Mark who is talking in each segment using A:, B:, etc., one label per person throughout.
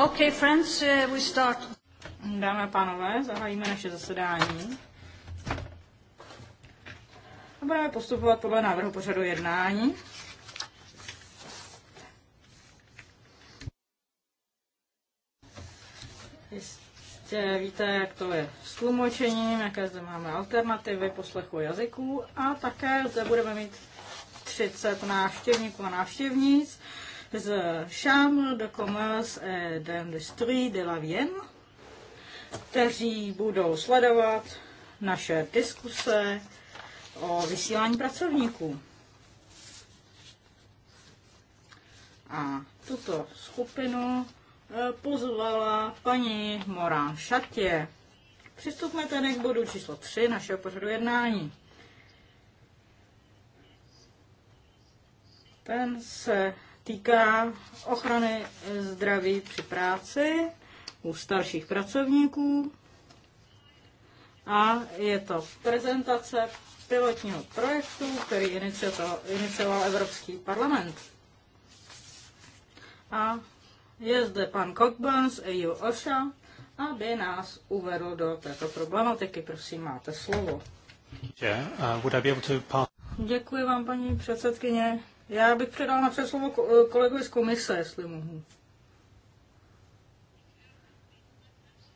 A: Okay, friends, uh, we start. Dámy a pánové, zahájíme naše zasedání. A budeme postupovat podle návrhu pořadu jednání. Jistě víte, jak to je s tlumočením, jaké zde máme alternativy poslechu jazyků a také zde budeme mít 30 návštěvníků a návštěvnic z Chambre de Commerce et d'Industrie de la Vienne, kteří budou sledovat naše diskuse o vysílání pracovníků. A tuto skupinu eh, pozvala paní Morán Šatě. Přistupme tedy k bodu číslo 3 našeho pořadu jednání. Ten se týká ochrany eh, zdraví při práci u starších pracovníků. A je to prezentace pilotního projektu, který inicioval Evropský parlament. A je zde pan Cockburn z EU OSHA, aby nás uvedl do této problematiky. Prosím, máte slovo. Yeah, uh, would I be able to Děkuji vám, paní předsedkyně. Já bych předal napřed slovo kolegovi z komise, jestli mohu.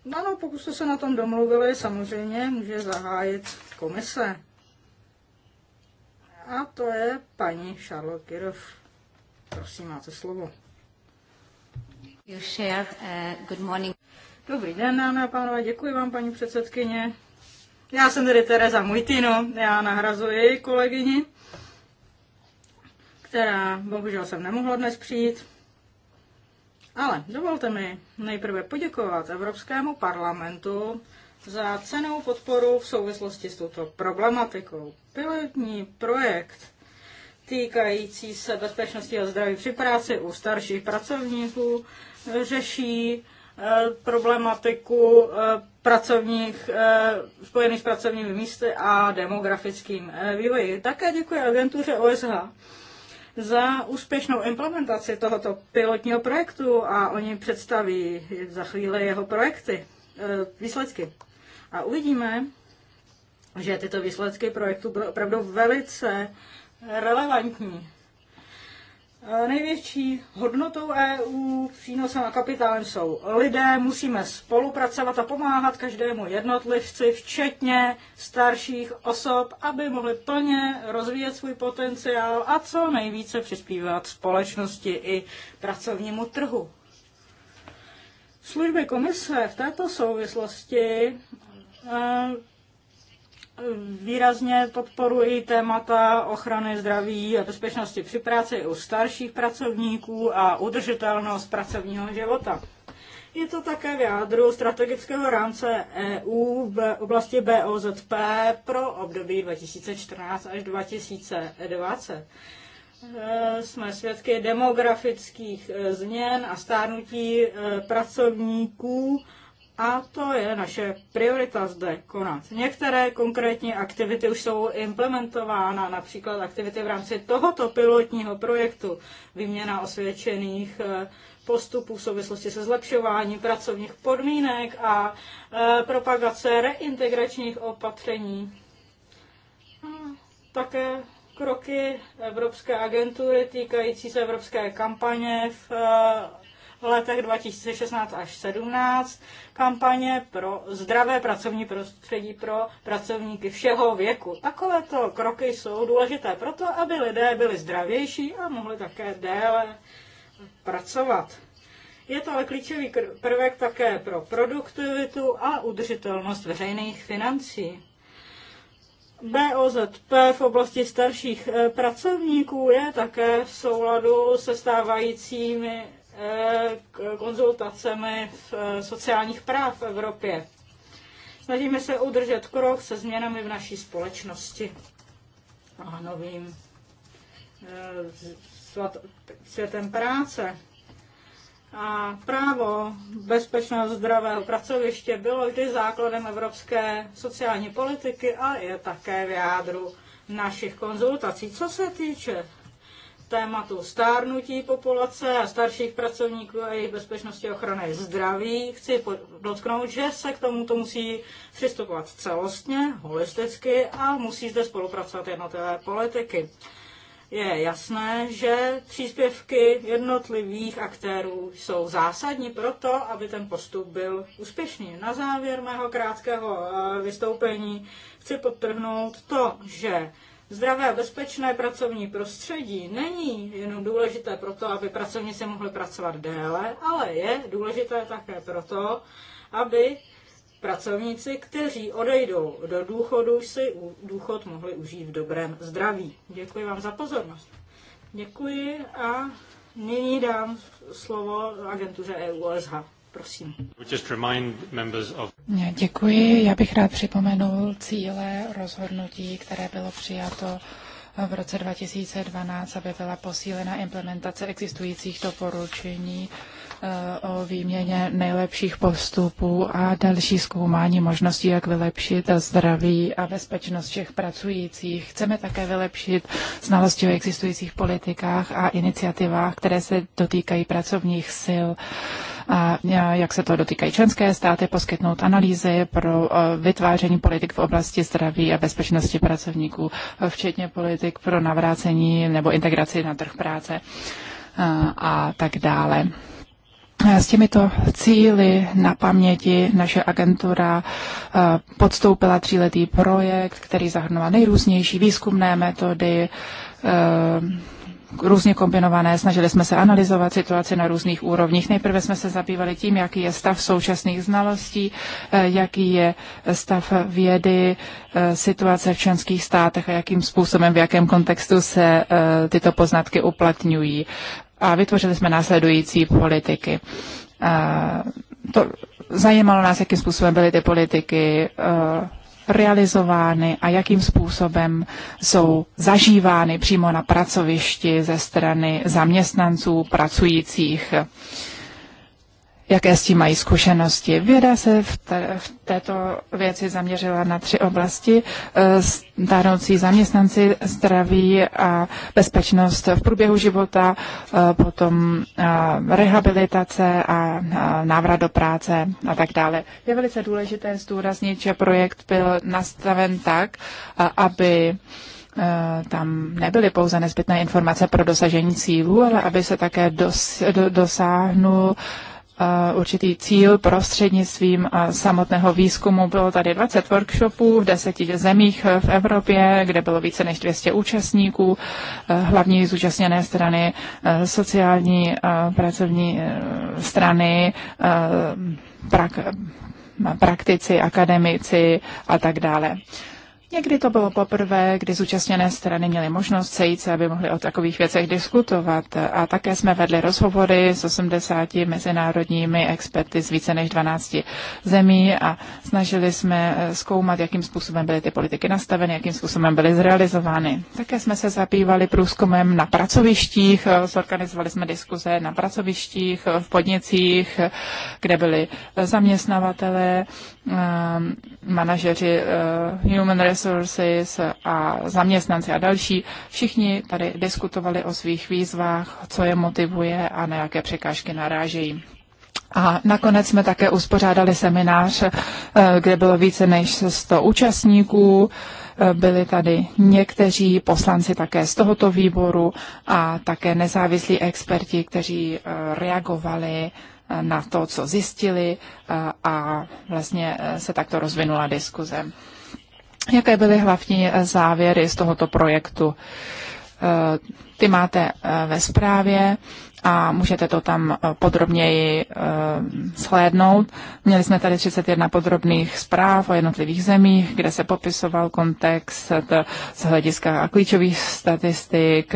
A: No, no, pokud jste se na tom domluvili, samozřejmě může zahájit komise. A to je paní Charlotte Kirov. Prosím, máte slovo. You share, uh, good morning. Dobrý den, dámy a pánové, děkuji vám, paní předsedkyně. Já jsem tedy Tereza Mujtino, já nahrazuji kolegyni která bohužel jsem nemohla dnes přijít. Ale dovolte mi nejprve poděkovat Evropskému parlamentu za cenou podporu v souvislosti s touto problematikou. Pilotní projekt týkající se bezpečnosti a zdraví při práci u starších pracovníků řeší eh, problematiku eh, pracovních, eh, spojených s pracovními místy a demografickým vývojem. Také děkuji agentuře OSH za úspěšnou implementaci tohoto pilotního projektu a oni představí za chvíli jeho projekty, eh, výsledky. A uvidíme, že tyto výsledky projektu budou opravdu velice relevantní. Největší hodnotou EU, přínosem na kapitálem jsou lidé. Musíme spolupracovat a pomáhat každému jednotlivci, včetně starších osob, aby mohli plně rozvíjet svůj potenciál a co nejvíce přispívat společnosti i pracovnímu trhu. Služby komise v této souvislosti eh, výrazně podporuji témata ochrany zdraví a bezpečnosti při práci u starších pracovníků a udržitelnost pracovního života. Je to také v jádru strategického rámce EU v oblasti BOZP pro období 2014 až 2020. E, jsme svědky demografických e, změn a stárnutí e, pracovníků a to je naše priorita zde konat. Některé konkrétní aktivity už jsou implementována, například aktivity v rámci tohoto pilotního projektu, výměna osvědčených eh, postupů v souvislosti se zlepšováním pracovních podmínek a eh, propagace reintegračních opatření. také kroky Evropské agentury týkající se Evropské kampaně v eh, v letech 2016 až 17 kampaně pro zdravé pracovní prostředí pro pracovníky všeho věku. Takovéto kroky jsou důležité proto, aby lidé byli zdravější a mohli také déle pracovat. Je to ale klíčový prvek také pro produktivitu a udržitelnost veřejných financí. BOZP v oblasti starších eh, pracovníků je také v souladu se stávajícími konzultacemi v eh, sociálních práv v Evropě. Snažíme se udržet krok se změnami v naší společnosti a novým eh, světem práce. A právo bezpečného zdravého pracoviště bylo vždy základem evropské sociální politiky a je také v jádru našich konzultací. Co se týče tématu stárnutí populace a starších pracovníků a jejich bezpečnosti ochrany zdraví chci dotknout že se k tomuto musí přistupovat celostně, holisticky a musí zde spolupracovat jednotlivé politiky. Je jasné, že příspěvky jednotlivých aktérů jsou zásadní pro to, aby ten postup byl úspěšný. Na závěr mého krátkého eh, vystoupení chci podtrhnout to, že Zdravé a bezpečné pracovní prostředí není jenom důležité proto, aby pracovníci mohli pracovat déle, ale je důležité také proto, aby pracovníci, kteří odejdou do důchodu, si důchod mohli užít v dobrém zdraví. Děkuji vám za pozornost. Děkuji a nyní dám slovo agentuře EUSH. Prosím.
B: Děkuji. Já bych rád připomenul cíle rozhodnutí, které bylo přijato v roce 2012, aby byla posílena implementace existujících doporučení eh, o výměně nejlepších postupů a další zkoumání možností, jak vylepšit zdraví a bezpečnost všech pracujících. Chceme také vylepšit znalosti o existujících politikách a iniciativách, které se dotýkají pracovních sil a jak se to dotýkají členské státy, poskytnout analýzy pro vytváření politik v oblasti zdraví a bezpečnosti pracovníků, včetně politik pro navrácení nebo integraci na trh práce a tak dále. S těmito cíly na paměti naše agentura podstoupila tříletý projekt, který zahrnoval nejrůznější výzkumné metody, různě kombinované, snažili jsme se analyzovat situaci na různých úrovních. Nejprve jsme se zabývali tím, jaký je stav současných znalostí, eh, jaký je stav vědy, eh, situace v členských státech a jakým způsobem, v jakém kontextu se eh, tyto poznatky uplatňují. A vytvořili jsme následující politiky. To zajímalo nás, jakým způsobem byly ty politiky realizovány a jakým způsobem jsou zažívány přímo na pracovišti ze strany zaměstnanců pracujících jaké s tím mají zkušenosti. Věda se v, te, v této věci zaměřila na tři oblasti. E, stárnoucí zaměstnanci, zdraví a bezpečnost v průběhu života, e, potom e, rehabilitace a návrat do práce a tak dále. Je velice důležité zdůraznit, že projekt byl nastaven tak, aby tam nebyly pouze nezbytné informace pro dosažení cílů, ale aby se také dos, do, dosáhnul uh, určitý cíl prostřednictvím samotného výzkumu. Bylo tady 20 workshopů v deseti zemích e, v Evropě, kde bylo více než 200 účastníků, e, hlavní zúčastněné strany, e, sociální pracovní strany, prak, praktici, akademici a tak dále. Někdy to bylo poprvé, kdy zúčastněné strany měly možnost sejít se, aby mohly o takových věcech diskutovat. A také jsme vedli rozhovory s 80 mezinárodními experty z více než 12 zemí a snažili jsme eh, zkoumat, jakým způsobem byly ty politiky nastaveny, jakým způsobem byly zrealizovány. Také jsme se zabývali průzkumem na pracovištích, eh, zorganizovali jsme diskuze na pracovištích, v podnicích, eh, kde byli zaměstnavatelé, Eh, manažeři eh, Human Resources a zaměstnanci a další, všichni tady diskutovali o svých výzvách, co je motivuje a na jaké překážky narážejí. A nakonec jsme také uspořádali seminář, eh, kde bylo více než 100 účastníků. Byli tady někteří poslanci také z tohoto výboru a také nezávislí experti, kteří reagovali na to, co zjistili a vlastně e, se takto rozvinula diskuze. Jaké byly hlavní e, závěry z tohoto projektu? E, ty máte ve zprávě a můžete to tam eh, podrobněji eh, slédnout. Měli jsme tady 31 podrobných zpráv o jednotlivých zemích, kde se popisoval kontext eh, z hlediska klíčových statistik,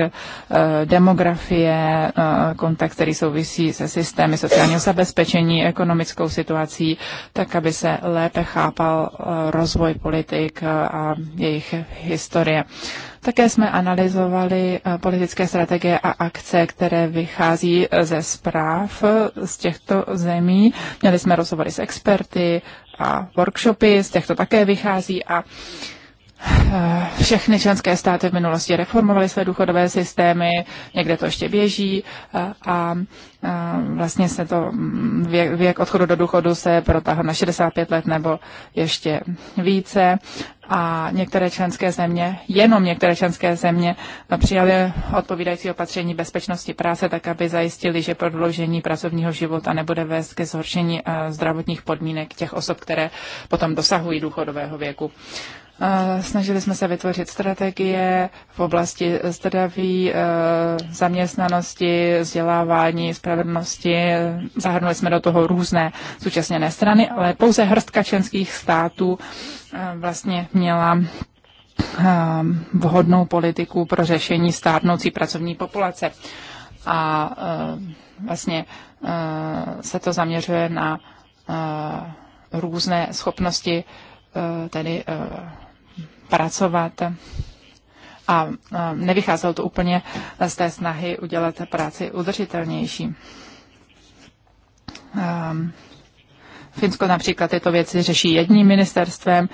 B: demografie, kontext, který souvisí se systémy sociálního zabezpečení, ekonomickou situací, tak aby se lépe chápal rozvoj politik a jejich historie. Také jsme analyzovali eh, politické strategie a akce, které vychází eh, ze zpráv eh, z těchto zemí. Měli jsme rozhovory s experty a workshopy, z těchto také vychází a všechny členské státy v minulosti reformovaly své důchodové systémy, někde to ještě běží a vlastně se to mm, věk, věk odchodu do důchodu se protáhl na 65 let nebo ještě více a některé členské země, jenom některé členské země, přijaly odpovídající opatření bezpečnosti práce, tak aby zajistili, že prodloužení pracovního života nebude vést ke zhoršení eh, zdravotních podmínek těch osob, které potom dosahují důchodového věku. Snažili jsme se vytvořit strategie v oblasti zdraví, e, zaměstnanosti, vzdělávání, spravedlnosti. Zahrnuli jsme do toho různé zúčastněné strany, ale pouze hrstka členských států e, vlastně měla e, vhodnou politiku pro řešení stárnoucí pracovní populace. A vlastně se to zaměřuje na různé schopnosti tedy pracovat. A nevycházelo to úplně z té snahy udělat práci udržitelnější. Finsko například tyto věci řeší jedním ministerstvem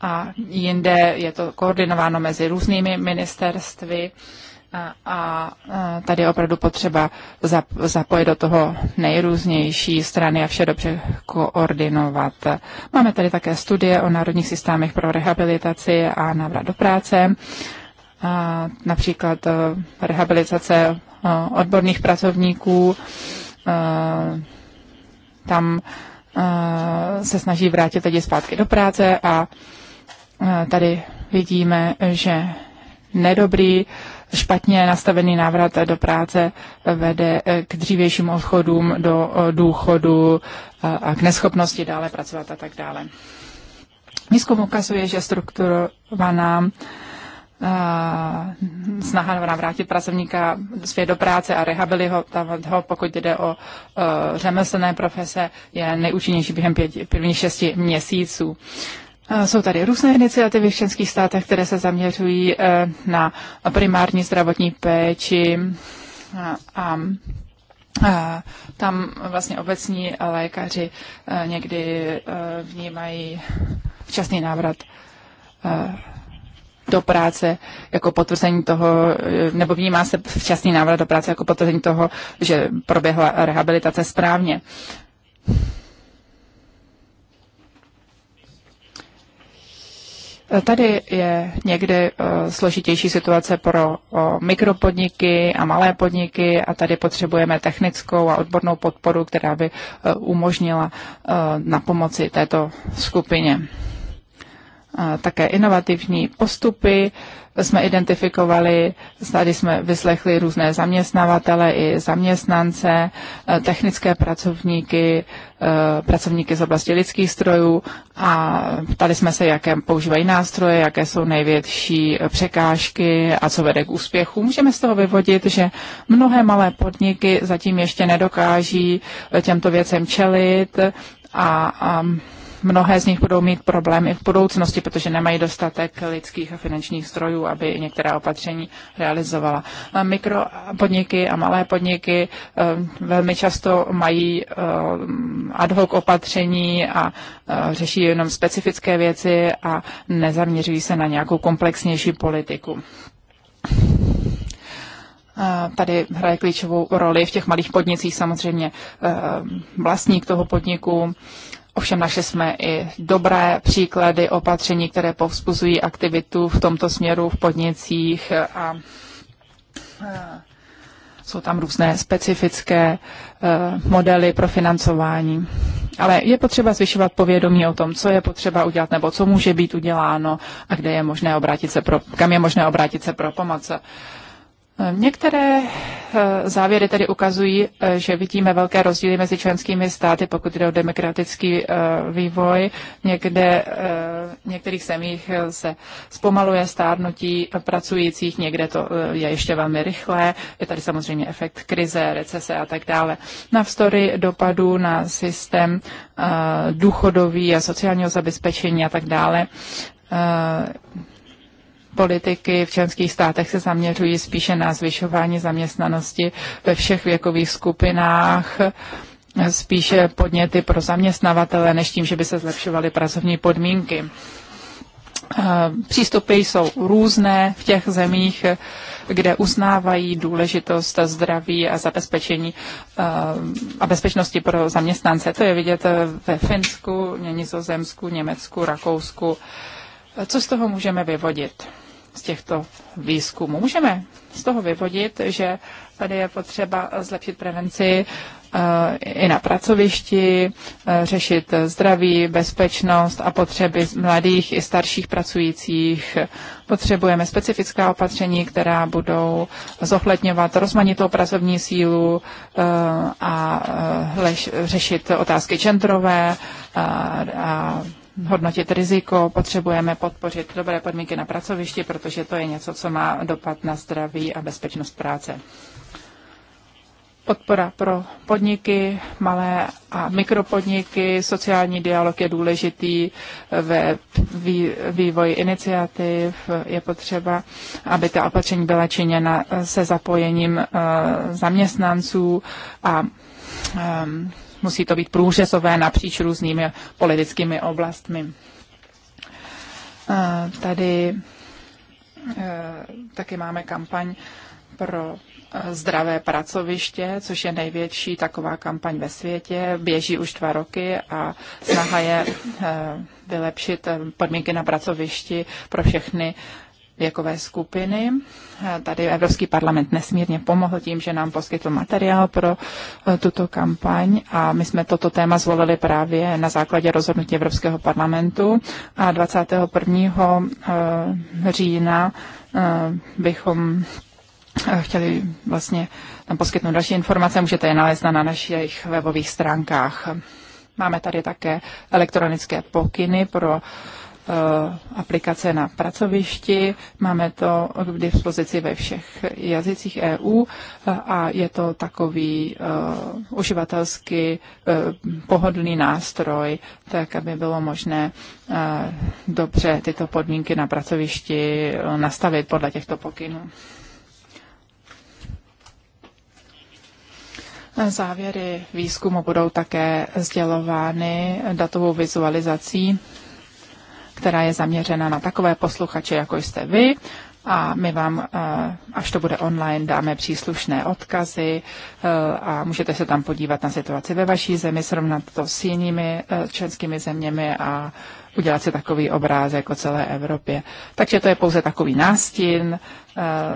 B: a jinde je to koordinováno mezi různými ministerstvy. A e, tady je opravdu potřeba zapojit do toho nejrůznější strany a vše dobře koordinovat. Máme tady také studie o národních systémech pro rehabilitaci a návrat do práce, a například e, rehabilitace e, odborných pracovníků. Tam se snaží vrátit lidi zpátky do práce a tady vidíme, že nedobrý uh, špatně nastavený návrat do práce vede eh, k dřívějším odchodům do eh, důchodu eh, a k neschopnosti dále pracovat a tak dále. Výzkum ukazuje, že strukturovaná snaha navrátit pracovníka svět do práce a rehabilitovat ho, pokud jde o řemeslné profese, je nejúčinnější během pěti, prvních šesti měsíců. Jsou tady různé iniciativy v členských státech, které se zaměřují eh, na primární zdravotní péči a tam vlastně obecní lékaři eh, někdy eh, vnímají včasný návrat do práce jako potvrzení toho, nebo vnímá se včasný návrat do práce jako potvrzení toho, že proběhla rehabilitace správně. Tady je někdy eh, složitější situace pro mikropodniky a malé podniky a tady potřebujeme technickou a odbornou podporu, která by eh, umožnila eh, na pomoci této skupině. Také inovativní postupy, jsme identifikovali, tady jsme vyslechli různé zaměstnavatele i zaměstnance, eh, technické pracovníky, eh, pracovníky z oblasti lidských strojů a ptali jsme se, jaké používají nástroje, jaké jsou největší překážky a co vede k úspěchu. Můžeme z toho vyvodit, že mnohé malé podniky zatím ještě nedokáží eh, těmto věcem čelit a, a mnohé z nich budou mít problém v budoucnosti, protože nemají dostatek lidských a finančních zdrojů, aby některá opatření realizovala. Mikropodniky a malé podniky eh, velmi často mají eh, ad hoc opatření a eh, řeší jenom specifické věci a nezaměřují se na nějakou komplexnější politiku. Tady hraje klíčovou roli v těch malých podnicích samozřejmě vlastník toho podniku, Ovšem našli jsme i dobré příklady opatření, které povzbuzují aktivitu v tomto směru v podnicích a jsou tam různé specifické e, modely pro financování. Ale je potřeba zvyšovat povědomí o tom, co je potřeba udělat nebo co může být uděláno a kde je možné obrátit se pro, kam je možné obrátit se pro pomoc. Některé eh, závěry tedy ukazují, eh, že vidíme velké rozdíly mezi členskými státy, pokud jde o demokratický eh, vývoj. Někde, v některých zemích se zpomaluje stárnutí pracujících, někde to je ještě velmi rychlé. Je tady samozřejmě efekt krize, recese a tak dále. navstory dopadů na systém důchodový a sociálního zabezpečení a tak dále politiky v členských státech se zaměřují spíše na zvyšování zaměstnanosti ve všech věkových skupinách, spíše podněty pro zaměstnavatele, než tím, že by se zlepšovaly pracovní podmínky. Eh, přístupy jsou různé v těch zemích, kde uznávají důležitost zdraví a zabezpečení eh, a bezpečnosti pro zaměstnance. To je vidět eh, ve Finsku, Nizozemsku, Německu, Rakousku. Co z toho můžeme vyvodit? z těchto výzkumů. Můžeme z toho vyvodit, že tady je potřeba zlepšit prevenci eh, i na pracovišti, eh, řešit zdraví, bezpečnost a potřeby mladých i starších pracujících. Potřebujeme specifická opatření, která budou zohledňovat rozmanitou pracovní sílu eh, a řešit otázky genderové a, a hodnotit riziko, potřebujeme podpořit dobré podmínky na pracovišti, protože to je něco, co má dopad na zdraví a bezpečnost práce. Podpora pro podniky, malé a mikropodniky, sociální dialog je důležitý ve vývoji iniciativ. Je potřeba, aby ta opatření byla činěna se zapojením eh, zaměstnanců a ehm, Musí to být průřezové napříč různými politickými oblastmi. Eh, tady eh, taky máme kampaň pro eh, zdravé pracoviště, což je největší taková kampaň ve světě. Běží už dva roky a snaha je vylepšit podmínky na pracovišti pro všechny věkové skupiny. Tady Evropský parlament nesmírně pomohl tím, že nám poskytl materiál pro eh, tuto kampaň a my jsme toto téma zvolili právě na základě rozhodnutí Evropského parlamentu a 21. Eh, října eh, bychom chtěli vlastně tam poskytnout další informace, můžete je nalézt na našich webových stránkách. Máme tady také elektronické pokyny pro uh, Eh, aplikace na pracovišti. Máme to k dispozici ve všech jazycích EU eh, a je to takový eh, uživatelsky pohodlný nástroj, tak aby bylo možné dobře tyto podmínky na pracovišti nastavit podle těchto pokynů. Závěry výzkumu budou také sdělovány datovou vizualizací která je zaměřena na takové posluchače, jako jste vy. A my vám, eh, až to bude online, dáme příslušné odkazy eh, a můžete se tam podívat na situaci ve vaší zemi, srovnat to s jinými eh, členskými zeměmi a udělat si takový obrázek o celé Evropě. Takže to je pouze takový nástin,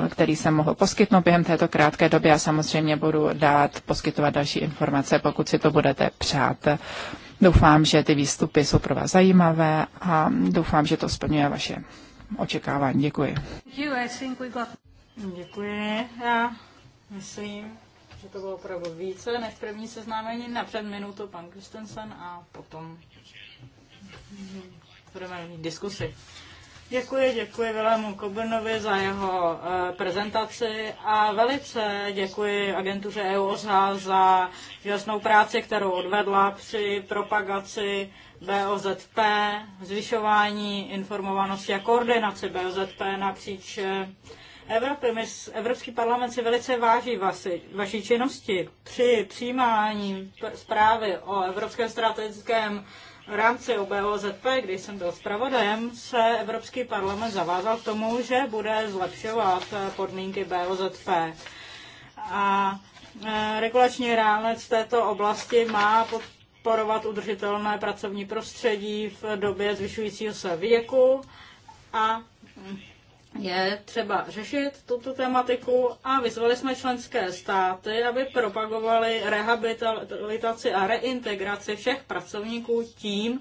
B: který jsem mohl poskytnout během této krátké doby a samozřejmě budu dát poskytovat další informace, pokud si to budete přát. Doufám, že ty výstupy jsou pro vás zajímavé a doufám, že to splňuje vaše očekávání. Děkuji.
A: Děkuji. Já myslím, že to bylo opravdu více než první seznámení. Napřed minutu pan Kristensen a potom budeme mít diskusy. Děkuji, děkuji Vilému Kobernovi za jeho uh, prezentaci a velice děkuji agentuře EUOSA za jasnou práci, kterou odvedla při propagaci BOZP, zvyšování informovanosti a koordinaci BOZP napříč eh, Evropy. My, Evropský parlament si velice váží vasi, vaší činnosti při přijímání zprávy o Evropském strategickém rámci OBOZP, když jsem byl zpravodajem, se Evropský parlament zavázal k tomu, že bude zlepšovat eh, podmínky BOZP. A eh, regulační rámec této oblasti má podporovat udržitelné pracovní prostředí v době zvyšujícího se věku a je třeba řešit tuto tematiku a vyzvali jsme členské státy, aby propagovali rehabilitaci a reintegraci všech pracovníků tím,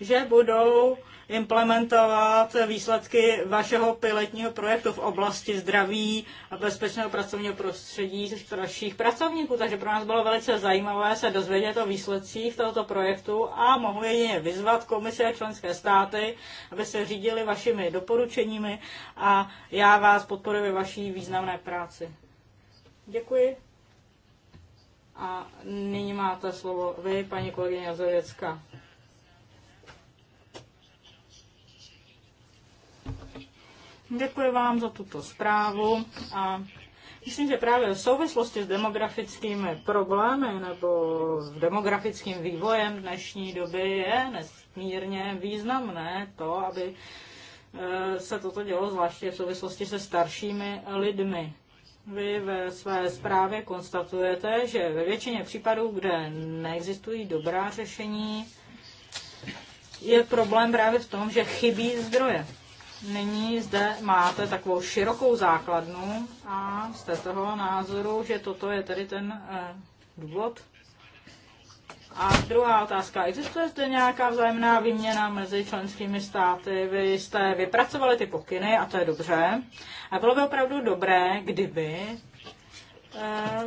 A: že budou implementovat výsledky vašeho pilotního projektu v oblasti zdraví a bezpečného pracovního prostředí našich pracovníků. Takže pro nás bylo velice zajímavé se dozvědět o výsledcích tohoto projektu a mohu jedině vyzvat komise a členské státy, aby se řídili vašimi doporučeními a já vás podporuji ve vaší významné práci. Děkuji. A nyní máte slovo vy, paní kolegyně Jazověcka. Děkuji vám za tuto zprávu a myslím, že právě v souvislosti s demografickými problémy nebo s demografickým vývojem dnešní doby je nesmírně významné to, aby e, se toto dělo zvláště v souvislosti se staršími lidmi. Vy ve své zprávě konstatujete, že ve většině případů, kde neexistují dobrá řešení, je problém právě v tom, že chybí zdroje nyní zde máte takovou širokou základnu a jste toho názoru, že toto je tedy ten eh, důvod? A druhá otázka. Existuje zde nějaká vzájemná výměna mezi členskými státy? Vy jste vypracovali ty pokyny a to je dobře. A bylo by opravdu dobré, kdyby eh,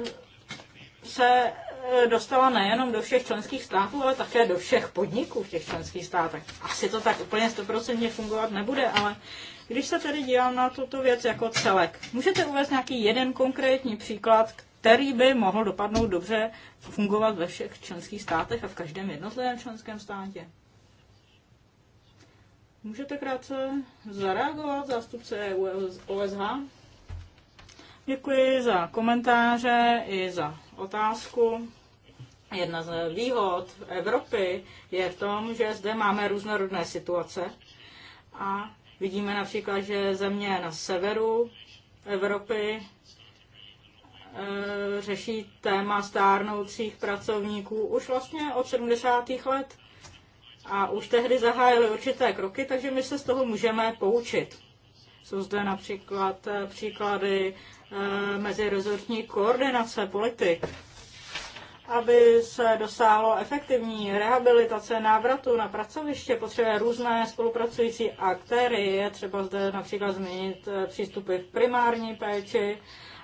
A: se Eh, dostala nejenom do všech členských států, ale také do všech podniků v těch členských státech. Asi to tak úplně stoprocentně fungovat nebude, ale když se tedy dívám na tuto věc jako celek, můžete uvést nějaký jeden konkrétní příklad, který by mohl dopadnout dobře fungovat ve všech členských státech a v každém jednotlivém členském státě? Můžete krátce zareagovat, zástupce e OSH? Děkuji za komentáře i za otázku. Jedna z výhod Evropy je v tom, že zde máme různorodné situace a vidíme například, že země na severu Evropy e, řeší téma stárnoucích pracovníků už vlastně od 70. let. A už tehdy zahájili určité kroky, takže my se z toho můžeme poučit. Jsou zde například e, příklady Eh, mezirezortní koordinace politik, aby se dosáhlo efektivní rehabilitace návratu na pracoviště, potřebuje různé spolupracující aktéry. Je třeba zde například změnit eh, přístupy v primární péči,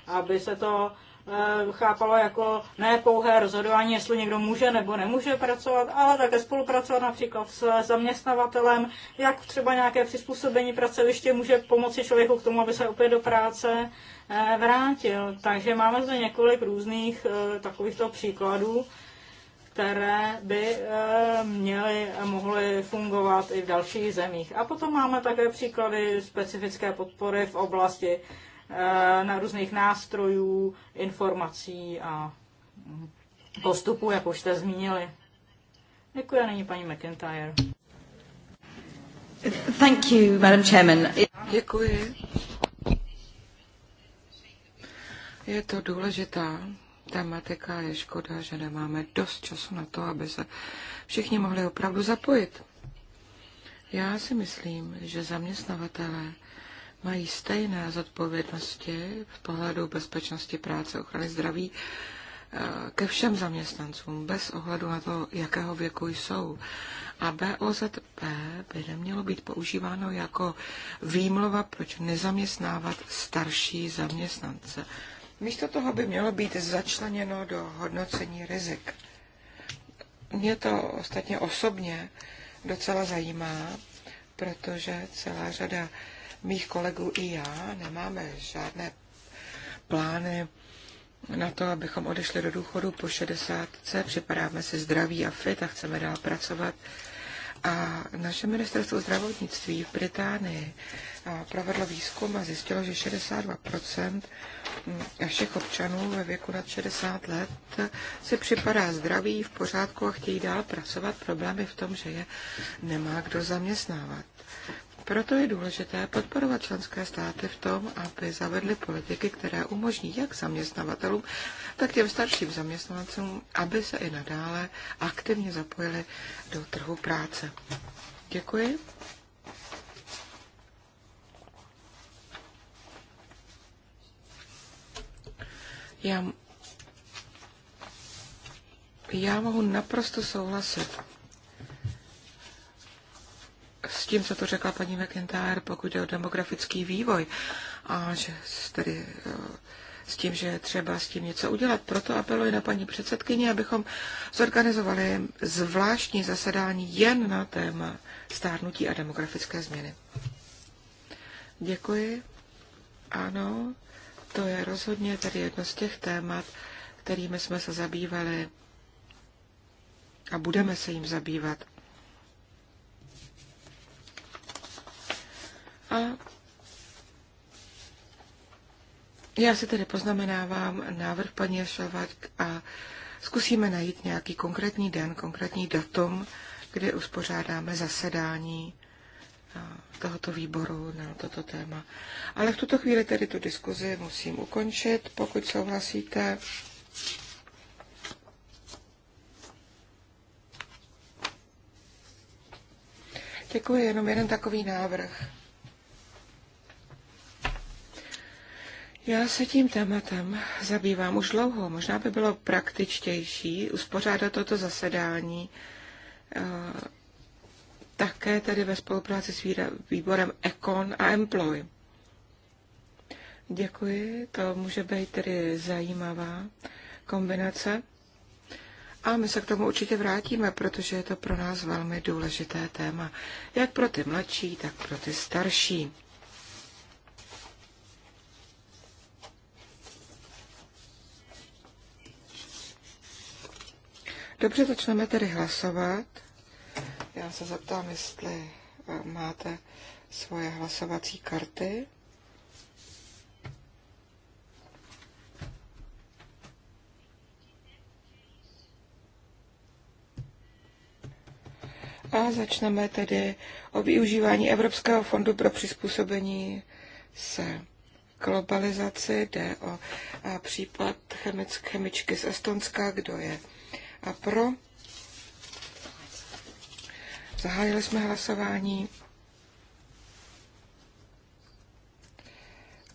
A: aby se to Eh, chápalo jako ne pouhé rozhodování, jestli někdo může nebo nemůže pracovat, ale také spolupracovat například s zaměstnavatelem, jak třeba nějaké přizpůsobení pracoviště může pomoci člověku k tomu, aby se opět do práce eh, vrátil. Takže máme zde několik různých eh, takovýchto příkladů, které by měly a mohly fungovat i v dalších zemích. A potom máme také příklady specifické podpory v oblasti Eh, na různých nástrojů, informací a postupů, jak už jste zmínili. Děkuji není paní McIntyre. Thank you, Madam Chairman. Děkuji.
C: Je to důležitá tematika, je škoda, že nemáme dost času na to, aby se všichni mohli opravdu zapojit. Já si myslím, že zaměstnavatelé mají stejné zodpovědnosti v pohledu bezpečnosti práce, ochrany zdraví eh, ke všem zaměstnancům, bez ohledu na to, jakého věku jsou. A BOZP by nemělo být používáno jako výmlova, proč nezaměstnávat starší zaměstnance. Místo toho by mělo být začleněno do hodnocení rizik. Mě to ostatně osobně docela zajímá, protože celá řada mých kolegů i já nemáme žádné plány na to, abychom odešli do důchodu po 60. Připadáme si zdraví a fit a chceme dál pracovat. A naše ministerstvo zdravotnictví v Británii provedlo výzkum a zjistilo, že 62% mm, našich občanů ve věku nad 60 let si připadá zdraví, v pořádku a chtějí dál pracovat. Problém je v tom, že je nemá kdo zaměstnávat. Proto je důležité podporovat členské státy v tom, aby zavedly politiky, které umožní jak zaměstnavatelům, tak těm starším zaměstnancům, aby se i nadále aktivně zapojili do trhu práce. Děkuji. Já, já mohu naprosto souhlasit s tím, co to řekla paní McIntyre, pokud jde o demografický vývoj a že tedy eh, s tím, že je třeba s tím něco udělat. Proto apeluji na paní předsedkyni, abychom zorganizovali zvláštní zasedání jen na téma stárnutí a demografické změny. Děkuji. Ano, to je rozhodně tady jedno z těch témat, kterými jsme se zabývali a budeme se jim zabývat A já si tedy poznamenávám návrh paní Šavak a zkusíme najít nějaký konkrétní den, konkrétní datum, kdy uspořádáme zasedání tohoto výboru na toto téma. Ale v tuto chvíli tedy tu diskuzi musím ukončit, pokud souhlasíte. Děkuji, jenom jeden takový návrh. Já se tím tématem zabývám už dlouho. Možná by bylo praktičtější uspořádat toto zasedání eh, také tedy ve spolupráci s výborem Econ a Employ. Děkuji, to může být tedy zajímavá kombinace. A my se k tomu určitě vrátíme, protože je to pro nás velmi důležité téma, jak pro ty mladší, tak pro ty starší. Dobře, začneme tedy hlasovat. Já se zeptám, jestli eh, máte svoje hlasovací karty. A začneme tedy o využívání Evropského fondu pro přizpůsobení se globalizaci. Jde o eh, případ chemičky z Estonska, kdo je a pro. Zahájili jsme hlasování.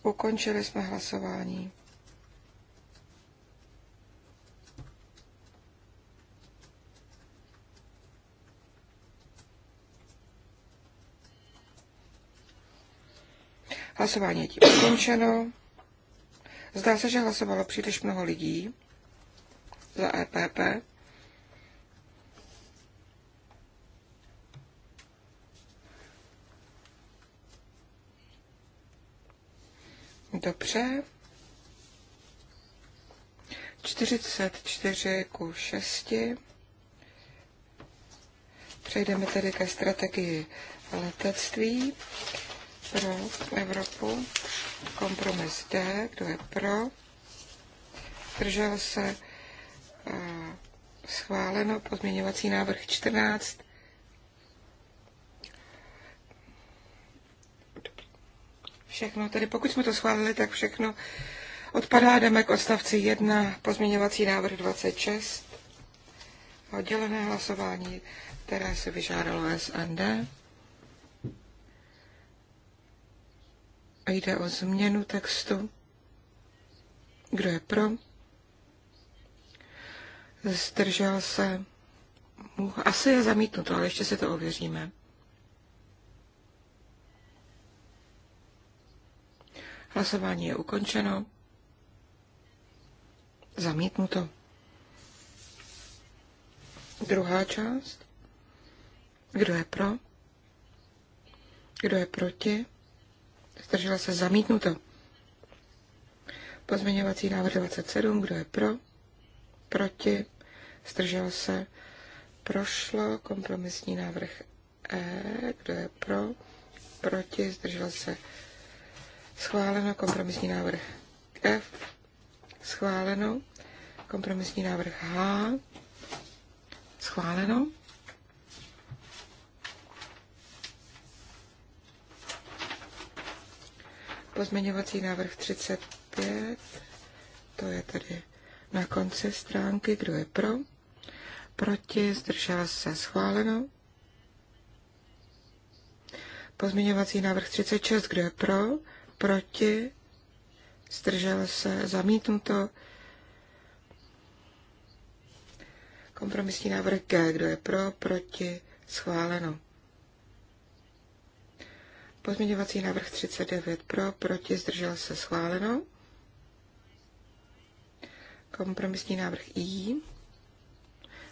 C: Ukončili jsme hlasování. Hlasování je tím ukončeno. Zdá se, že hlasovalo příliš mnoho lidí za EPP. Dobře. 44 ku 6. Přejdeme tedy ke strategii letectví pro Evropu. Kompromis D, kdo je pro. Držel se eh, schváleno pozměňovací návrh 14 všechno, tedy pokud jsme to schválili, tak všechno odpadá. Jdeme k odstavci 1, pozměňovací návrh 26, oddělené hlasování, které se vyžádalo SND. A jde o změnu textu. Kdo je pro? Zdržel se. Asi je zamítnuto, ale ještě si to ověříme. Hlasování je ukončeno. Zamítnuto. Druhá část. Kdo je pro? Kdo je proti? Zdržel se zamítnuto. Pozměňovací návrh 27. Kdo je pro? Proti? Zdržela se. Prošlo. Kompromisní návrh E. Kdo je pro? Proti? Zdržela se schváleno kompromisní návrh F, schváleno kompromisní návrh H, schváleno. Pozměňovací návrh 35, to je tady na konci stránky, kdo je pro, proti, zdržel se, schváleno. Pozměňovací návrh 36, kdo je pro, proti, zdržel se, zamítnuto. Kompromisní návrh G, kdo je pro, proti, schváleno. Pozměňovací návrh 39 pro, proti, zdržel se, schváleno. Kompromisní návrh I,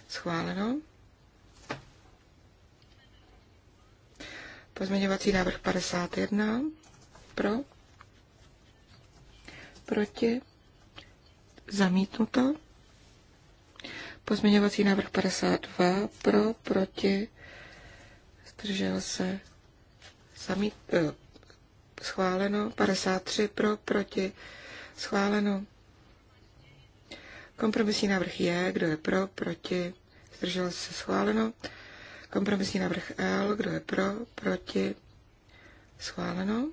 C: schváleno. Pozměňovací návrh 51 pro, proti, zamítnuto. Pozměňovací návrh 52, pro, proti, zdržel se, zamít, eh, schváleno. 53, pro, proti, schváleno. Kompromisní návrh je, kdo je pro, proti, zdržel se, schváleno. Kompromisní návrh L, kdo je pro, proti, schváleno.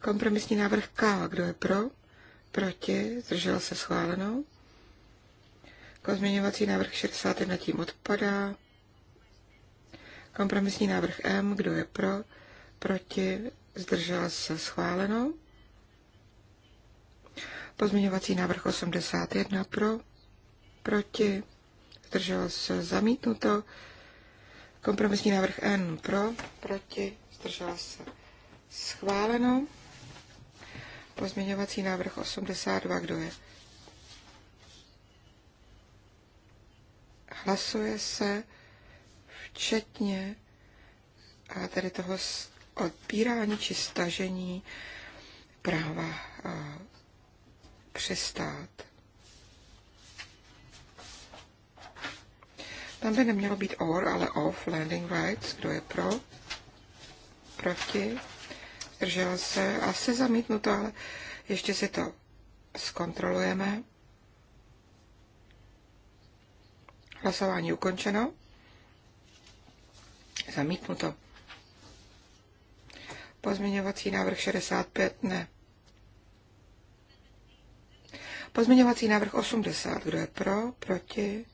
C: Kompromisní návrh K. Kdo je pro? Proti? Zdržel se schváleno. Pozměňovací návrh 61 tím odpadá. Kompromisní návrh M. Kdo je pro? Proti? Zdržel se schváleno. Pozměňovací návrh 81 pro, proti, zdržel se zamítnuto. Kompromisní návrh N pro, proti, zdržel se schváleno. Pozměňovací návrh 82, kdo je? Hlasuje se včetně a tedy toho odpírání či stažení práva přestát. Tam by nemělo být or, ale off landing rights. Kdo je pro? Proti? zdržel se, asi zamítnuto, ale ještě si to zkontrolujeme. Hlasování ukončeno. Zamítnuto. Pozměňovací návrh 65 ne. Pozměňovací návrh 80. Kdo je pro, proti,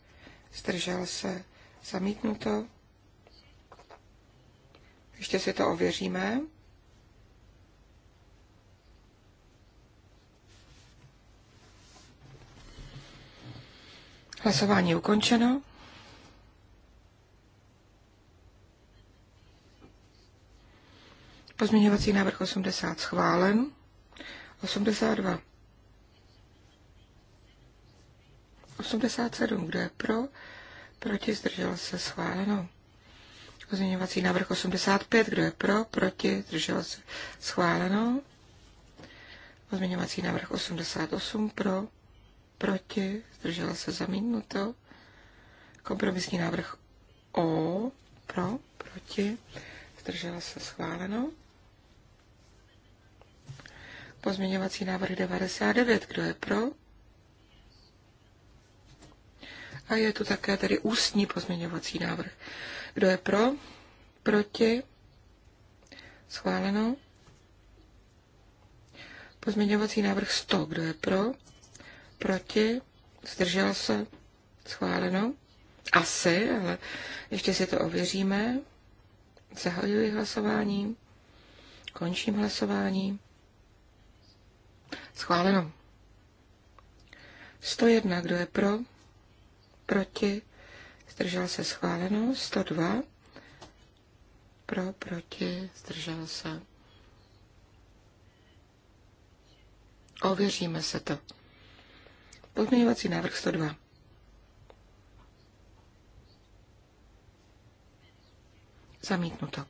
C: zdržel se, zamítnuto. Ještě si to ověříme. Hlasování ukončeno. Pozměňovací návrh 80 schválen. 82. 87. Kdo je pro? Proti zdržel se schváleno. Pozměňovací návrh 85. Kdo je pro? Proti zdržel se schváleno. Pozměňovací návrh 88. Pro? proti, Zdržela se zamítnuto. Kompromisní návrh O, pro, proti, Zdržela se schváleno. Pozměňovací návrh 99, kdo je pro? A je tu také tedy ústní pozměňovací návrh. Kdo je pro? Proti? Schváleno. Pozměňovací návrh 100, kdo je pro? proti, zdržel se, schváleno. Asi, ale ještě si to ověříme. Zahajuji hlasování, končím hlasování. Schváleno. 101, kdo je pro, proti, zdržel se, schváleno. 102, pro, proti, zdržel se. Ověříme se to. Pozměňovací návrh 102. Zamítnuto.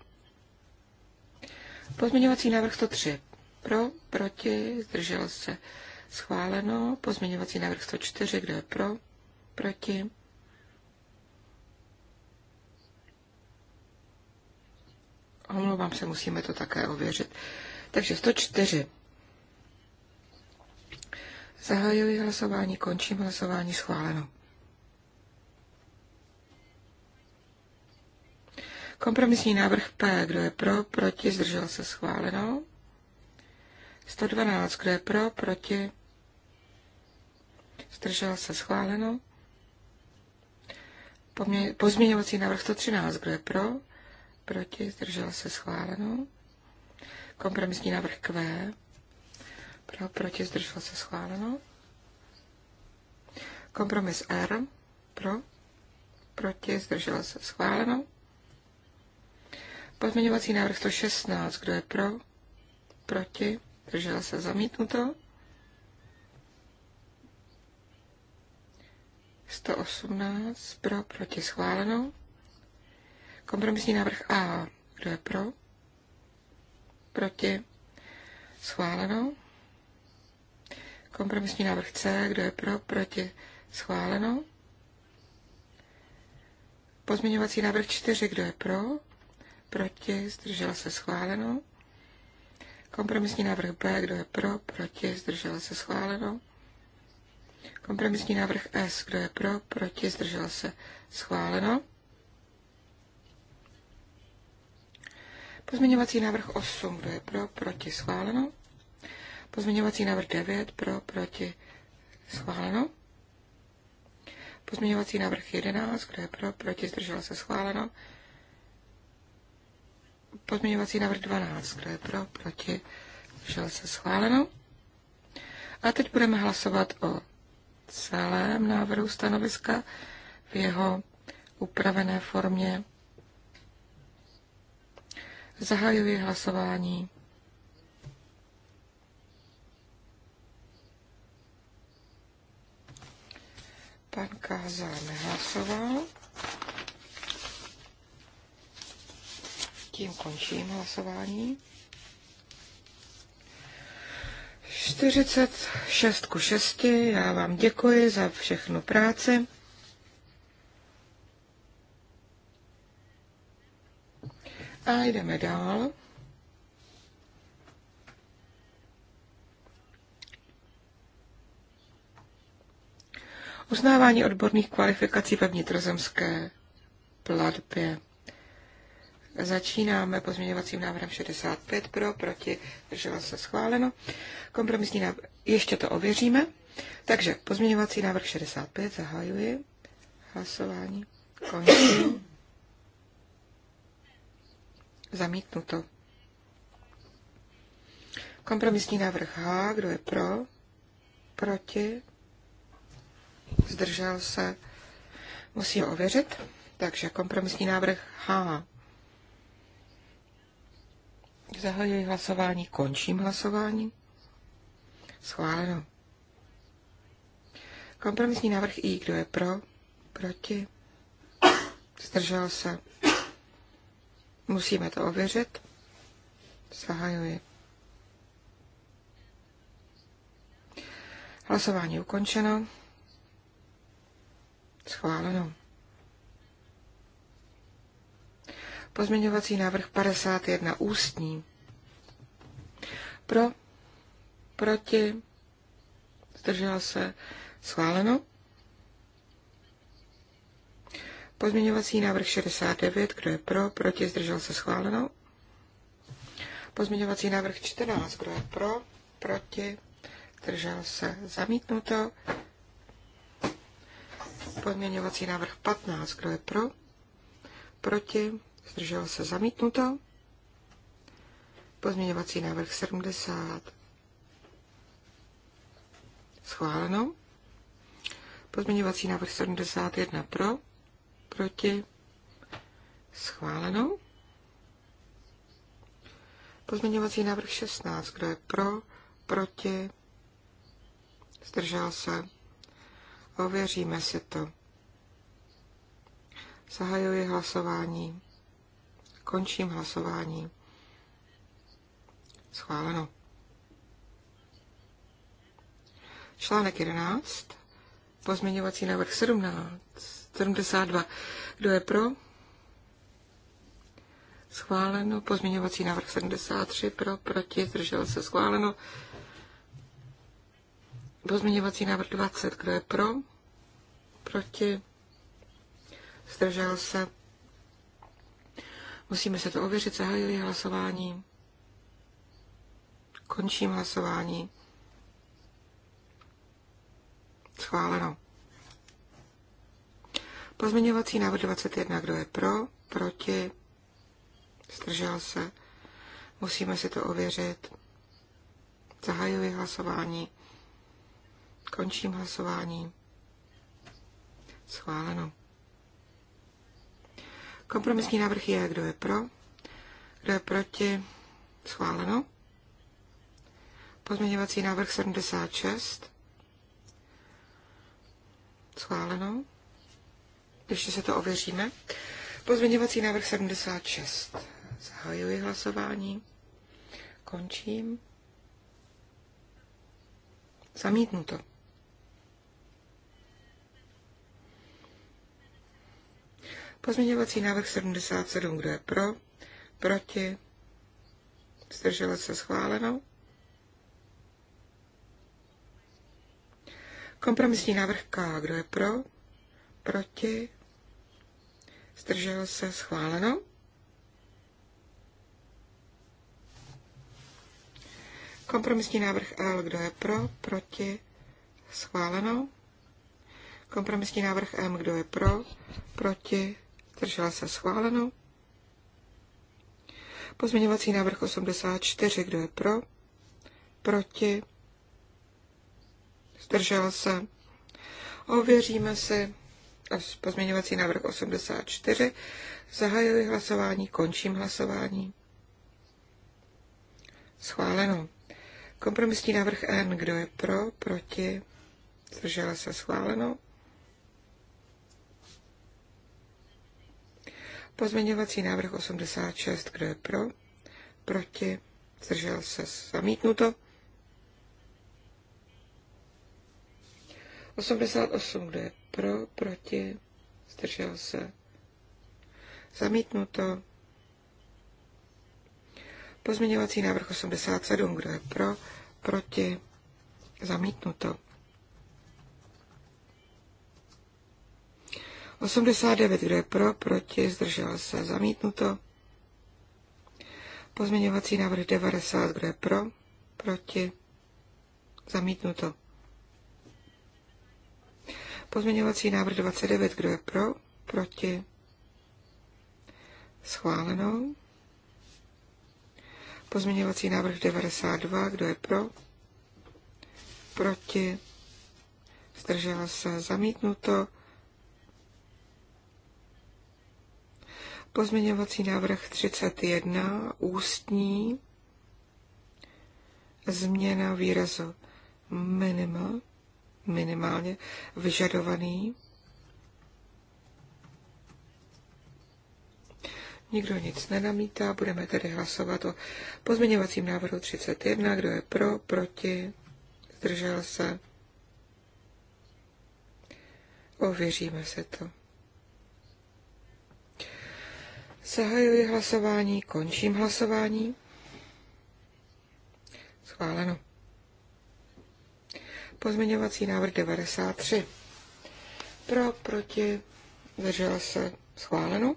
C: Pozměňovací návrh 103. Pro, proti, zdržel se. Schváleno. Pozměňovací návrh 104. Kdo je pro? Proti. Omlouvám se, musíme to také ověřit. Takže 104. Zahajuji hlasování, končím hlasování, schváleno. Kompromisní návrh P, kdo je pro, proti, zdržel se, schváleno. 112, kdo je pro, proti, zdržel se, schváleno. Pozměňovací návrh 113, kdo je pro, proti, zdržel se, schváleno. Kompromisní návrh Q, pro, proti, zdržel se schváleno. Kompromis R. Pro, proti, zdržel se schváleno. Pozměňovací návrh 116. Kdo je pro? Proti? zdržel se zamítnuto? 118. Pro? Proti? Schváleno? Kompromisní návrh A. Kdo je pro? Proti? Schváleno? Kompromisní návrh C, kdo je pro, proti, schváleno. Pozměňovací návrh 4, kdo je pro, proti, zdržela se, schváleno. Kompromisní návrh B, kdo je pro, proti, zdržela se, schváleno. Kompromisní návrh S, kdo je pro, proti, zdržela se, schváleno. Pozměňovací návrh 8, kdo je pro, proti, schváleno. Pozměňovací návrh 9 pro, proti, schváleno. Pozměňovací návrh 11, kdo je pro, proti, zdržel se, schváleno. Pozměňovací návrh 12, kdo je pro, proti, zdržel se, schváleno. A teď budeme hlasovat o celém návrhu stanoviska v jeho upravené formě. Zahajuji hlasování. Pan Káza nehlasoval. Tím končím hlasování. 46 ku 6. Já vám děkuji za všechnu práci. A jdeme dál. uznávání odborných kvalifikací ve vnitrozemské platbě. Začínáme pozměňovacím návrhem 65 pro, proti, drželo se schváleno. Kompromisní návrh, ještě to ověříme. Takže pozměňovací návrh 65, zahajuji hlasování, končím. Zamítnuto. Kompromisní návrh H, kdo je pro, proti, zdržel se, musí ho ověřit. Takže kompromisní návrh H. Zahajuji hlasování, končím hlasování. Schváleno. Kompromisní návrh I, kdo je pro, proti, zdržel se. Musíme to ověřit. Zahajuji. Hlasování ukončeno. Schváleno. Pozměňovací návrh 51 ústní. Pro, proti, zdržela se, schváleno. Pozměňovací návrh 69, kdo je pro, proti, zdržel se, schváleno. Pozměňovací návrh 14, kdo je pro, proti, zdržel se, zamítnuto. Pozměňovací návrh 15. Kdo je pro? Proti? Zdrželo se zamítnuto. Pozměňovací návrh 70. Schváleno. Pozměňovací návrh 71 pro, proti, schváleno. Pozměňovací návrh 16, kdo je pro, proti, zdržel se, Ověříme si to. Zahajuji hlasování. Končím hlasování. Schváleno. Článek 11. Pozměňovací návrh 17. 72. Kdo je pro? Schváleno. Pozměňovací návrh 73. Pro, proti, zdržel se. Schváleno. Pozměňovací návrh 20, kdo je pro? Proti? Zdržel se? Musíme se to ověřit, Zahajili hlasování. Končím hlasování. Schváleno. Pozměňovací návrh 21, kdo je pro? Proti? Zdržel se? Musíme si to ověřit. Zahajuji hlasování. Končím hlasování. Schváleno. Kompromisní návrh je, kdo je pro, kdo je proti, schváleno. Pozměňovací návrh 76, schváleno. Ještě se to ověříme. Pozměňovací návrh 76. Zahajuji hlasování. Končím. Zamítnuto. Pozměňovací návrh 77, kdo je pro, proti, zdrželo se schváleno. Kompromisní návrh K, kdo je pro, proti, zdrželo se schváleno. Kompromisní návrh L, kdo je pro, proti, schváleno. Kompromisní návrh M, kdo je pro, proti, Zdržela se schváleno. Pozměňovací návrh 84. Kdo je pro? Proti? Zdržel se? Ověříme si pozměňovací návrh 84. Zahajuji hlasování, končím hlasování. Schváleno. Kompromisní návrh N. Kdo je pro? Proti? Zdržela se? Schváleno. Pozměňovací návrh 86, kdo je pro? Proti? Zdržel se zamítnuto. 88, kdo je pro? Proti? Zdržel se zamítnuto. Pozměňovací návrh 87, kdo je pro? Proti? Zamítnuto. 89, kdo je pro, proti, zdržel se, zamítnuto. Pozměňovací návrh 90, kdo je pro, proti, zamítnuto. Pozměňovací návrh 29, kdo je pro, proti, schváleno. Pozměňovací návrh 92, kdo je pro, proti, zdržel se, zamítnuto. Pozměňovací návrh 31, ústní, změna výrazu minima, minimálně vyžadovaný. Nikdo nic nenamítá, budeme tedy hlasovat o pozměňovacím návrhu 31, kdo je pro, proti, zdržel se. Ověříme se to. Zahajuji hlasování, končím hlasování. Schváleno. Pozměňovací návrh 93. Pro, proti, zdržela se, schváleno.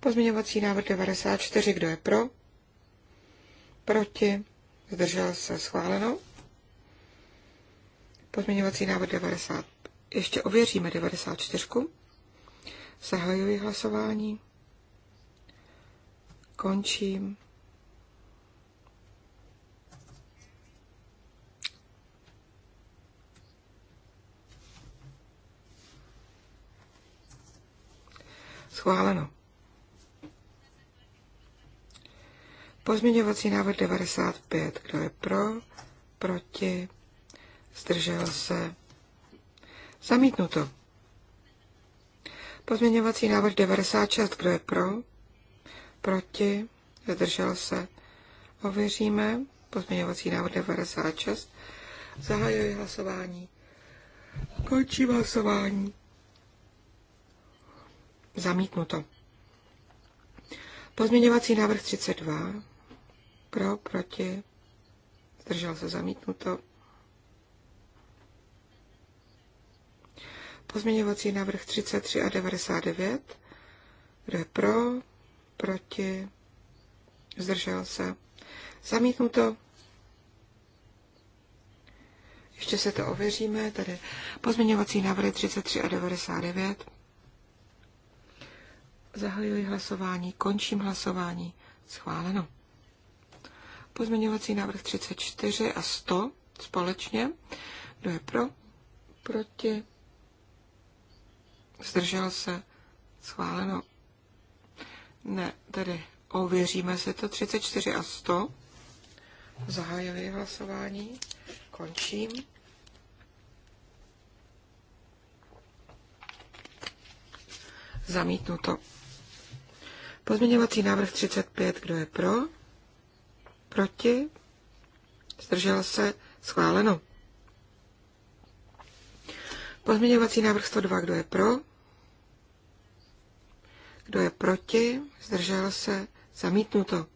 C: Pozměňovací návrh 94, kdo je pro? Proti, zdržel se, schváleno. Pozměňovací návrh 90. Ještě ověříme 94. Zahajuji hlasování. Končím. Schváleno. Pozměňovací návrh 95. Kdo je pro? Proti? Zdržel se? Zamítnuto. Pozměňovací návrh 96, kdo je pro? Proti? Zdržel se? Ověříme. Pozměňovací návrh 96. Zahajuji hlasování. Končí hlasování. Zamítnuto. Pozměňovací návrh 32. Pro, proti, zdržel se zamítnuto. Pozměňovací návrh 33 a 99. Kdo je pro? Proti? Zdržel se? Zamítnuto. Ještě se to ověříme, tady pozměňovací návrhy 33 a 99. Zahajuji hlasování, končím hlasování, schváleno. Pozměňovací návrh 34 a 100 společně. Kdo je pro? Proti? Zdržel se? Schváleno. Ne, tedy ověříme si to. 34 a 100. Zahájili hlasování. Končím. Zamítnuto. Pozměňovací návrh 35, kdo je pro? Proti? Zdržel se? Schváleno. Pozměňovací návrh 102, kdo je pro? Kdo je proti? Zdržel se? Zamítnuto.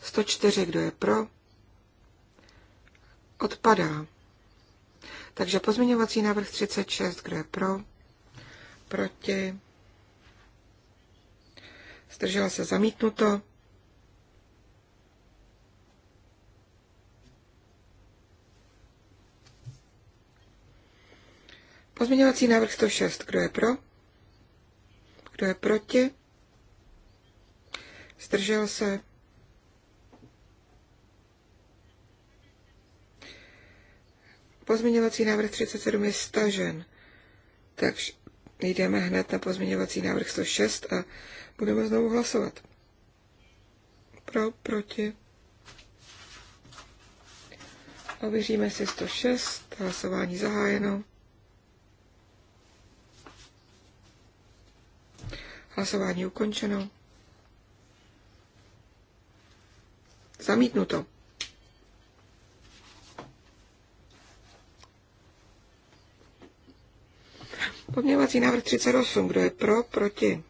C: 104. Kdo je pro? Odpadá. Takže pozměňovací návrh 36. Kdo je pro? Proti? Zdržel se? Zamítnuto. Pozměňovací návrh 106. Kdo je pro? Kdo je proti? Zdržel se? Pozměňovací návrh 37 je stažen, takže jdeme hned na pozměňovací návrh 106 a budeme znovu hlasovat. Pro, proti. Ověříme si 106, hlasování zahájeno. Hlasování ukončeno. Zamítnuto. Podměvací návrh 38. Kdo je pro, proti?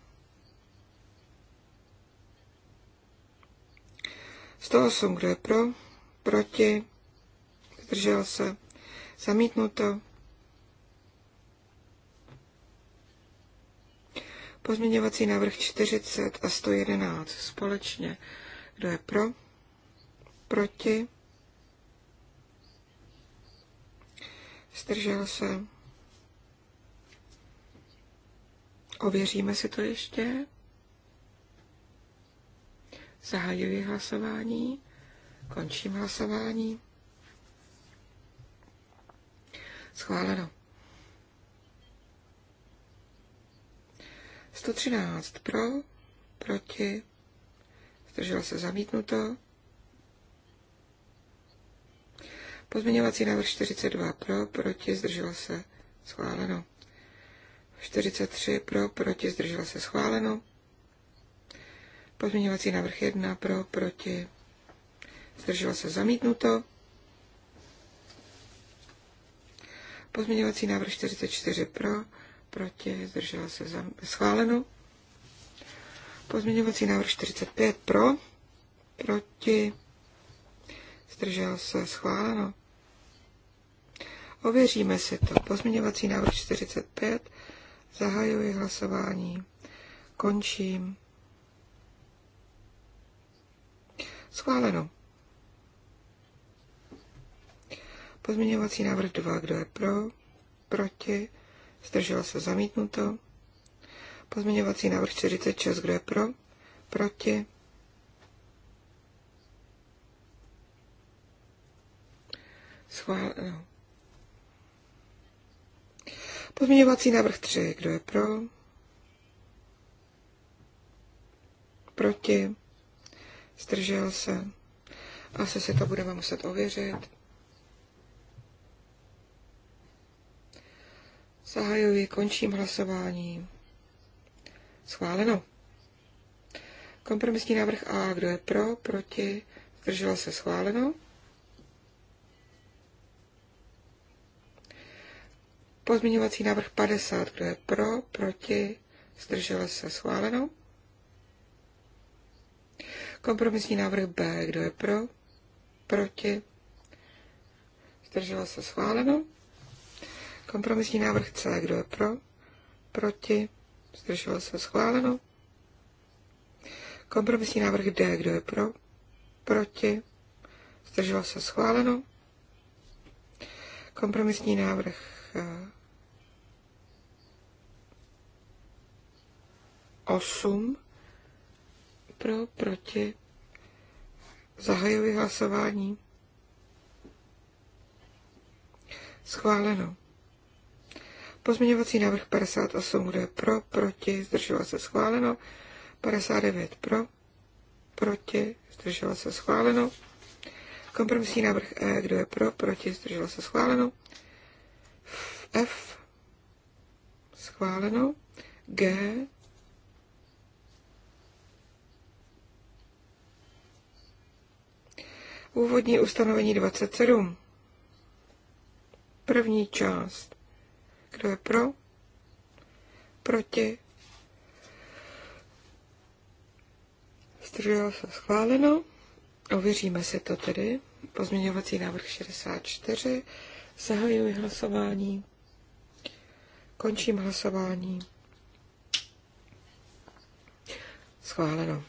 C: 108. Kdo je pro, proti? Zdržel se. Zamítnuto. Pozměňovací návrh 40 a 111 společně. Kdo je pro? Proti? Zdržel se? Ověříme si to ještě. Zahajuji hlasování. Končím hlasování. Schváleno. 113 pro, proti, zdržel se zamítnuto. Pozměňovací návrh 42 pro, proti, zdržel se schváleno. 43 pro, proti, zdržel se schváleno. Pozměňovací návrh 1 pro, proti, zdržel se zamítnuto. Pozměňovací návrh 44 pro, proti, zdržela se za, schváleno. Pozměňovací návrh 45 pro, proti, zdržela se schváleno. Ověříme si to. Pozměňovací návrh 45, zahajuji hlasování, končím. Schváleno. Pozměňovací návrh 2, kdo je pro, proti, Zdržel se zamítnuto. Pozměňovací návrh 46, kdo je pro? Proti? Schváleno. Pozměňovací návrh 3, kdo je pro? Proti? Zdržel se. Asi si to budeme muset ověřit. Zahajuji, končím hlasování. Schváleno. Kompromisní návrh A. Kdo je pro, proti, zdržela se schváleno. Pozměňovací návrh 50. Kdo je pro, proti, zdržela se schváleno. Kompromisní návrh B. Kdo je pro, proti, zdržela se schváleno. Kompromisní návrh C, kdo je pro? Proti? Zdržel se schváleno. Kompromisní návrh D, kdo je pro? Proti? Zdržel se schváleno. Kompromisní návrh eh, osm pro, proti. Zahajuji hlasování. Schváleno. Pozměňovací návrh 58, kdo pro, proti, zdržela se schváleno. 59 pro, proti, zdržela se schváleno. Kompromisní návrh E, kdo je pro, proti, zdržela se schváleno. F, schváleno. G, Úvodní ustanovení 27. První část. Kdo je pro? Proti? Zdrželo se schváleno. Ověříme si to tedy. Pozměňovací návrh 64. Zahajuji hlasování. Končím hlasování. Schváleno.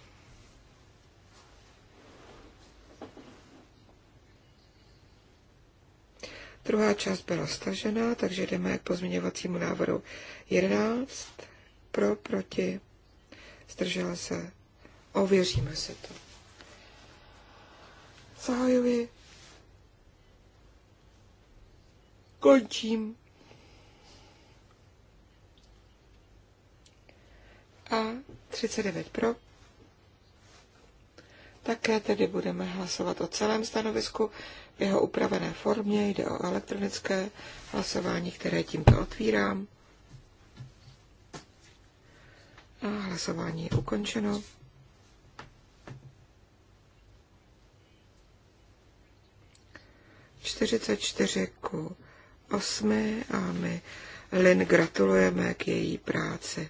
C: Druhá část byla stažena, takže jdeme k pozměňovacímu návrhu 11. Pro, proti, zdržela se. Ověříme si to. Zahajuji. Končím. A 39 pro. Také tedy budeme hlasovat o celém stanovisku jeho upravené formě. Jde o elektronické hlasování, které tímto otvírám. A hlasování je ukončeno. Čtyřicet čtyři ku a my Lin gratulujeme k její práci.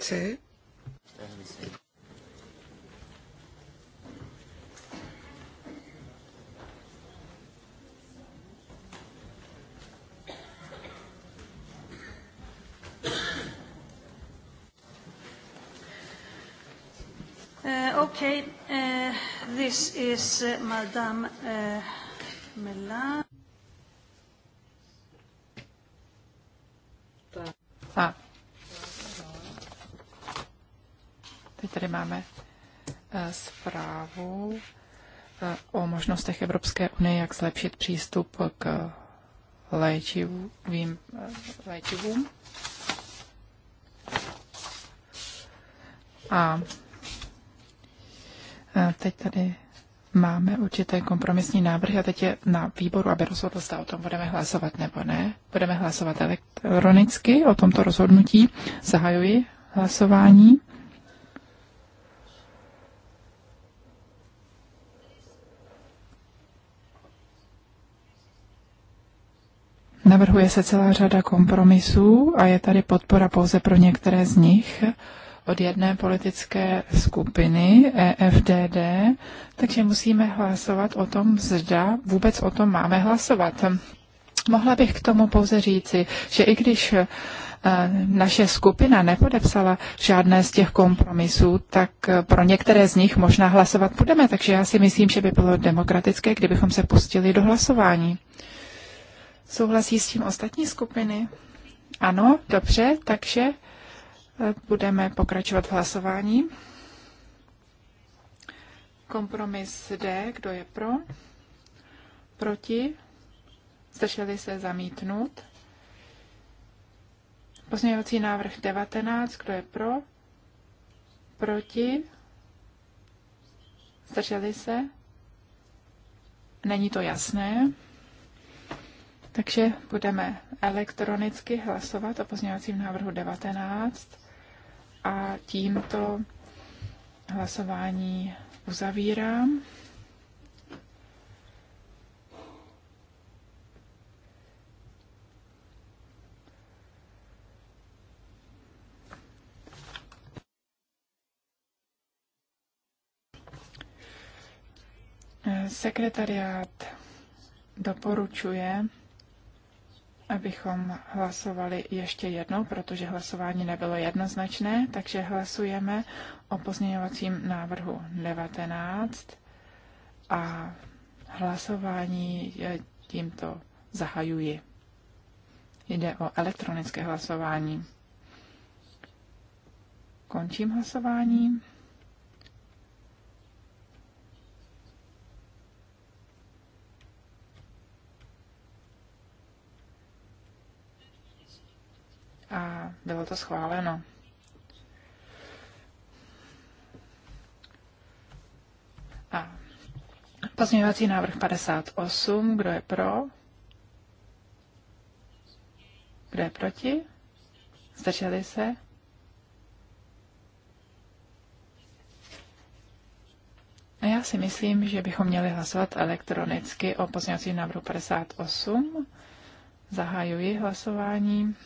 C: chci.
D: Eh, okay, uh, this is uh, Madame uh, Melan.
A: Ah.
B: Teď tady máme eh, zprávu eh, o možnostech Evropské unie, jak zlepšit přístup k léčivým, eh, léčivům. A teď tady máme určité kompromisní návrhy a teď je na výboru, aby rozhodl, zda o tom budeme hlasovat nebo ne. Budeme hlasovat elektronicky o tomto rozhodnutí. Zahajuji hlasování. Navrhuje se celá řada kompromisů a je tady podpora pouze pro některé z nich od jedné politické skupiny EFDD, takže musíme hlasovat o tom, zda vůbec o tom máme hlasovat. Mohla bych k tomu pouze říci, že i když eh, naše skupina nepodepsala žádné z těch kompromisů, tak eh, pro některé z nich možná hlasovat budeme. Takže já si myslím, že by bylo demokratické, kdybychom se pustili do hlasování. Souhlasí s tím ostatní skupiny? Ano, dobře, takže eh, budeme pokračovat v hlasování. Kompromis D, kdo je pro? Proti? Zdrželi se zamítnout. Pozměňovací návrh 19, kdo je pro? Proti? Zdrželi se? Není to jasné. Takže budeme elektronicky hlasovat o pozměňovacím návrhu 19 a tímto hlasování uzavírám. Sekretariát doporučuje abychom hlasovali ještě jednou, protože hlasování nebylo jednoznačné, takže hlasujeme o pozměňovacím návrhu 19 a hlasování tímto zahajuji. Jde o elektronické hlasování. Končím hlasování. a bylo to schváleno. A pozměňovací návrh 58, kdo je pro? Kdo je proti? Zdrželi se? A já si myslím, že bychom měli hlasovat elektronicky o pozměňovacím návrhu 58. Zahajuji hlasování.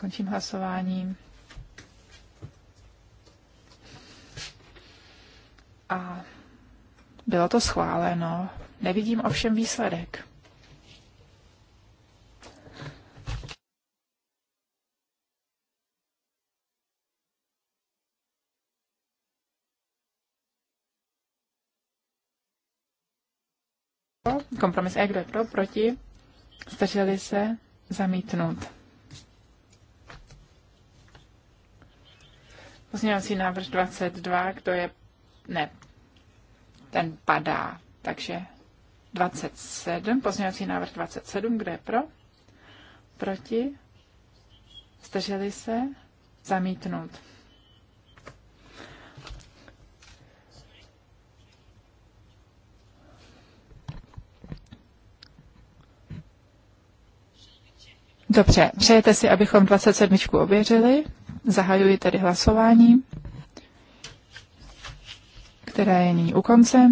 B: Končím hlasování. A bylo to schváleno. Nevidím ovšem výsledek. Kompromis E, kdo je pro, proti, zdrželi se, zamítnout. Pozměňovací návrh 22, kdo je... Ne, ten padá. Takže 27, pozměňovací návrh 27, kdo je pro? Proti? Zdrželi se? Zamítnout. Dobře, přejete si, abychom 27 ověřili? Zahajuji tedy hlasování, které je nyní u konce.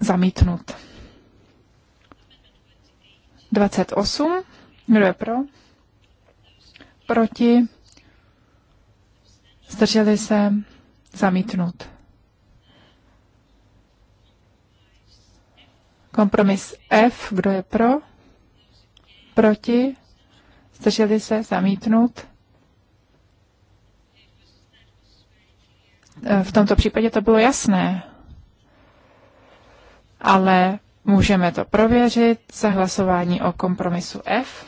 B: Zamítnut. 28. Kdo je pro? Proti? Zdrželi se? Zamítnut. Kompromis F. Kdo je pro? proti, zdrželi se, zamítnut. E, v tomto případě to bylo jasné, ale můžeme to prověřit za hlasování o kompromisu F.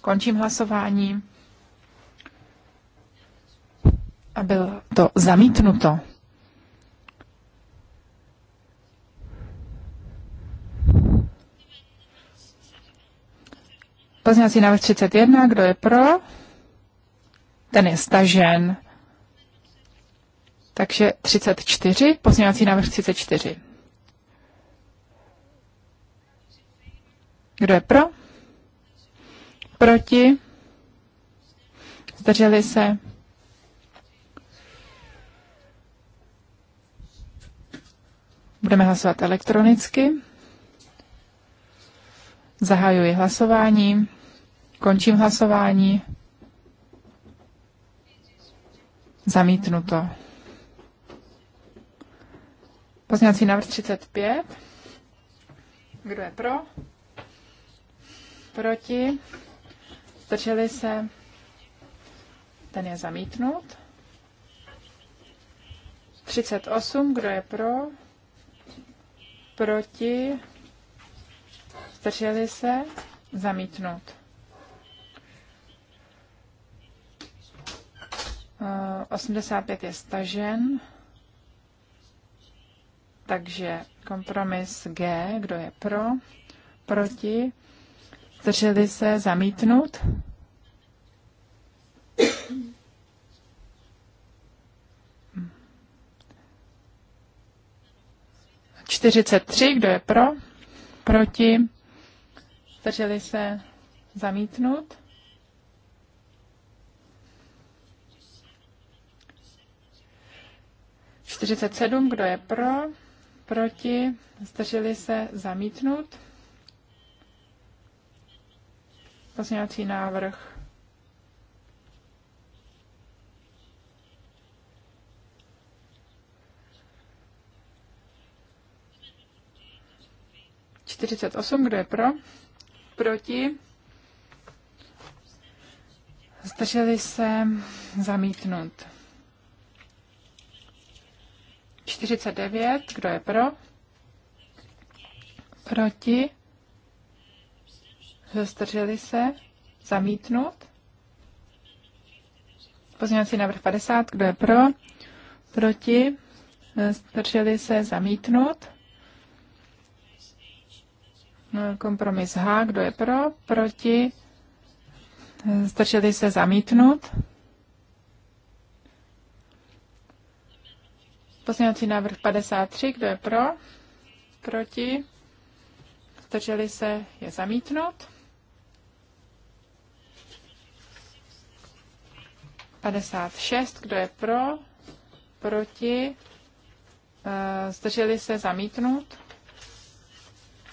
B: Končím hlasování a bylo to zamítnuto. Pozměňovací návrh 31, kdo je pro? Ten je stažen. Takže 34, pozměňovací návrh 34. Kdo je pro? Proti? Zdrželi se? Budeme hlasovat elektronicky. Zahajuji hlasování. Končím hlasování. Zamítnuto. Pozměňovací návrh 35. Kdo je pro? Proti? Zdrželi se? Ten je zamítnut. 38. Kdo je pro? Proti? Zdrželi se? Zamítnut. 85 eh, je stažen, takže kompromis G, kdo je pro, proti, zdrželi se zamítnout. Čtyřicet tři, kdo je pro, proti, zdrželi se zamítnout. 47, kdo je pro, proti, zdrželi se zamítnout. Pozměňovací návrh Čtyřicet osm, kdo je pro? Proti? Zdrželi se zamítnout. 49, kdo je pro? Proti? Zastrželi se? Zamítnut? Pozměňovací návrh 50, kdo je pro? Proti? Zastrželi se? Zamítnut? Kompromis H, kdo je pro? Proti? Zdrželi se? zamítnout. Pozměňovací návrh 53, kdo je pro? Proti? Zdrželi se? Je zamítnut. 56, eh, kdo je pro? Proti? Zdrželi se? Zamítnut.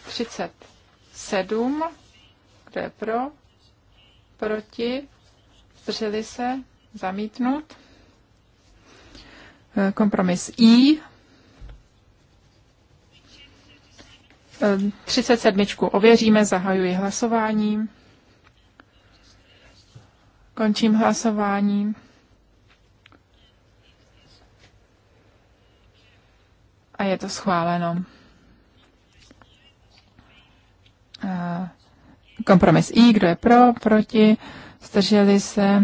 B: 37, kdo je pro? Proti? Zdrželi se? Zamítnut kompromis I. 37. ověříme, zahajuji hlasování. Končím hlasování. A je to schváleno. Kompromis I, kdo je pro, proti, zdrželi se,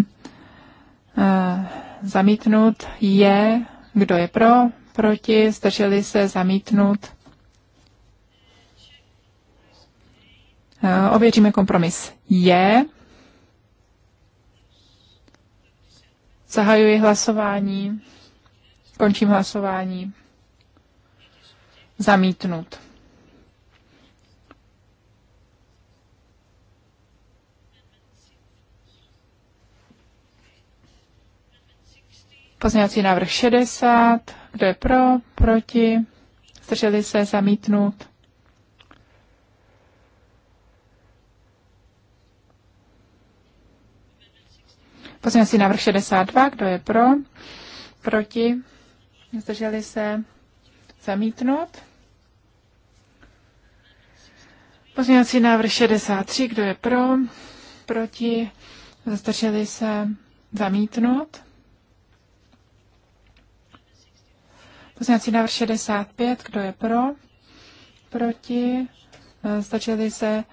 B: zamítnut, je kdo je pro? Proti? Zdrželi se? zamítnout. Eh, ověříme kompromis. Je. Zahajuji hlasování. Končím hlasování. Zamítnut. Pozměňovací návrh 60. Kdo je pro? Proti? Zdrželi se? Zamítnut? Pozměňovací návrh 62. Kdo je pro? Proti? Zdrželi se? Zamítnout? Pozměňovací návrh 63. Kdo je pro? Proti? Zdrželi se? Zamítnout? Pozměňovací návrh 65, kdo je pro? Proti? Stačili eh, se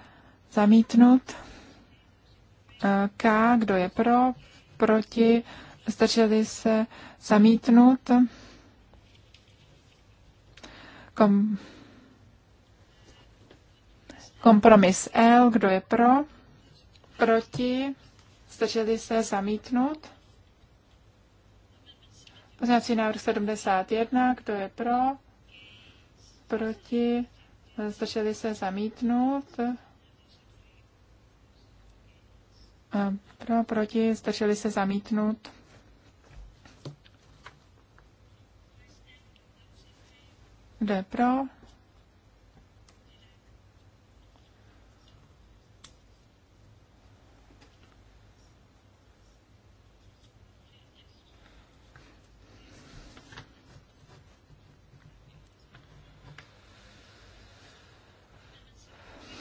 B: zamítnout. Eh, K, kdo je pro? Proti? Stačili se zamítnout. Kom... Kompromis L, kdo je pro? Proti? Stačili se zamítnout. Pozměňovací návrh 71, kdo je pro? Proti? Zdrželi se zamítnout? Eh, pro, proti, zdrželi se zamítnout. Kdo je pro?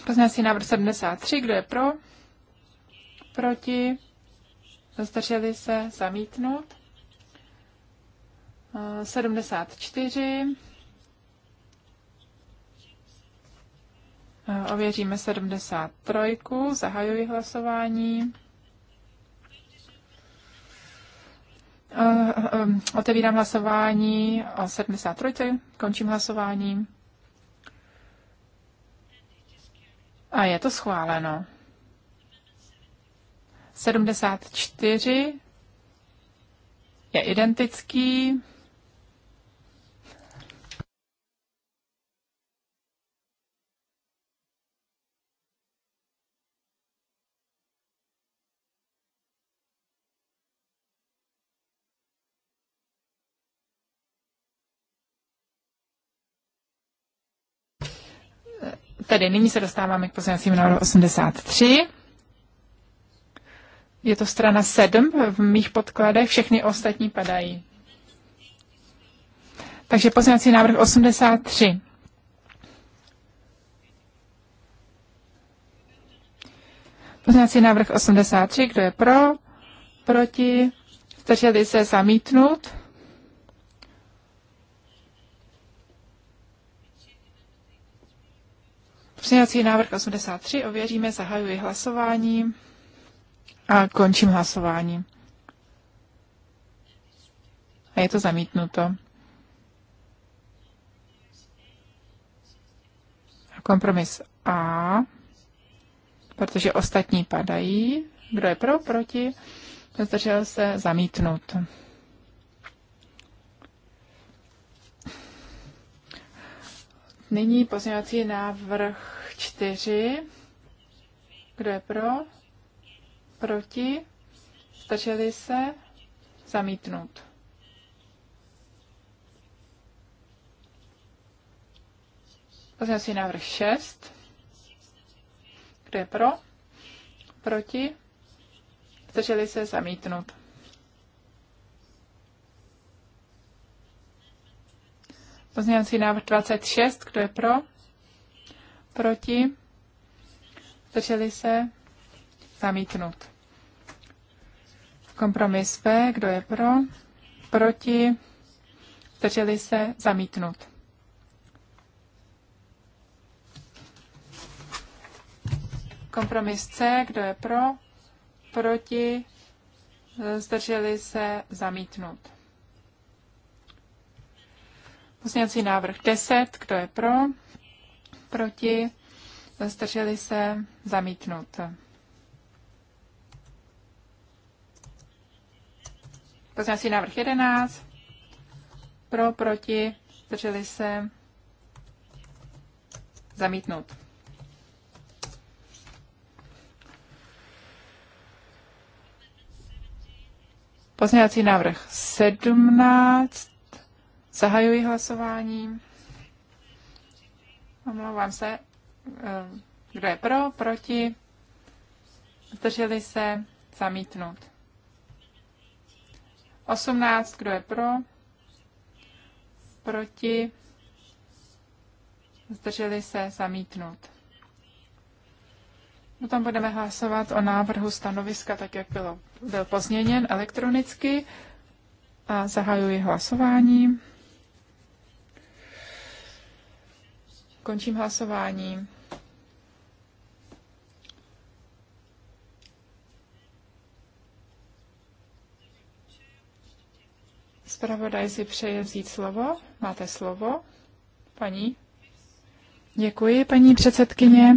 B: Poznací návrh 73, kdo je pro? Proti? Zdrželi se zamítnout. 74. Eh, eh, ověříme 73. Zahajuji hlasování. Eh, otevírám hlasování o 73. Končím hlasování. A je to schváleno. 74 je identický. Tedy nyní se dostáváme k pozměňovacím návrhu 83. Je to strana 7 v mých podkladech, všechny ostatní padají. Takže pozměňovací návrh 83. Pozměňovací návrh 83, kdo je pro, proti, stačili se zamítnout. Pozměňovací návrh 83 ověříme, zahajuji hlasování a končím hlasování. A je to zamítnuto. kompromis A, protože ostatní padají. Kdo je pro, proti, zdržel se, zamítnut. Nyní pozměňovací návrh 4. Kdo je pro? Proti? Stačili se? Zamítnout. Pozměňovací návrh 6. Kdo je pro? Proti? Stačili se? Zamítnout. Pozměňovací návrh 26, kdo je pro? Proti? Zdrželi se? Zamítnut. Kompromis B, kdo je pro? Proti? Zdrželi se? Zamítnut. Kompromis C, kdo je pro? Proti? Zdrželi se? Zamítnut. Pozměňovací návrh 10, kdo je pro? Proti? Zdrželi se? Zamítnut. Pozměňovací návrh 11. Pro, proti, zdrželi se, zamítnout. Pozměňovací návrh 17. Zahajuji hlasování. Omlouvám se. Eh, kdo je pro, proti? Zdrželi se? Zamítnut. 18. Kdo je pro? Proti? Zdrželi se? Zamítnut. Potom budeme hlasovat o návrhu stanoviska, tak jak bylo, byl pozměněn elektronicky. A zahajuji hlasování. Končím hlasování. Spravodaj si přeje vzít slovo. Máte slovo, paní? Děkuji, paní předsedkyně.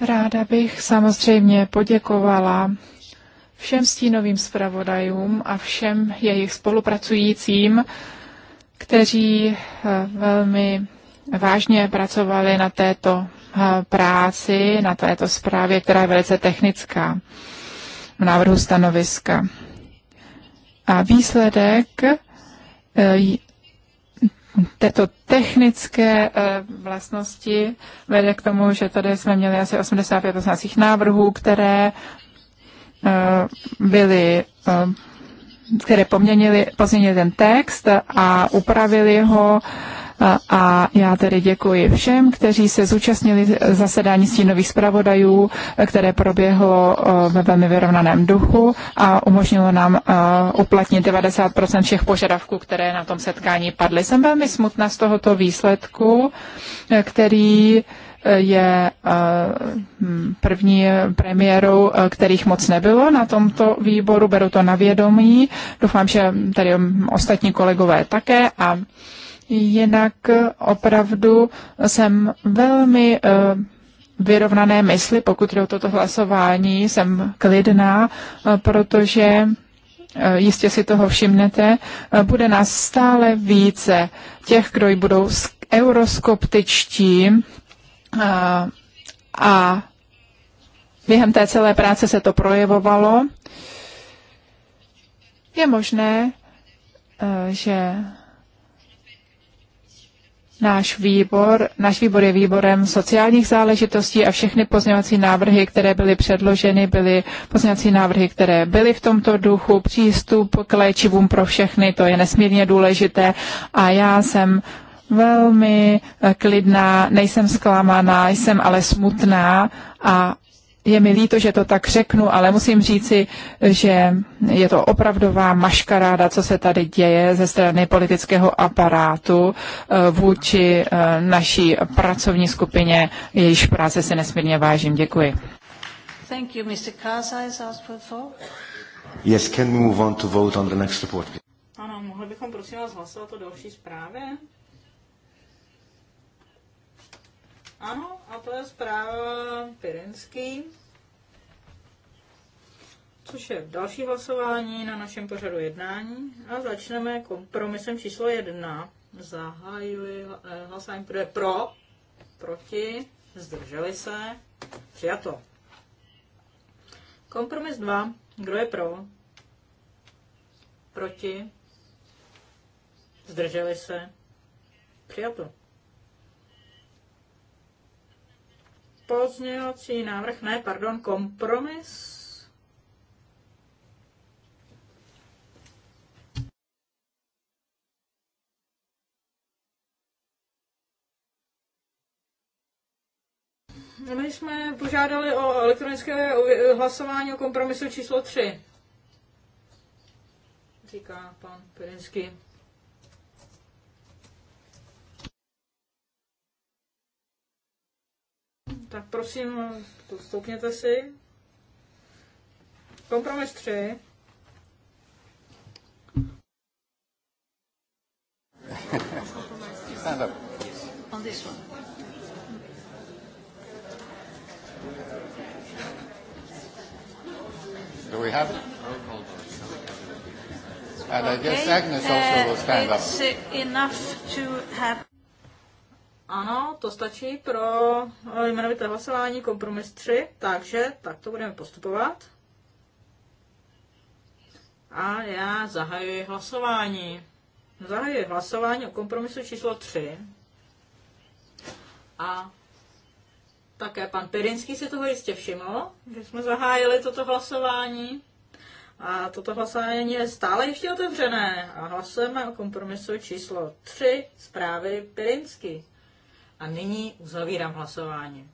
B: Ráda bych samozřejmě poděkovala všem stínovým zpravodajům a všem jejich spolupracujícím kteří eh, velmi vážně pracovali na této eh, práci, na této zprávě, která je velice technická v návrhu stanoviska. A výsledek eh, této technické vlastnosti vede k tomu, že tady jsme měli asi 85 návrhů, které byly které poměnili, pozměnili ten text a upravili ho a já tedy děkuji všem, kteří se zúčastnili zasedání stínových zpravodajů, které proběhlo ve velmi vyrovnaném duchu a umožnilo nám uplatnit 90 všech požadavků, které na tom setkání padly. Jsem velmi smutná z tohoto výsledku, který je eh, hmm, první premiérou, eh, kterých moc nebylo na tomto výboru. Beru to na vědomí. Doufám, že tady mm, ostatní kolegové také. A jinak eh, opravdu jsem velmi vyrovnané mysli, pokud jde o toto hlasování, jsem klidná, protože jistě si toho všimnete, bude nás stále více těch, kdo budou euroskoptičtí, a během té celé práce se to projevovalo. Je možné, e, že náš výbor, náš výbor je výborem sociálních záležitostí a všechny pozněvací návrhy, které byly předloženy, byly pozněvací návrhy, které byly v tomto duchu, přístup k léčivům pro všechny, to je nesmírně důležité a já jsem velmi eh, klidná, nejsem zklamaná, jsem ale smutná a je mi líto, že to tak řeknu, ale musím říci, že je to opravdová maškaráda, co se tady děje ze strany politického aparátu eh, vůči eh, naší pracovní skupině, jejíž práce si nesmírně vážím. Děkuji.
D: Thank you, Mr. is asked for Yes, can we move on to vote on the next report?
A: Ano, mohli bychom prosím vás hlasovat o další zprávě? Ano, a to je zpráva Pirinský, což je další hlasování na našem pořadu jednání. A začneme kompromisem číslo jedna. Zahajuji eh, hlasování, pro je pro, proti, zdrželi se, přijato. Kompromis 2. Kdo je pro? Proti? Zdrželi se? Přijato. Pozměňovací návrh, ne, pardon, kompromis. My jsme požádali o elektronické hlasování o kompromisu číslo 3, říká pan Pirinsky. Tak prosím, stoupněte si. Kompromis 3.
E: Stand up. On this one. Do we have it? And okay. I guess Agnes also uh, will stand it's up. It's
A: uh, enough to have ano, to stačí pro jmenovité hlasování kompromis 3, takže tak to budeme postupovat. A já zahajuji hlasování. Zahajuji hlasování o kompromisu číslo 3. A také pan Pirinský si toho jistě všiml, že jsme zahájili toto hlasování. A toto hlasování je stále ještě otevřené a hlasujeme o kompromisu číslo 3 zprávy Pirinský. A nyní uzavírám hlasování.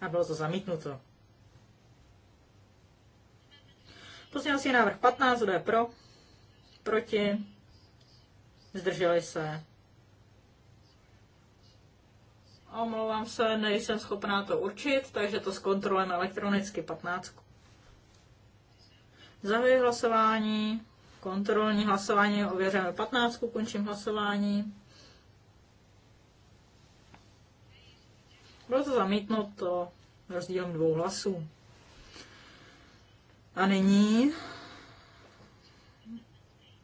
A: A bylo to zamítnuto. Pozměňovací návrh 15, kdo je pro? Proti? Zdrželi se? Omlouvám se, nejsem schopná to určit, takže to zkontrolujeme elektronicky 15. Zahajuji hlasování, kontrolní hlasování, ověřujeme 15, končím hlasování. Bylo to zamítnuto rozdílem dvou hlasů. A nyní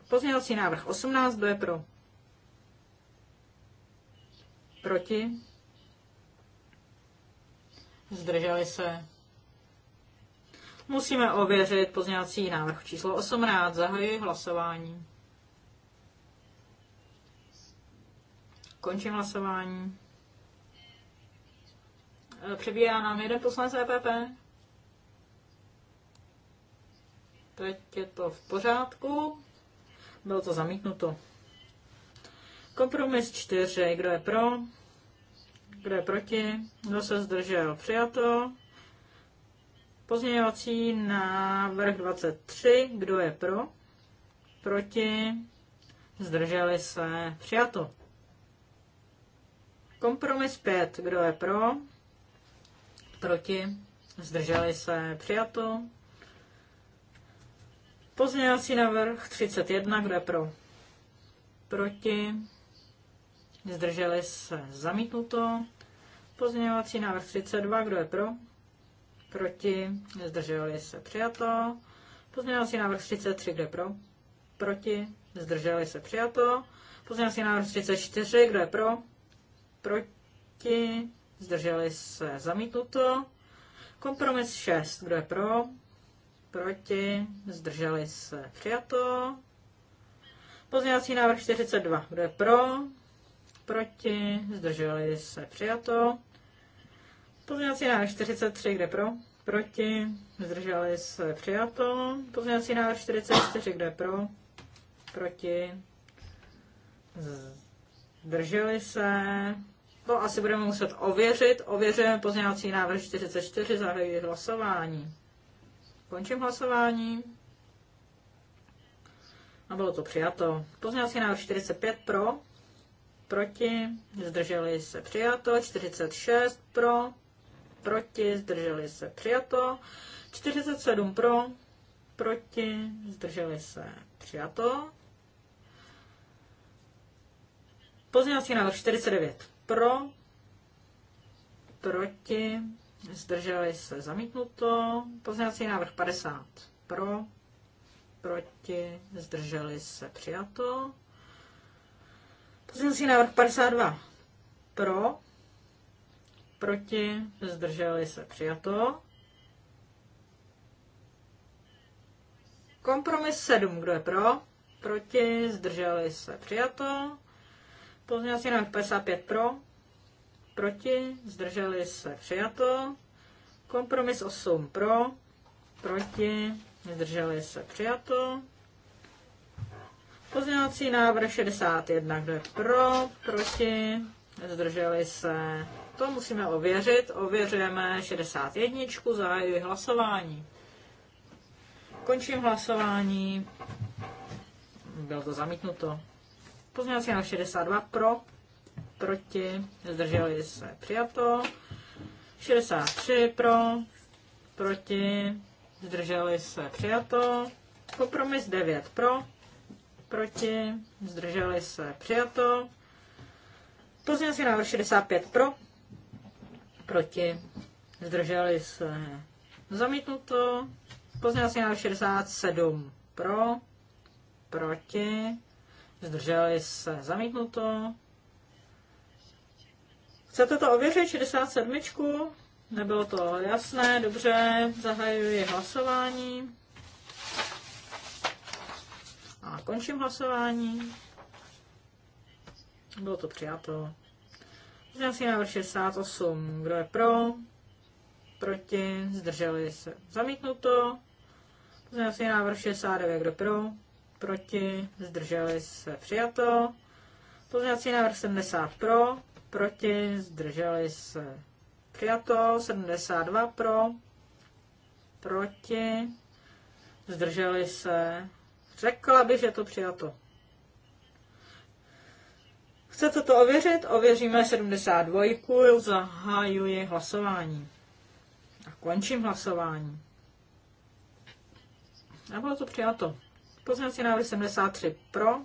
A: pozměňovací návrh 18, kdo je pro? Proti? Zdrželi se? Musíme ověřit pozměňovací návrh číslo 18. Zahajuji hlasování. Končím hlasování. Eh, Přebíhá nám jeden poslanec EPP. Teď je to v pořádku. Bylo to zamítnuto. Kompromis 4. Kdo je pro? Kdo je proti? Kdo se zdržel? Přijato. Pozměňovací návrh 23. Kdo je pro? Proti? Zdrželi se? Přijato. Kompromis 5. Kdo je pro? proti, zdrželi se, přijato. Pozměňovací návrh 31, kdo je pro, proti, zdrželi se, zamítnuto. Pozměňovací návrh 32, kdo je pro, proti, zdrželi se, přijato. Pozměňovací návrh 33, kdo je pro, proti, zdrželi se, přijato. Pozměňovací návrh 34, kdo je pro, proti, zdrželi se zamítnuto. Kompromis 6, kdo je pro, proti, zdrželi se přijato. Pozměňovací návrh 42, kdo je pro, proti, zdrželi se přijato. Pozměňovací návrh 43, kde pro, proti, zdrželi se přijato. Pozměňovací návrh 44, kde pro, proti, zdrželi se, to asi budeme muset ověřit. Ověřujeme pozměňovací návrh 44, zahajuji hlasování. Končím hlasování. A bylo to přijato. Pozměňovací návrh 45 pro, proti, zdrželi se přijato. 46 pro, proti, zdrželi se přijato. 47 pro, proti, zdrželi se přijato. Pozměňovací návrh 49 pro, proti, zdrželi se zamítnuto, pozměňovací návrh 50 pro, proti, zdrželi se přijato, pozměňovací návrh 52 pro, proti, zdrželi se přijato, kompromis 7, kdo je pro, proti, zdrželi se přijato, Pozměňovací návrh 55 pro, proti, zdrželi se přijato. Kompromis 8 pro, proti, zdrželi se přijato. Pozměňovací návrh 61, kde pro, proti, zdrželi se. To musíme ověřit. Ověřujeme 61, zahajuji hlasování. Končím hlasování. Bylo to zamítnuto. Pozměňovací návrh 62 pro, proti, zdrželi se přijato. 63 pro, proti, zdrželi se přijato. Kompromis 9 pro, proti, zdrželi se přijato. Pozměňovací návrh 65 pro, proti, zdrželi se zamítnuto. Pozměňovací návrh 67 pro, proti, zdrželi se, zamítnuto. Chcete to ověřit, 67? Nebylo to jasné, dobře, zahajuji hlasování. A končím hlasování. Bylo to přijato. Pozměňovací návrh 68. Kdo je pro? Proti? Zdrželi se. Zamítnuto. Pozměňovací návrh 69. Kdo pro? proti, zdrželi se přijato. Pozměňovací návrh 70 pro, proti, zdrželi se přijato. 72 pro, proti, zdrželi se. Řekla bych, že to přijato. Chcete to ověřit? Ověříme 72. Zahajuji hlasování. A končím hlasování. A bylo to přijato. Pozměňovací návrh 73 pro,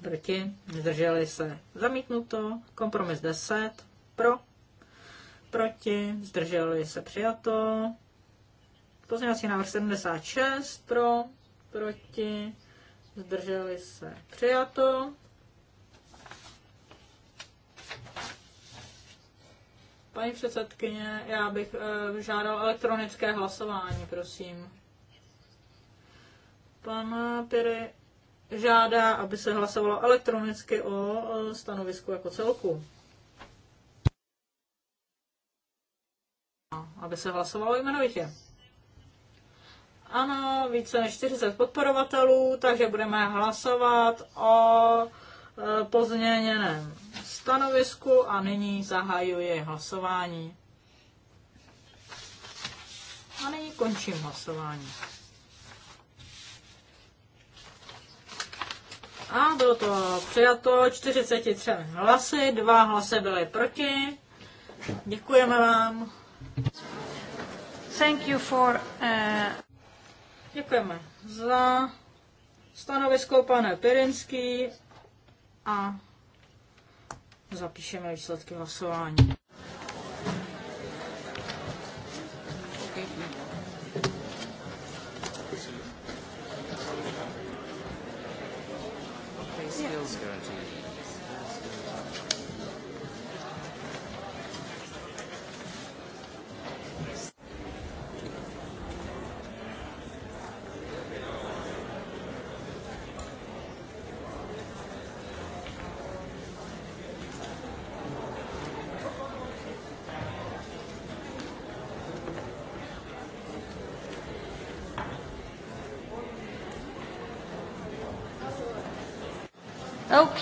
A: proti, zdrželi se zamítnuto, kompromis 10 pro, proti, zdrželi se přijato, pozměňovací návrh 76 pro, proti, zdrželi se přijato, 'Paní předsedkyně, já bych e, žádal elektronické hlasování, prosím. Pan Piry žádá, aby se hlasovalo elektronicky o stanovisku jako celku. No, aby se hlasovalo jmenovitě. Ano, více než 40 podporovatelů, takže budeme hlasovat o e, pozměněném stanovisku a nyní zahajuji hlasování. A nyní končím hlasování. A bylo to přijato 43 hlasy, dva hlasy byly proti. Děkujeme vám. Thank you for, uh... Děkujeme za stanovisko pane Pirinský a zapíšeme výsledky hlasování.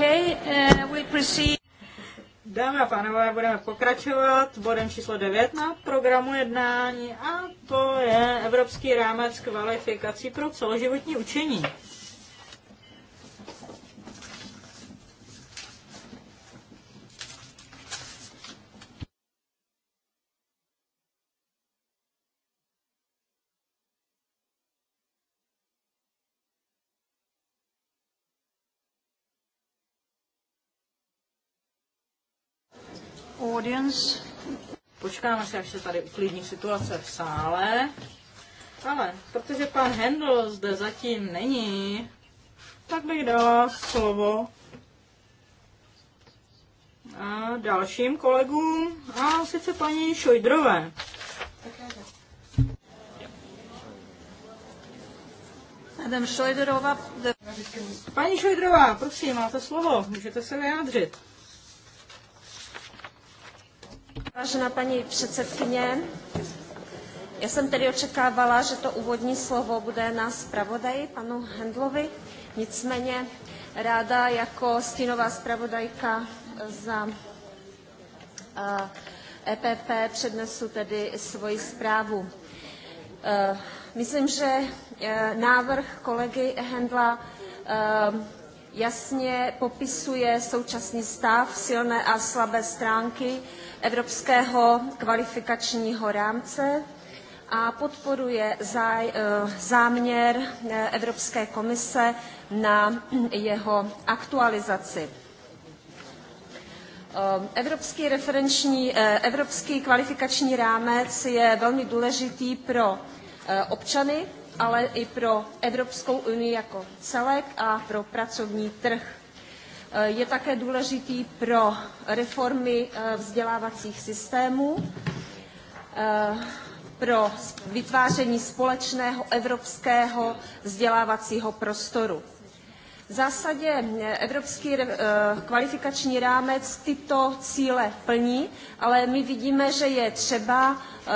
A: Okay, uh, we proceed. Dámy a pánové, budeme pokračovat bodem číslo 9 na programu jednání a to je Evropský rámec kvalifikací pro celoživotní učení. audience. Počkáme si, až se tady uklidní situace v sále. Ale protože pan Hendl zde zatím není, tak bych dala slovo a dalším kolegům, a sice paní Šojdrové. Adam Šojderová. Paní Šojdrová,
D: prosím, máte slovo, můžete se vyjádřit. Vážená paní předsedkyně, já jsem tedy očekávala, že to úvodní slovo bude na zpravodaji, panu Hendlovi. Nicméně ráda jako stínová zpravodajka za EPP eh, e přednesu tedy svoji zprávu. Eh, myslím, že eh, návrh kolegy Hendla jasně popisuje současný stav, silné a slabé stránky evropského kvalifikačního rámce a podporuje eh, záměr eh, Evropské komise na jeho aktualizaci. Eh, evropský, referenční, evropský kvalifikační rámec je velmi důležitý pro občany ale i pro Evropskou unii jako celek a pro pracovní trh. Eh, je také důležitý pro reformy eh, vzdělávacích systémů, eh, pro vytváření společného evropského vzdělávacího prostoru. V zásadě eh, evropský eh, kvalifikační rámec tyto cíle plní, ale my vidíme, že je třeba eh,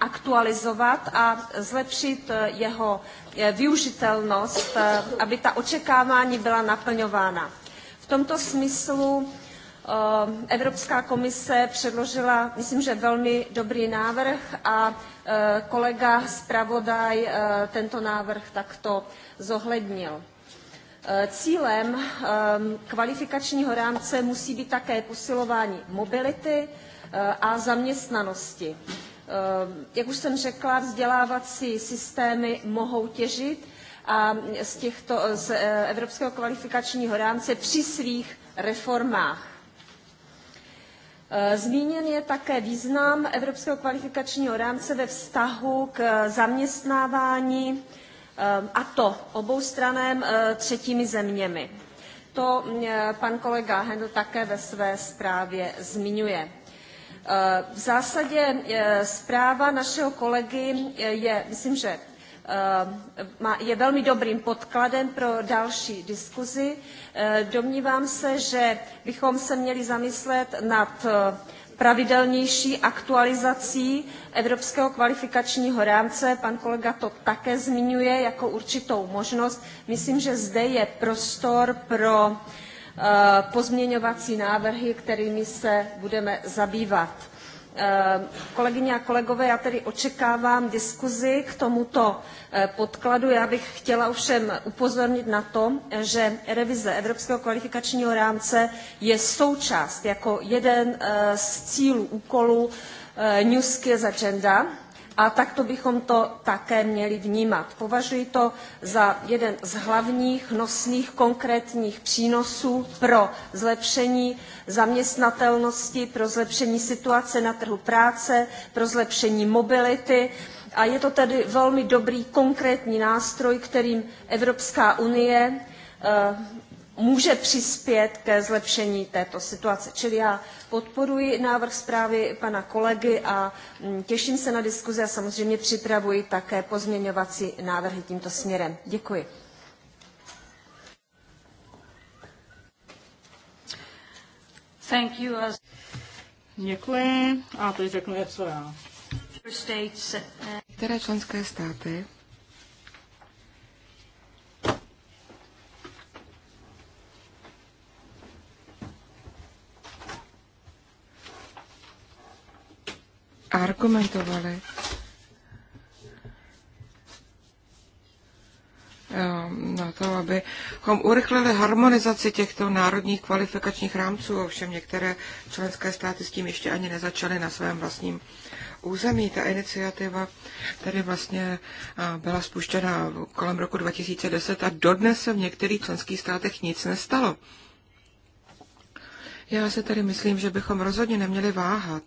D: aktualizovat a zlepšit jeho využitelnost, aby ta očekávání byla naplňována. V tomto smyslu Evropská komise předložila, myslím, že velmi dobrý návrh a kolega zpravodaj tento návrh takto zohlednil. Eh, cílem ehm, kvalifikačního rámce musí být také posilování mobility eh, a zaměstnanosti. Ehm, jak už jsem řekla, vzdělávací systémy mohou těžit a z, těchto, z eh, Evropského kvalifikačního rámce při svých reformách. Zmíněn je také význam Evropského kvalifikačního rámce ve vztahu k zaměstnávání Ehm, a to stranem, eh, třetími zeměmi. To mm, eh, pan kolega Hendl také ve své zprávě zmiňuje. Eh, v zásadě zpráva našeho kolegy je, myslím, že je velmi dobrým podkladem pro další diskuzi. Domnívám se, že bychom se měli zamyslet nad pravidelnější aktualizací Evropského kvalifikačního rámce. Pan kolega to také zmiňuje jako určitou možnost. Myslím, že zde je prostor pro eh, pozměňovací návrhy, kterými se budeme zabývat. Ehm, kolegyně a kolegové, já tedy očekávám diskuzi k tomuto eh, podkladu. Já bych chtěla ovšem upozornit na to, že revize Evropského kvalifikačního rámce je součást jako jeden eh, z cílů úkolů eh, New Skills Agenda, a takto bychom to také měli vnímat. Považuji to za jeden z hlavních nosných konkrétních přínosů pro zlepšení zaměstnatelnosti, pro zlepšení situace na trhu práce, pro zlepšení mobility a je to tedy velmi dobrý konkrétní nástroj, kterým Evropská unie eh, může přispět ke zlepšení této situace. Čili já podporuji návrh zprávy pana kolegy a mm, těším se na diskuzi a samozřejmě připravuji také pozměňovací návrhy tímto směrem. Děkuji. Thank you. Uh,
A: Děkuji. A teď řeknu, co já.
C: Některé členské státy argumentovali na to, abychom urychlili harmonizaci těchto národních kvalifikačních rámců. Ovšem některé členské státy s tím ještě ani nezačaly na svém vlastním území. Ta iniciativa tedy vlastně byla spuštěna kolem roku 2010 a dodnes se v některých členských státech nic nestalo. Já se tedy myslím, že bychom rozhodně neměli váhat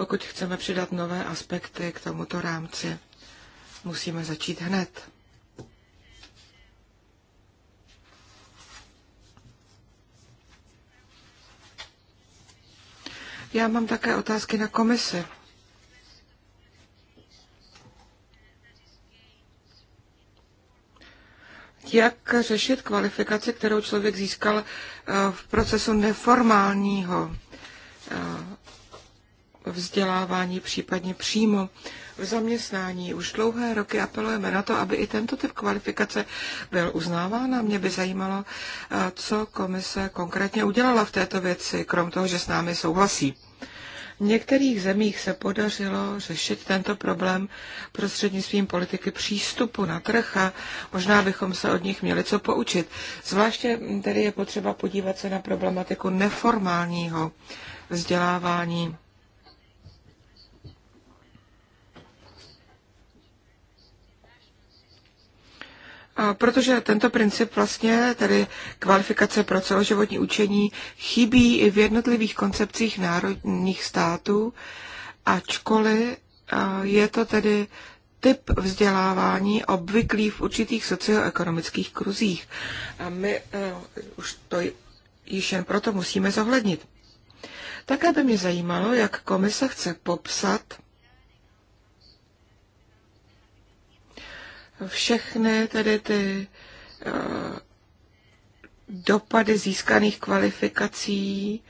C: pokud chceme přidat nové aspekty k tomuto rámci, musíme začít hned. Já mám také otázky na komisi. Jak řešit kvalifikaci, kterou člověk získal eh, v procesu neformálního eh, vzdělávání, případně přímo v zaměstnání. Už dlouhé roky apelujeme na to, aby i tento typ kvalifikace byl uznáván a mě by zajímalo, eh, co komise konkrétně udělala v této věci, krom toho, že s námi souhlasí. V některých zemích se podařilo řešit tento problém prostřednictvím politiky přístupu na trh a možná bychom se od nich měli co poučit. Zvláště tedy je potřeba podívat se na problematiku neformálního vzdělávání protože tento princip vlastně, tedy kvalifikace pro celoživotní učení, chybí i v jednotlivých koncepcích národních států, ačkoliv je to tedy typ vzdělávání obvyklý v určitých socioekonomických kruzích. A my uh, už to již jen proto musíme zohlednit. Také by mě zajímalo, jak komise chce popsat všechny tedy ty eh, dopady získaných kvalifikací,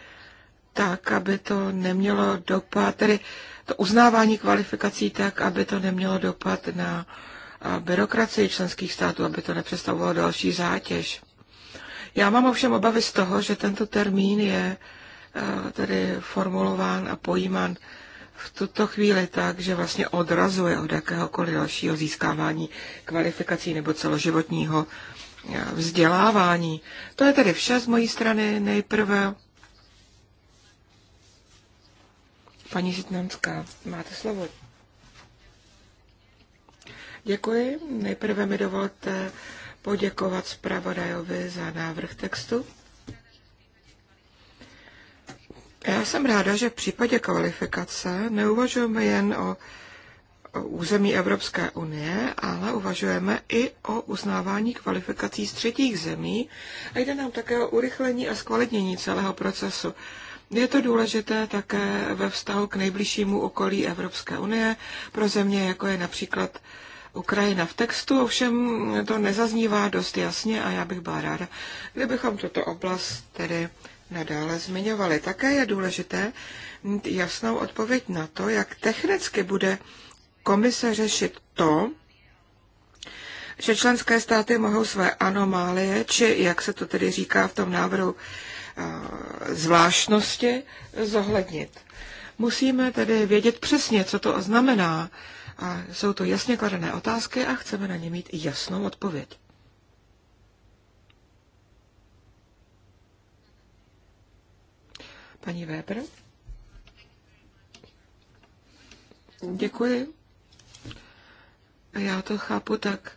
C: tak, aby to nemělo dopad, tedy to uznávání kvalifikací tak, aby to nemělo dopad na eh, byrokracii členských států, aby to nepředstavovalo další zátěž. Já mám ovšem obavy z toho, že tento termín je eh, tedy formulován a pojímán v tuto chvíli tak, že vlastně odrazuje od jakéhokoliv dalšího získávání kvalifikací nebo celoživotního eh, vzdělávání. To je tedy vše z mojí strany. Nejprve paní Žitnanská, máte slovo. Děkuji. Nejprve mi dovolte poděkovat zpravodajovi za návrh textu. Já jsem ráda, že v případě kvalifikace neuvažujeme jen o, o území Evropské unie, ale uvažujeme i o uznávání kvalifikací z třetích zemí a jde nám také o urychlení a zkvalitnění celého procesu. Je to důležité také ve vztahu k nejbližšímu okolí Evropské unie pro země, jako je například Ukrajina v textu, ovšem to nezaznívá dost jasně a já bych byla ráda, kdybychom tuto oblast tedy nadále zmiňovali. Také je důležité mít jasnou odpověď na to, jak technicky bude komise řešit to, že členské státy mohou své anomálie, či jak se to tedy říká v tom návrhu, eh, zvláštnosti zohlednit. Musíme tedy vědět přesně, co to znamená. A jsou to jasně kladené otázky a chceme na ně mít jasnou odpověď. Paní Weber? Děkuji. Já to chápu tak,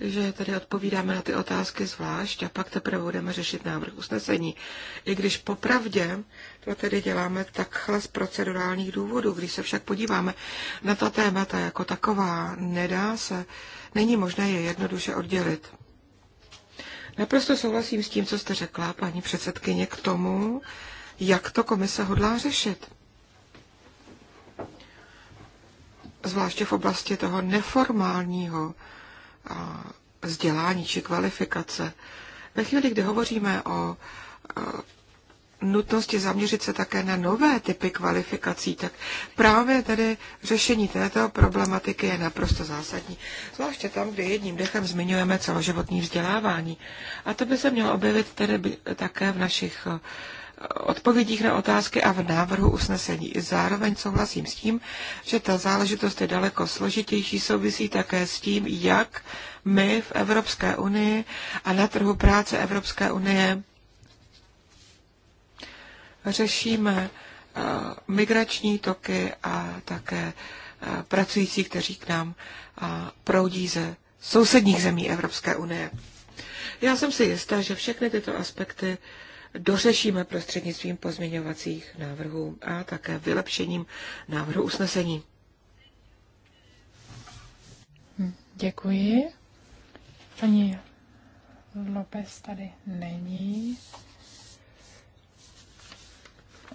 C: že tady odpovídáme na ty otázky zvlášť a pak teprve budeme řešit návrh usnesení. I když popravdě to tedy děláme takhle z procedurálních důvodů, když se však podíváme na ta témata jako taková, nedá se, není možné je jednoduše oddělit. Naprosto souhlasím s tím, co jste řekla, paní předsedkyně, k tomu, jak to komise hodlá řešit. Zvláště v oblasti toho neformálního vzdělání či kvalifikace. Ve chvíli, kdy hovoříme o nutnosti zaměřit se také na nové typy kvalifikací, tak právě tedy řešení této problematiky je naprosto zásadní. Zvláště tam, kdy jedním dechem zmiňujeme celoživotní vzdělávání. A to by se mělo objevit tedy také v našich odpovědích na otázky a v návrhu usnesení. Zároveň souhlasím s tím, že ta záležitost je daleko složitější, souvisí také s tím, jak my v Evropské unii a na trhu práce Evropské unie řešíme eh, migrační toky a také eh, pracující, kteří k nám eh, proudí ze sousedních zemí Evropské unie. Já jsem si jistá, že všechny tyto aspekty dořešíme prostřednictvím pozměňovacích návrhů a také vylepšením návrhu usnesení. Hm,
B: děkuji. Paní Lopez tady není.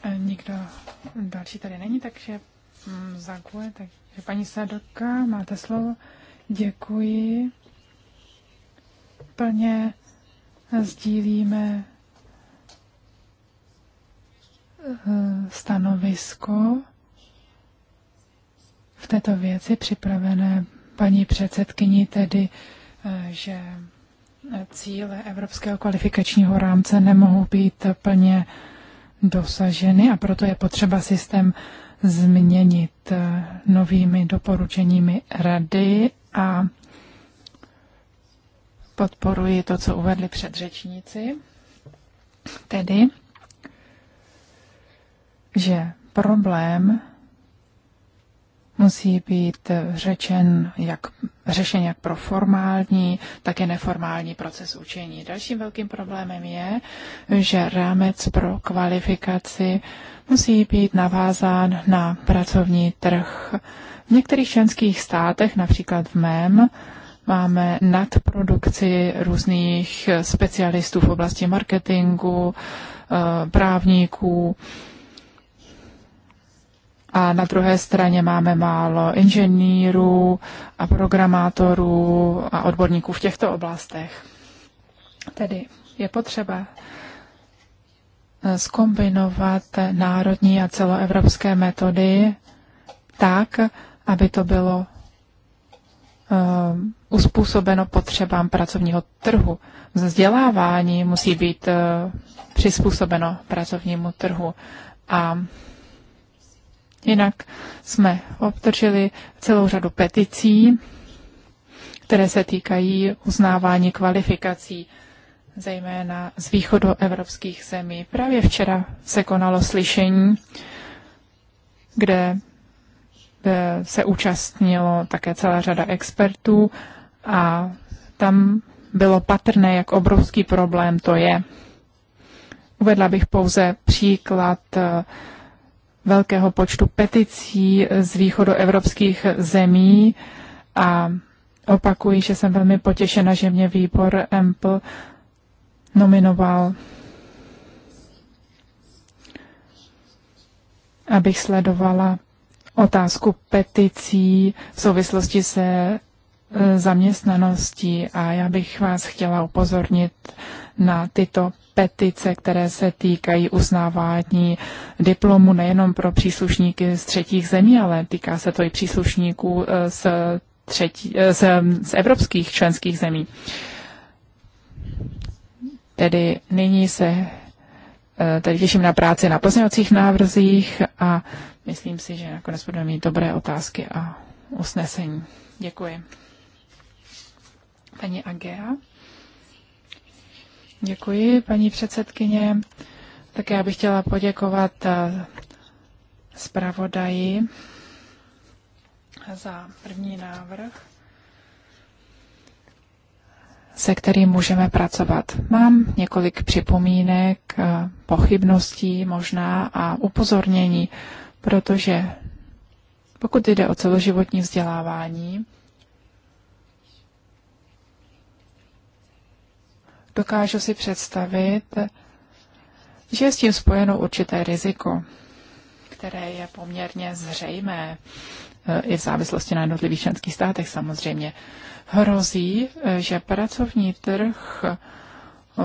B: E, nikdo další tady není, takže hm, zaguje. Takže paní Sadoka, máte slovo. Děkuji. Plně sdílíme Eh, stanovisko v této věci připravené paní předsedkyni, tedy, eh, že cíle Evropského kvalifikačního rámce nemohou být plně dosaženy a proto je potřeba systém změnit eh, novými doporučeními rady a podporuji to, co uvedli předřečníci. Tedy že problém musí být řečen jak, řešen jak pro formální, tak i neformální proces učení. Dalším velkým problémem je, že rámec pro kvalifikaci musí být navázán na pracovní trh. V některých členských státech, například v mém, máme nadprodukci různých specialistů v oblasti marketingu, eh, právníků, a na druhé straně máme málo inženýrů a programátorů a odborníků v těchto oblastech. Tedy je potřeba skombinovat eh, národní a celoevropské metody tak, aby to bylo eh, uspůsobeno potřebám pracovního trhu. Vzdělávání musí být eh, přizpůsobeno pracovnímu trhu a Jinak jsme obdrželi celou řadu peticí, které se týkají uznávání kvalifikací, zejména z východu evropských zemí. Právě včera se konalo slyšení, kde eh, se účastnilo také celá řada expertů a tam bylo patrné, jak obrovský problém to je. Uvedla bych pouze příklad eh, velkého počtu peticí z východu evropských zemí a opakuji, že jsem velmi potěšena, že mě výbor EMPL nominoval, abych sledovala otázku peticí v souvislosti se e, zaměstnaností a já bych vás chtěla upozornit na tyto petice, které se týkají uznávání diplomu nejenom pro příslušníky z třetích zemí, ale týká se to i příslušníků eh, z, třetí, eh, z, z evropských členských zemí. Tedy nyní se eh, tedy těším na práci na pozměňovacích návrzích a myslím si, že nakonec budeme mít dobré otázky a usnesení. Děkuji. Paní Agea. Děkuji, paní předsedkyně. Tak já bych chtěla poděkovat eh, zpravodaji za první návrh, se kterým můžeme pracovat. Mám několik připomínek, eh, pochybností možná a upozornění, protože pokud jde o celoživotní vzdělávání, dokážu si představit, že je s tím spojeno určité riziko, které je poměrně zřejmé eh, i v závislosti na jednotlivých členských státech samozřejmě. Hrozí, eh, že pracovní trh eh,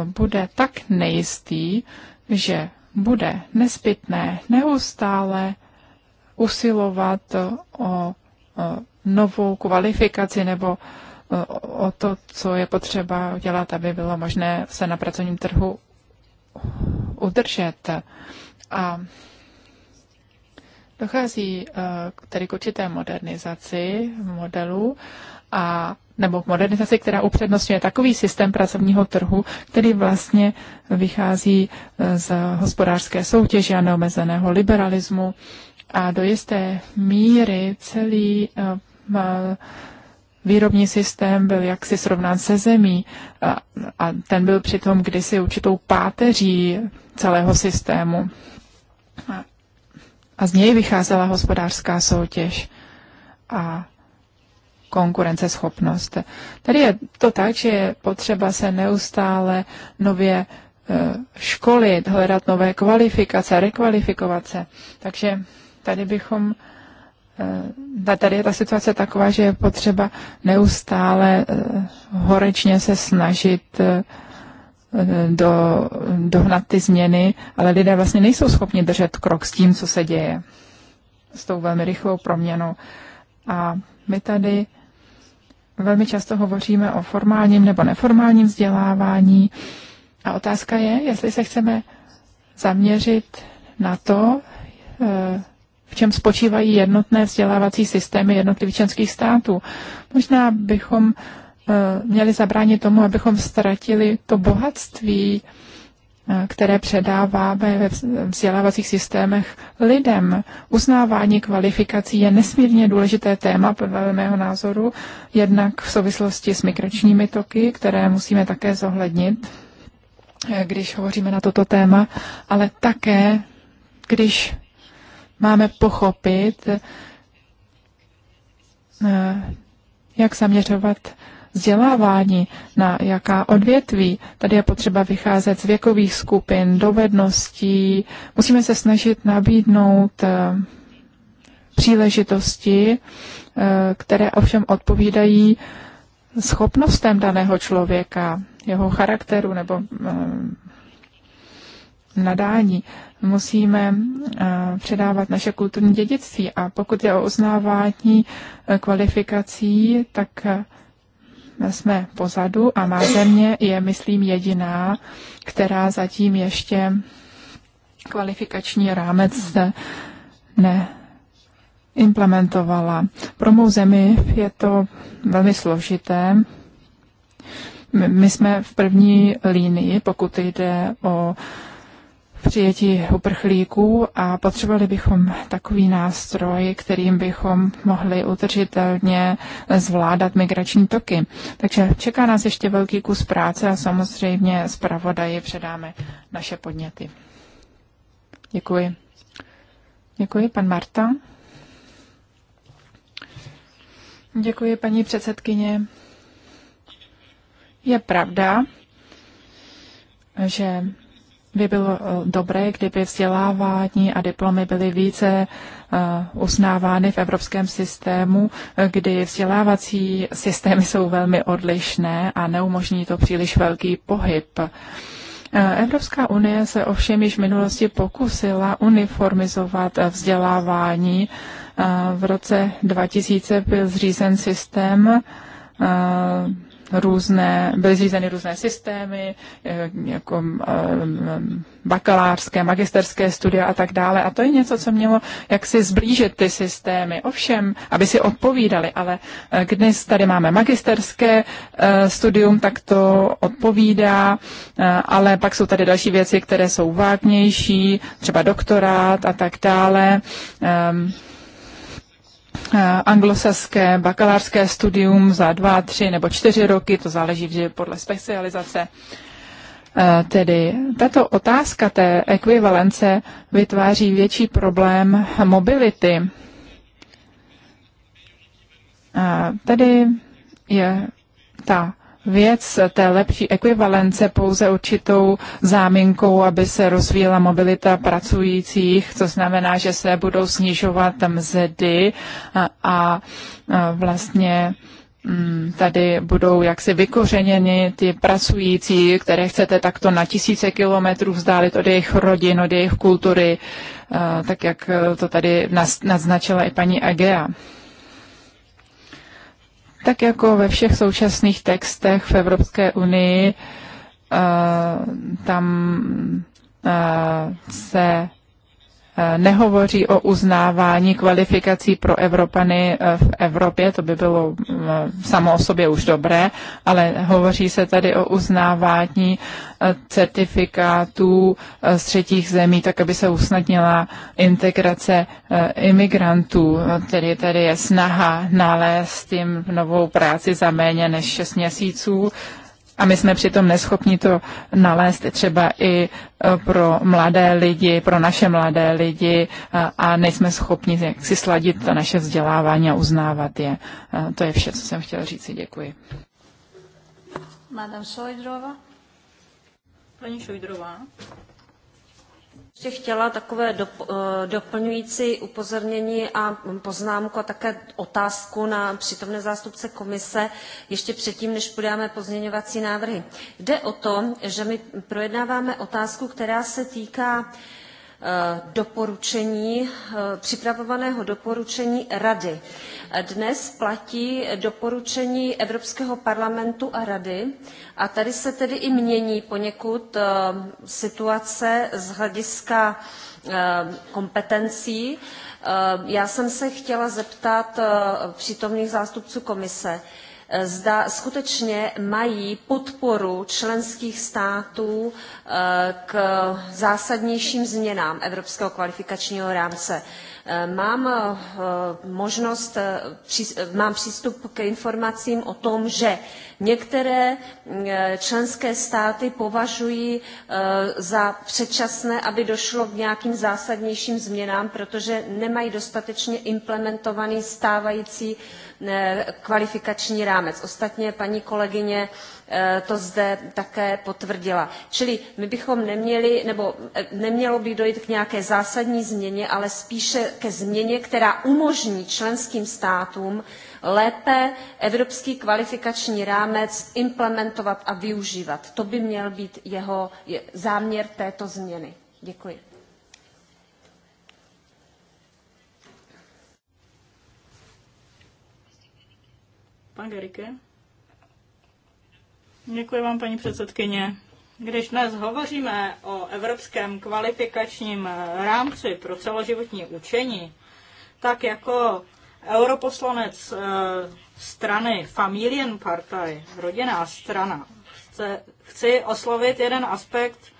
B: bude tak nejistý, že bude nespytné neustále usilovat o novou kvalifikaci nebo o to, co je potřeba dělat, aby bylo možné se na pracovním trhu udržet. A dochází eh, tedy k určité modernizaci modelu a nebo k modernizaci, která upřednostňuje takový systém pracovního trhu, který vlastně vychází eh, z hospodářské soutěže a neomezeného liberalismu a do jisté míry celý eh, výrobní systém byl jaksi srovnán se zemí a, a ten byl přitom kdysi určitou páteří celého systému. A, a z něj vycházela hospodářská soutěž a konkurenceschopnost. Tady je to tak, že je potřeba se neustále nově e, školit, hledat nové kvalifikace, rekvalifikovat se. Takže tady bychom Eh, tady je ta situace taková, že je potřeba neustále eh, horečně se snažit eh, do, dohnat ty změny, ale lidé vlastně nejsou schopni držet krok s tím, co se děje, s tou velmi rychlou proměnou. A my tady velmi často hovoříme o formálním nebo neformálním vzdělávání. A otázka je, jestli se chceme zaměřit na to, v čem spočívají jednotné vzdělávací systémy jednotlivých členských států. Možná bychom eh, měli zabránit tomu, abychom ztratili to bohatství, eh, které předáváme ve vzdělávacích systémech lidem. Uznávání kvalifikací je nesmírně důležité téma, podle mého názoru, jednak v souvislosti s migračními toky, které musíme také zohlednit, eh, když hovoříme na toto téma, ale také když máme pochopit, eh, jak zaměřovat vzdělávání, na jaká odvětví. Tady je potřeba vycházet z věkových skupin, dovedností. Musíme se snažit nabídnout eh, příležitosti, eh, které ovšem odpovídají schopnostem daného člověka, jeho charakteru nebo nadání. Musíme eh, předávat naše kulturní dědictví a pokud je o uznávání eh, kvalifikací, tak eh, jsme pozadu a má země je, myslím, jediná, která zatím ještě kvalifikační rámec ne implementovala. Pro mou zemi je to velmi složité. My jsme v první línii, pokud jde o přijetí uprchlíků a potřebovali bychom takový nástroj, kterým bychom mohli utržitelně zvládat migrační toky. Takže čeká nás ještě velký kus práce a samozřejmě zpravodaji předáme naše podněty. Děkuji. Děkuji, pan Marta. Děkuji, paní předsedkyně. Je pravda, že by bylo eh, dobré, kdyby vzdělávání a diplomy byly více eh, uznávány v evropském systému, eh, kdy vzdělávací systémy jsou velmi odlišné a neumožní to příliš velký pohyb. Evropská unie se ovšem již v minulosti pokusila uniformizovat vzdělávání. V roce 2000 byl zřízen systém různé, byly zřízeny různé systémy, eh, jako eh, bakalářské, magisterské studia a tak dále. A to je něco, co mělo jaksi zblížit ty systémy. Ovšem, aby si odpovídali, ale když eh, tady máme magisterské studium, tak to odpovídá, ale pak jsou tady další věci, které jsou vágnější, třeba doktorát a tak dále. Ehm, Eh, anglosaské bakalářské studium za dva, tři nebo čtyři roky, to záleží vždy podle specializace. Eh, tedy tato otázka té ekvivalence vytváří větší problém mobility. Eh, tedy, je ta věc té lepší ekvivalence pouze určitou záminkou, aby se rozvíjela mobilita pracujících, co znamená, že se budou snižovat mzdy a, a vlastně mm, tady budou jaksi vykořeněny ty pracující, které chcete takto na tisíce kilometrů vzdálit od jejich rodin, od jejich kultury, tak jak to tady naznačila i paní Agea. Tak jako ve všech současných textech v Evropské unii, eh, tam eh, se nehovoří o uznávání kvalifikací pro Evropany eh, v Evropě, to by bylo eh, samo o sobě už dobré, ale hovoří se tady o uznávání eh, certifikátů z třetích zemí, tak aby se usnadnila integrace imigrantů, tedy tady je snaha nalézt jim novou práci za méně než 6 měsíců a my jsme přitom neschopni to nalézt třeba i e, pro mladé lidi, pro naše mladé lidi e, a nejsme schopni si sladit to naše vzdělávání a uznávat je. E, to je vše, co jsem chtěla říct. Děkuji.
D: Madame Sojdrova. Paní Šojdrová. Ještě chtěla takové eh, doplňující upozornění a poznámku a také otázku na přítomné zástupce komise ještě předtím, než podáme pozměňovací návrhy. Jde o to, že my projednáváme otázku, která se týká doporučení, eh, připravovaného doporučení Rady. Dnes platí doporučení Evropského parlamentu a Rady a tady se tedy i mění poněkud eh, situace z hlediska eh, kompetencí. Já jsem se chtěla zeptat přítomných zástupců komise, Eh, zda skutečně mají podporu členských států eh, k zásadnějším změnám evropského kvalifikačního rámce. Eh, mám eh, možnost, eh, mám přístup k informacím o tom, že některé členské státy považují za předčasné, aby došlo k nějakým zásadnějším změnám, protože nemají dostatečně implementovaný stávající kvalifikační rámec. Ostatně paní kolegyně Eh, to zde také potvrdila. Čili my bychom neměli, nebo eh, nemělo by dojít k nějaké zásadní změně, ale spíše ke změně, která umožní členským státům lépe evropský kvalifikační rámec implementovat a využívat. To by měl být jeho záměr této změny. Děkuji.
A: Pan Děkuji vám, paní předsedkyně. Když dnes hovoříme o evropském kvalifikačním eh, rámci pro celoživotní učení, tak jako europoslanec eh, strany Familienpartei, rodinná strana, chci oslovit jeden aspekt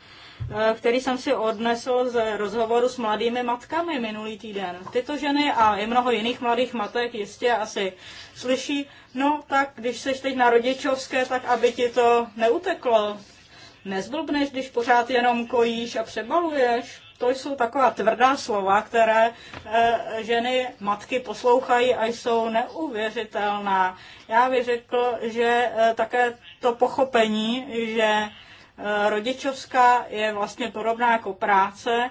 A: Eh, který jsem si odnesl z rozhovoru s mladými matkami minulý týden. Tyto ženy a i mnoho jiných mladých matek jistě asi slyší, no tak když seš teď na rodičovské, tak aby ti to neuteklo. Nezblbneš, když pořád jenom kojíš a přebaluješ. To jsou taková tvrdá slova, které eh, ženy, matky poslouchají a jsou neuvěřitelná. Já bych řekl, že eh, také to pochopení, že Eh, rodičovská je vlastně podobná jako práce,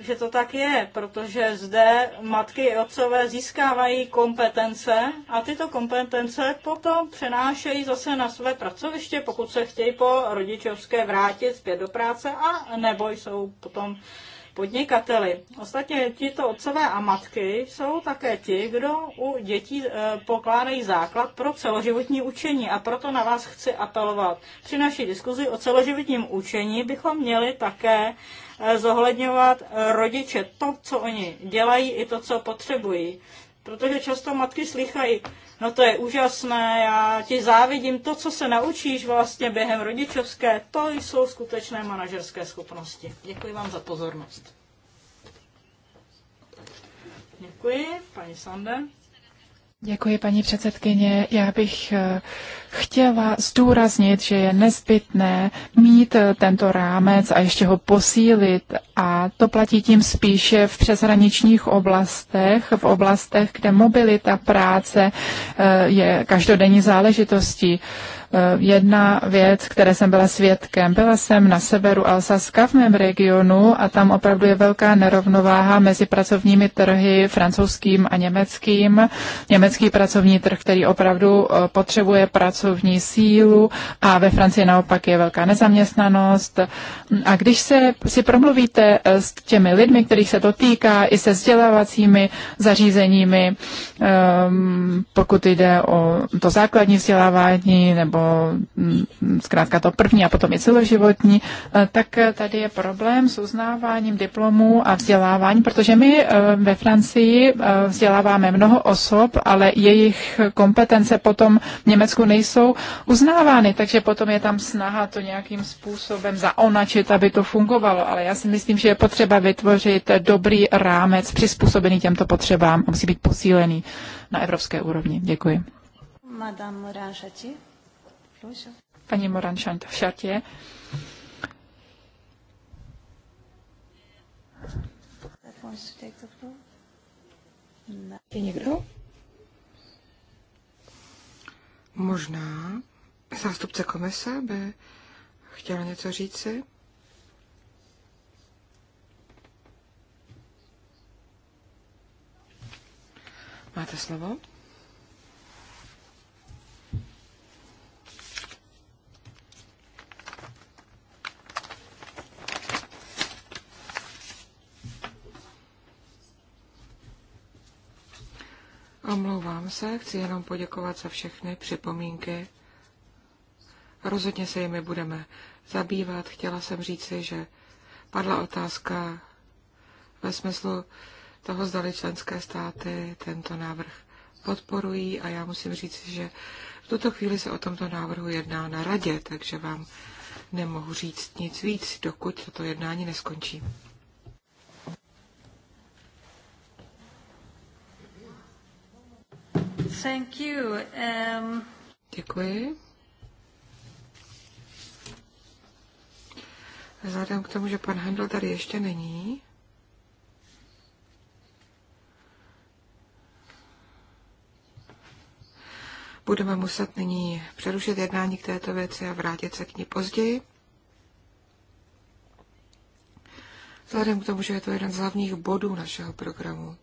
A: že to tak je, protože zde matky i otcové získávají kompetence a tyto kompetence potom přenášejí zase na své pracoviště, pokud se chtějí po rodičovské vrátit zpět do práce a nebo jsou potom podnikateli. Ostatně tito otcové a matky jsou také ti, kdo u dětí e, pokládají základ pro celoživotní učení a proto na vás chci apelovat. Při naší diskuzi o celoživotním učení bychom měli také e, zohledňovat rodiče, to, co oni dělají i to, co potřebují. Protože často matky slychají, no to je úžasné, já ti závidím to, co se naučíš vlastně během rodičovské, to jsou skutečné manažerské schopnosti. Děkuji vám za pozornost. Děkuji, paní Sande.
B: Děkuji, paní předsedkyně. Já bych eh, chtěla zdůraznit, že je nezbytné mít eh, tento rámec a ještě ho posílit. A to platí tím spíše v přeshraničních oblastech, v oblastech, kde mobilita práce eh, je každodenní záležitostí. Eh, jedna věc, které jsem byla svědkem. Byla jsem na severu Alsaska v mém regionu a tam opravdu je velká nerovnováha mezi pracovními trhy francouzským a německým. Německý pracovní trh, který opravdu eh, potřebuje pracovní sílu a ve Francii naopak je velká nezaměstnanost. A když se si promluvíte eh, s těmi lidmi, kterých se to týká, i se vzdělávacími zařízeními, ehm, pokud jde o to základní vzdělávání nebo jako zkrátka to první a potom i celoživotní, eh, tak eh, tady je problém s uznáváním diplomů a vzdělávání, protože my eh, ve Francii vzděláváme mnoho osob, ale jejich kompetence potom v Německu nejsou uznávány, takže potom je tam snaha to nějakým způsobem zaonačit, aby to fungovalo. Ale já si myslím, že je potřeba vytvořit dobrý rámec přizpůsobený těmto potřebám a musí být posílený na evropské úrovni. Děkuji.
D: Madame morin Paní Moran
B: Šartě.
C: Je někdo? Možná zástupce komise by chtěla něco říci. Máte slovo? Omlouvám se, chci jenom poděkovat za všechny připomínky. Rozhodně se jimi budeme zabývat. Chtěla jsem říci, že padla otázka ve smyslu toho, zdali členské státy tento návrh podporují a já musím říct, že v tuto chvíli se o tomto návrhu jedná na radě, takže vám nemohu říct nic víc, dokud toto jednání
A: neskončí. Thank you. Um... Děkuji.
C: Vzhledem k tomu, že pan Handel tady ještě není, budeme muset nyní přerušit jednání k této věci a vrátit se k ní později. Vzhledem k tomu, že je to jeden z hlavních bodů našeho programu.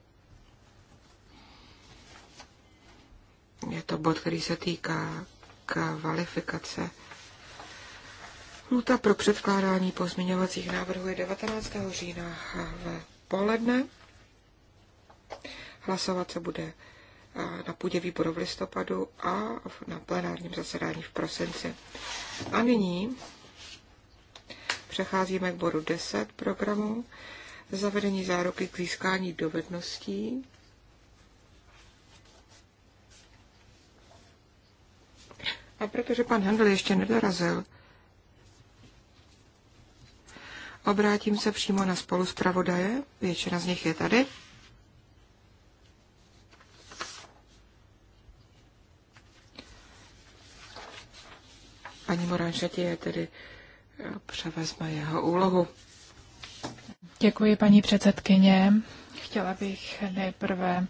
C: Je to bod, který se týká kvalifikace. Lhuta pro předkládání pozměňovacích návrhů je 19. října ve poledne. Hlasovat se bude na půdě výboru v listopadu a na plenárním zasedání v prosinci. A nyní přecházíme k bodu 10 programu zavedení záruky k získání dovedností A protože pan Handel ještě nedorazil, obrátím se přímo na spoluspravodaje, většina z nich je tady. Paní Moranšatě je tedy eh, převezme jeho úlohu.
B: Děkuji, paní předsedkyně. Chtěla bych nejprve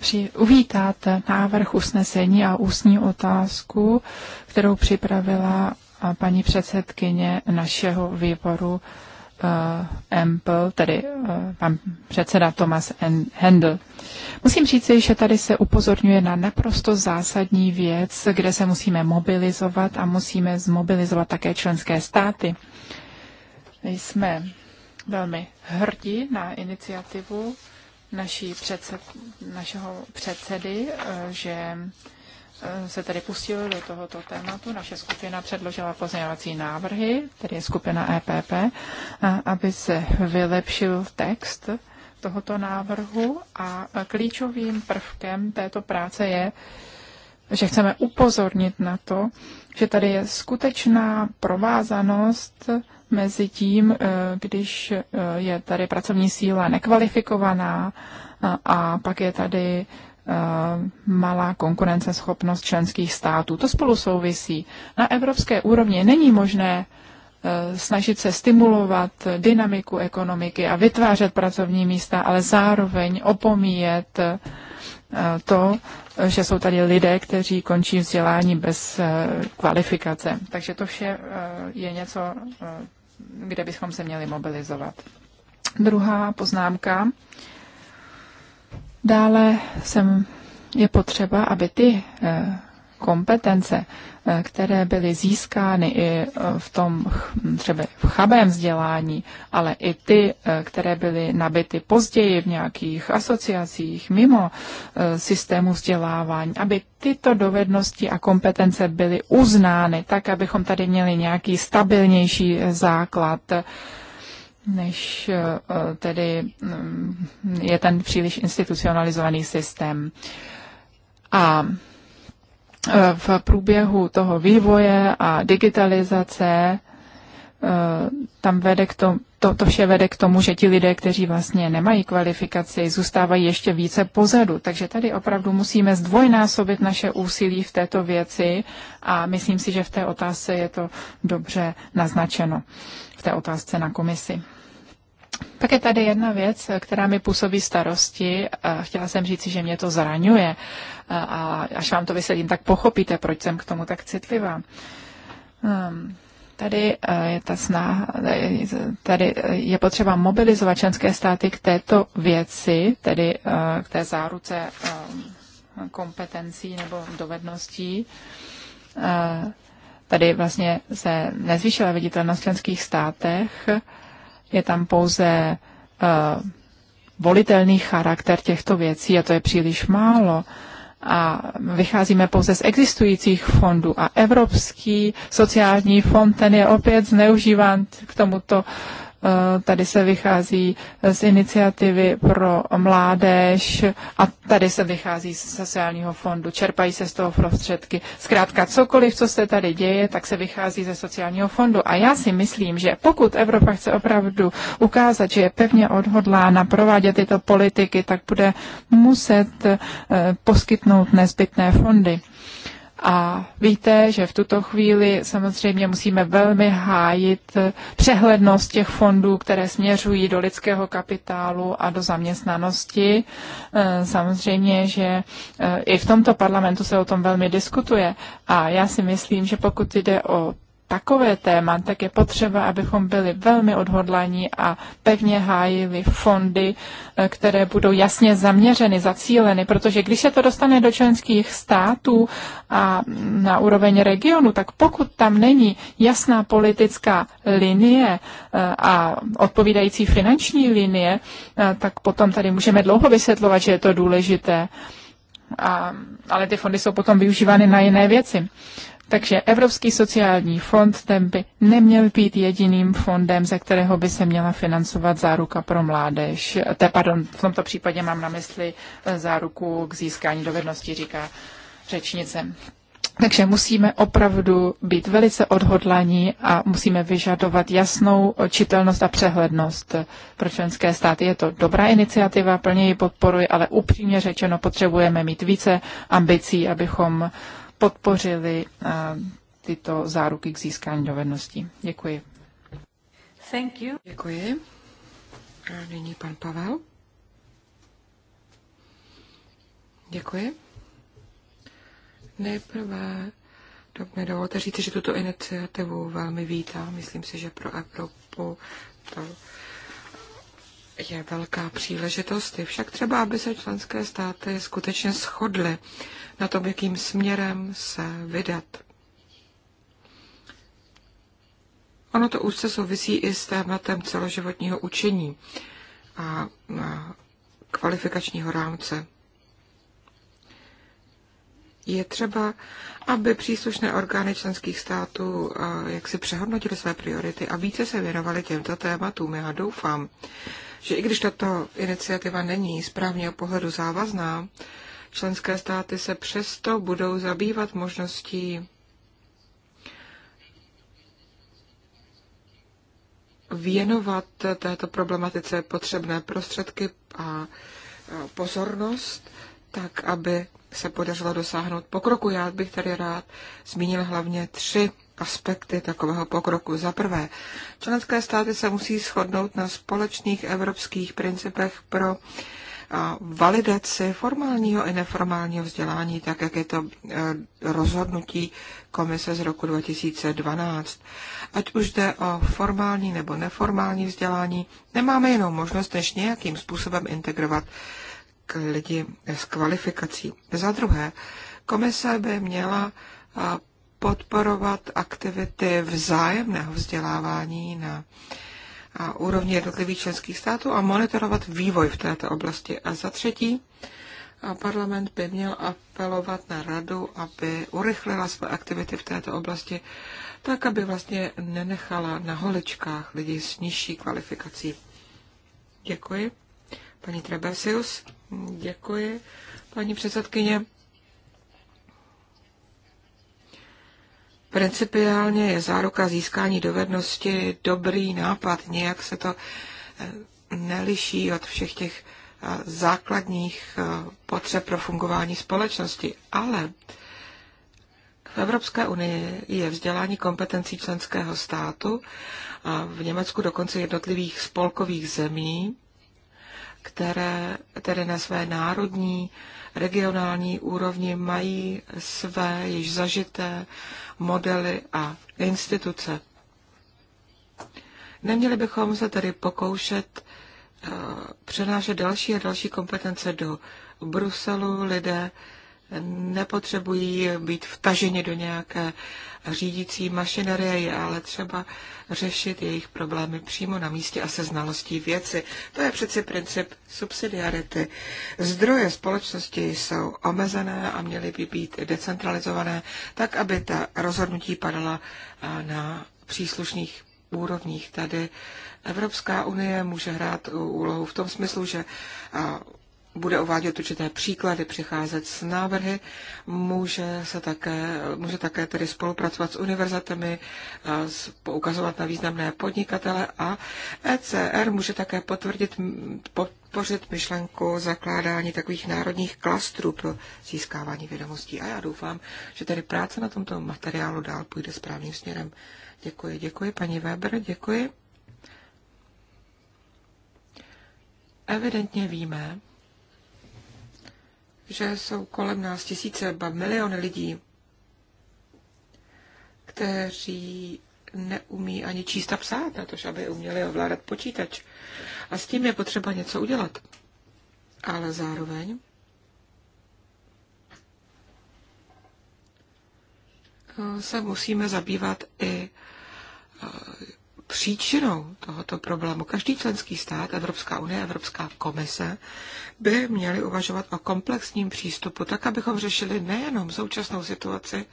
B: při, uvítáte návrh usnesení a ústní otázku, kterou připravila paní předsedkyně našeho výboru uh, e, Empl, tedy uh, pan předseda Thomas Hendl. Musím říci, že tady se upozorňuje na naprosto zásadní věc, kde se musíme mobilizovat a musíme zmobilizovat také členské státy. Jsme velmi hrdí na iniciativu naší předsed, našeho předsedy, eh, že eh, se tedy pustili do tohoto tématu. Naše skupina předložila pozměňovací návrhy, tedy skupina EPP, aby se vylepšil text tohoto návrhu a klíčovým prvkem této práce je, že chceme upozornit na to, že tady je skutečná provázanost mezi tím, eh, když eh, je tady pracovní síla nekvalifikovaná eh, a pak je tady malá konkurenceschopnost členských států. To spolu souvisí. Na evropské úrovni není možné snažit se stimulovat dynamiku ekonomiky a vytvářet pracovní místa, ale zároveň opomíjet to, že jsou tady lidé, kteří končí vzdělání bez kvalifikace. Takže to vše je něco, kde bychom se měli mobilizovat. Druhá poznámka. Dále jsem, je potřeba, aby ty eh, kompetence, eh, které byly získány i eh, v tom třeba v chabém vzdělání, ale i ty, eh, které byly nabity později v nějakých asociacích mimo systému vzdělávání, aby tyto dovednosti a kompetence byly uznány, tak abychom tady měli nějaký stabilnější základ než tedy mm, je ten příliš institucionalizovaný systém. A v průběhu toho vývoje a digitalizace eh, tam vede k tomu, to, to vše vede k tomu, že ti lidé, kteří vlastně nemají kvalifikaci, zůstávají ještě více pozadu. Takže tady opravdu musíme zdvojnásobit naše úsilí v této věci a myslím si, že v té otázce je to dobře naznačeno, v té otázce na komisi. Pak je tady jedna věc, která mi působí starosti. Chtěla jsem říct, že mě to zraňuje. A až vám to vysvětlím, tak pochopíte, proč jsem k tomu tak citlivá. Ehm, tady eh, je ta snaha, tady eh, je potřeba mobilizovat členské státy k této věci, tedy eh, k té záruce ehm, kompetencí nebo dovedností. Tady vlastně se nezvýšila viditelnost v členských státech je tam pouze uh, volitelný charakter těchto věcí a to je příliš málo. A vycházíme pouze z existujících fondů. A Evropský sociální fond, ten je opět zneužíván k tomuto uh, Eh, tady se vychází z iniciativy pro mládež a tady se vychází z sociálního fondu, čerpají se z toho prostředky. Zkrátka, cokoliv, co se tady děje, tak se vychází ze sociálního fondu. A já si myslím, že pokud Evropa chce opravdu ukázat, že je pevně odhodlána provádět tyto politiky, tak bude muset eh, poskytnout nezbytné fondy. A víte, že v tuto chvíli samozřejmě musíme velmi hájit přehlednost těch fondů, které směřují do lidského kapitálu a do zaměstnanosti. E, samozřejmě, že e, i v tomto parlamentu se o tom velmi diskutuje. A já si myslím, že pokud jde o takové téma, tak je potřeba, abychom byli velmi odhodlaní a pevně hájili fondy, eh, které budou jasně zaměřeny, zacíleny, protože když se to dostane do členských států a na úroveň regionu, tak pokud tam není jasná politická linie eh, a odpovídající finanční linie, eh, tak potom tady můžeme dlouho vysvětlovat, že je to důležité. A, ale ty fondy jsou potom využívány na jiné věci. Takže Evropský sociální fond ten by neměl být jediným fondem, ze kterého by se měla financovat záruka pro mládež. Te, pardon, v tomto případě mám na mysli eh, záruku k získání dovedností, říká řečnice. Takže musíme opravdu být velice odhodlaní a musíme vyžadovat jasnou čitelnost a přehlednost pro členské státy. Je to dobrá iniciativa, plně ji podporuji, ale upřímně řečeno potřebujeme mít více ambicí, abychom podpořili eh, tyto záruky k získání dovedností. Děkuji.
C: Thank you. Děkuji. A nyní pan Pavel. Děkuji. Nejprve tak mi dovolte říct, že tuto iniciativu velmi vítám. Myslím si, že pro Evropu to je velká příležitost. Je však třeba, aby se členské státy skutečně shodly na tom, jakým směrem se vydat. Ono to úzce souvisí i s tématem celoživotního učení a kvalifikačního rámce je třeba, aby příslušné orgány členských států eh, jak si přehodnotili své priority a více se věnovali těmto tématům. Já doufám, že i když tato iniciativa není z právního pohledu závazná, členské státy se přesto budou zabývat možností věnovat této problematice potřebné prostředky a pozornost, tak aby se podařilo dosáhnout pokroku. Já bych tady rád zmínil hlavně tři aspekty takového pokroku. Za prvé, členské státy se musí shodnout na společných evropských principech pro validaci formálního i neformálního vzdělání, tak jak je to e, rozhodnutí komise z roku 2012. Ať už jde o formální nebo neformální vzdělání, nemáme jenom možnost než nějakým způsobem integrovat k lidi s kvalifikací. Za druhé, komise by měla podporovat aktivity vzájemného vzdělávání na úrovni jednotlivých členských států a monitorovat vývoj v této oblasti. A za třetí, a parlament by měl apelovat na radu, aby urychlila své aktivity v této oblasti, tak aby vlastně nenechala na holičkách lidi s nižší kvalifikací. Děkuji. Paní Trebesius. Děkuji, paní předsedkyně. Principiálně je záruka získání dovednosti dobrý nápad, nějak se to eh, neliší od všech těch eh, základních eh, potřeb pro fungování společnosti, ale v Evropské unii je vzdělání kompetencí členského státu a v Německu dokonce jednotlivých spolkových zemí které tedy na své národní, regionální úrovni mají své již zažité modely a instituce. Neměli bychom se tedy pokoušet eh, přenášet další a další kompetence do Bruselu. Lidé nepotřebují být vtaženi do nějaké řídící mašinerie, ale třeba řešit jejich problémy přímo na místě a se znalostí věci. To je přeci princip subsidiarity. Zdroje společnosti jsou omezené a měly by být decentralizované, tak aby ta rozhodnutí padala na příslušných úrovních. Tady Evropská unie může hrát úlohu v tom smyslu, že bude uvádět určité příklady, přicházet s návrhy, může, se také, může také tedy spolupracovat s univerzitami, eh, poukazovat na významné podnikatele a ECR může také potvrdit, podpořit myšlenku zakládání takových národních klastrů pro získávání vědomostí. A já doufám, že tedy práce na tomto materiálu dál půjde správným směrem. Děkuji, děkuji, paní Weber, děkuji. Evidentně víme, že jsou kolem nás tisíce, ba miliony lidí, kteří neumí ani číst a psát, na to, aby uměli ovládat počítač. A s tím je potřeba něco udělat. Ale zároveň se musíme zabývat i příčinou tohoto problému. Každý členský stát, Evropská unie, Evropská komise by měli uvažovat o komplexním přístupu, tak abychom řešili nejenom současnou situaci,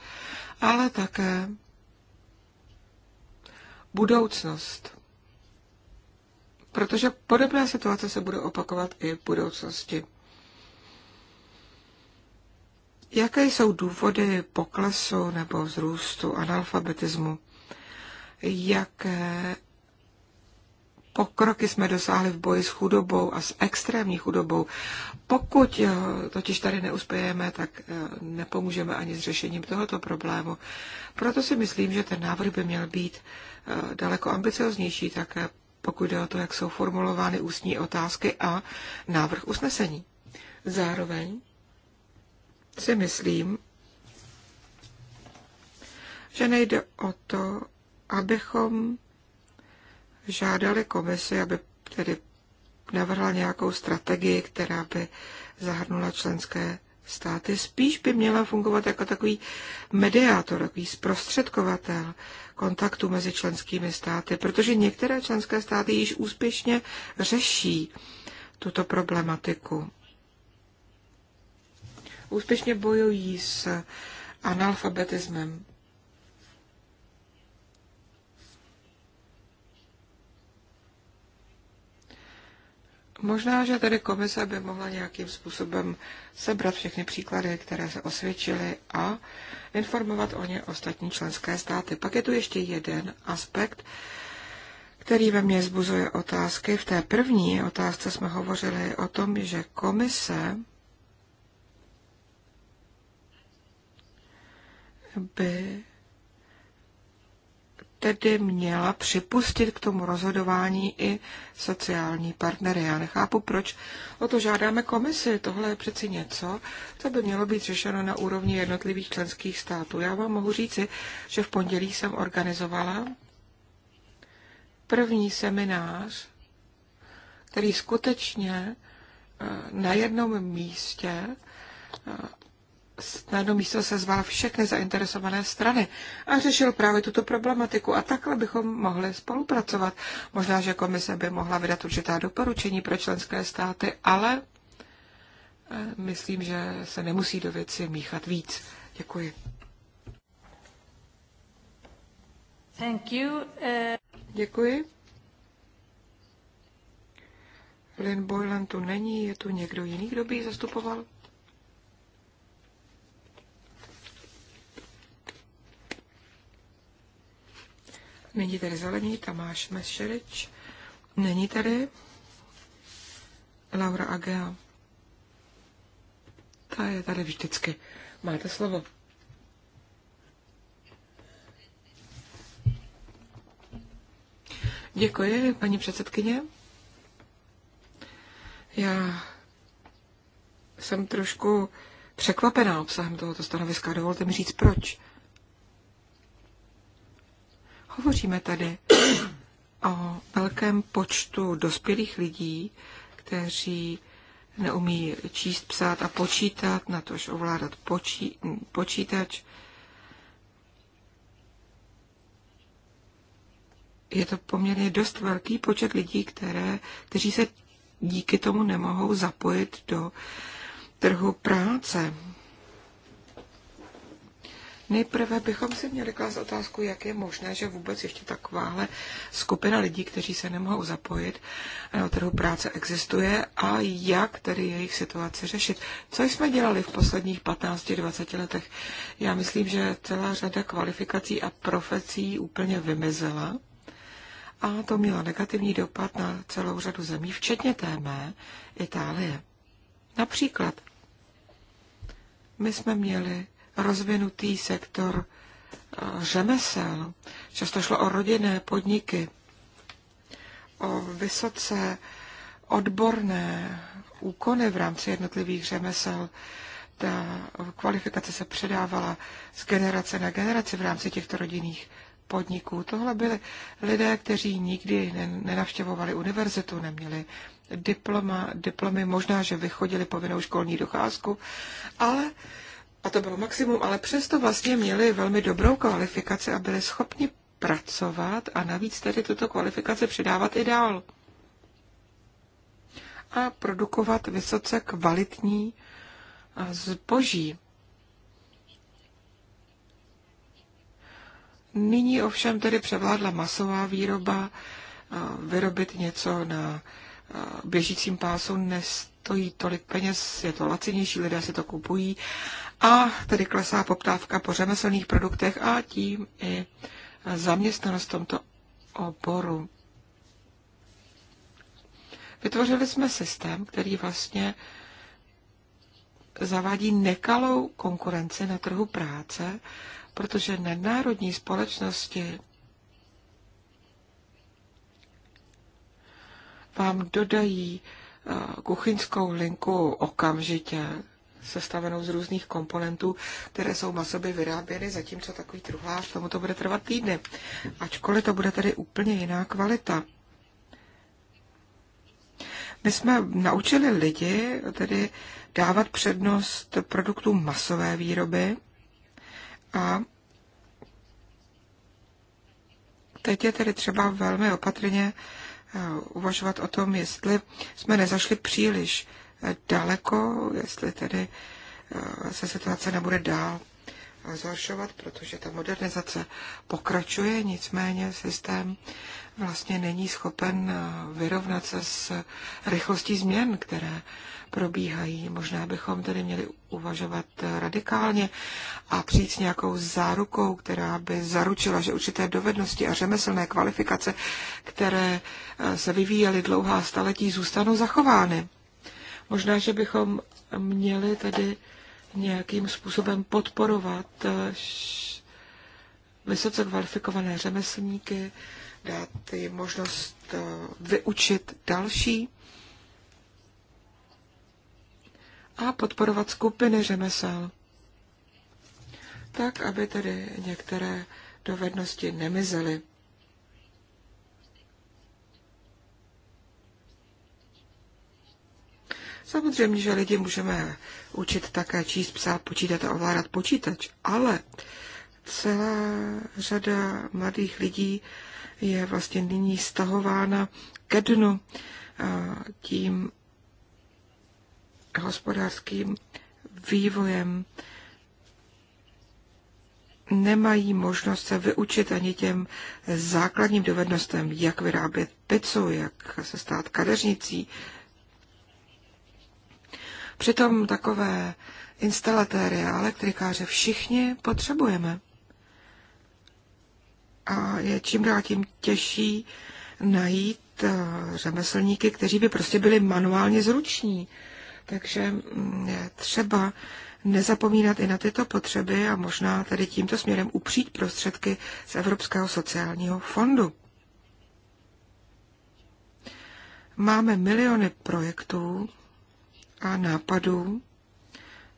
C: ale také budoucnost. Protože podobná situace se bude opakovat i v budoucnosti. Jaké jsou důvody poklesu nebo vzrůstu analfabetismu? jaké pokroky jsme dosáhli v boji s chudobou a s extrémní chudobou. Pokud eh, totiž tady neuspějeme, tak eh, nepomůžeme ani s řešením tohoto problému. Proto si myslím, že ten návrh by měl být eh, daleko ambicioznější také, pokud jde o to, jak jsou formulovány ústní otázky a návrh usnesení. Zároveň si myslím, že nejde o to, abychom žádali komisi, aby tedy navrhla nějakou strategii, která by zahrnula členské státy. Spíš by měla fungovat jako takový mediátor, takový zprostředkovatel kontaktu mezi členskými státy, protože některé členské státy již úspěšně řeší tuto problematiku. Úspěšně bojují s analfabetismem. Možná, že tedy komise by mohla nějakým způsobem sebrat všechny příklady, které se osvědčily a informovat o ně ostatní členské státy. Pak je tu ještě jeden aspekt, který ve mně zbuzuje otázky. V té první otázce jsme hovořili o tom, že komise by tedy měla připustit k tomu rozhodování i sociální partnery. Já nechápu, proč o to žádáme komisi. Tohle je přeci něco, co by mělo být řešeno na úrovni jednotlivých členských států. Já vám mohu říci, že v pondělí jsem organizovala první seminář, který skutečně eh, na jednom místě eh, na jedno místo se zval všechny zainteresované strany a řešil právě tuto problematiku a takhle bychom mohli spolupracovat. Možná, že komise by mohla vydat určitá doporučení pro členské státy, ale eh, myslím, že se nemusí do věci míchat víc. Děkuji. Thank you. Uh... Děkuji. Lynn Boylan tu není, je tu někdo jiný, kdo by ji zastupoval? Není tady zelený, Tamáš Mešerič. Není tady. Laura Agea. Ta je tady vždycky. Máte slovo. Děkuji, paní předsedkyně. Já jsem trošku překvapená obsahem tohoto stanoviska. Dovolte mi říct, proč. Hovoříme tady o velkém počtu dospělých lidí, kteří neumí číst, psát a počítat, na tož ovládat počí, počítač. Je to poměrně dost velký počet lidí, které, kteří se díky tomu nemohou zapojit do trhu práce. Nejprve bychom si měli klást otázku, jak je možné, že vůbec ještě takováhle skupina lidí, kteří se nemohou zapojit na trhu práce, existuje a jak tedy jejich situaci řešit. Co jsme dělali v posledních 15-20 letech? Já myslím, že celá řada kvalifikací a profesí úplně vymizela a to mělo negativní dopad na celou řadu zemí, včetně té mé, Itálie. Například, my jsme měli rozvinutý sektor eh, řemesel. Často šlo o rodinné podniky, o vysoce odborné úkony v rámci jednotlivých řemesel. Ta kvalifikace se předávala z generace na generaci v rámci těchto rodinných podniků. Tohle byli lidé, kteří nikdy nenavštěvovali univerzitu, neměli diploma, diplomy, možná, že vychodili povinnou školní docházku, ale a to bylo maximum, ale přesto vlastně měli velmi dobrou kvalifikaci a byli schopni pracovat a navíc tedy tuto kvalifikaci předávat i dál. A produkovat vysoce kvalitní zboží. Nyní ovšem tedy převládla masová výroba. Vyrobit něco na běžícím pásu nestojí tolik peněz, je to lacinější, lidé si to kupují a tedy klesá poptávka po řemeslných produktech a tím i zaměstnanost v tomto oboru. Vytvořili jsme systém, který vlastně zavádí nekalou konkurenci na trhu práce, protože nadnárodní společnosti vám dodají eh, kuchyňskou linku okamžitě, sestavenou z různých komponentů, které jsou masově vyráběny, zatímco takový truhlář tomu to bude trvat týdny. Ačkoliv to bude tedy úplně jiná kvalita. My jsme naučili lidi tedy dávat přednost produktům masové výroby a teď je tedy třeba velmi opatrně eh, uvažovat o tom, jestli jsme nezašli příliš daleko, jestli tedy eh, se situace nebude dál eh, zhoršovat, protože ta modernizace pokračuje, nicméně systém vlastně není schopen eh, vyrovnat se s rychlostí změn, které probíhají. Možná bychom tedy měli uvažovat radikálně a přijít s nějakou zárukou, která by zaručila, že určité dovednosti a řemeslné kvalifikace, které se vyvíjely dlouhá staletí, zůstanou zachovány. Možná, že bychom měli tedy nějakým způsobem podporovat eh, vysoce kvalifikované řemeslníky, dát jim možnost eh, vyučit další a podporovat skupiny řemesel, tak aby tedy některé dovednosti nemizely. Samozřejmě, že lidi můžeme učit také číst, psát, počítat a ovládat počítač, ale celá řada mladých lidí je vlastně nyní stahována ke dnu tím hospodářským vývojem. Nemají možnost se vyučit ani těm základním dovednostem, jak vyrábět pizzu, jak se stát kadeřnicí, Přitom takové instalatéry a elektrikáře všichni potřebujeme. A je čím dál tím těžší najít eh, řemeslníky, kteří by prostě byli manuálně zruční. Takže mm, je třeba nezapomínat i na tyto potřeby a možná tedy tímto směrem upřít prostředky z Evropského sociálního fondu. Máme miliony projektů, a nápadů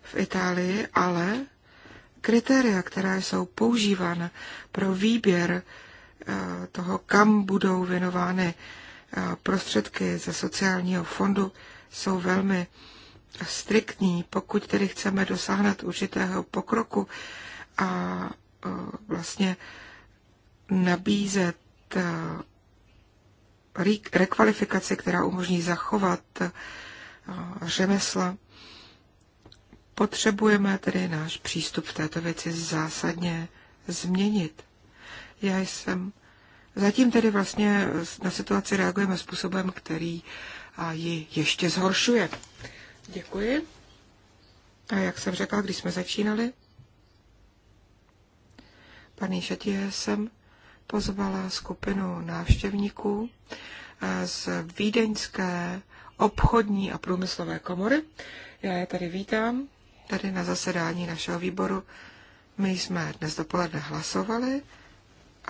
C: v Itálii, ale kritéria, která jsou používána pro výběr eh, toho, kam budou věnovány eh, prostředky ze sociálního fondu, jsou velmi striktní. Pokud tedy chceme dosáhnout určitého pokroku a eh, vlastně nabízet rekvalifikaci, která umožní zachovat řemesla. Potřebujeme tedy náš přístup v této věci zásadně změnit. Já jsem zatím tedy vlastně na situaci reagujeme způsobem, který ji ještě zhoršuje. Děkuji. A jak jsem řekla, když jsme začínali, paní Šatě jsem pozvala skupinu návštěvníků z vídeňské obchodní a průmyslové komory. Já je tady vítám, tady na zasedání našeho výboru. My jsme dnes dopoledne hlasovali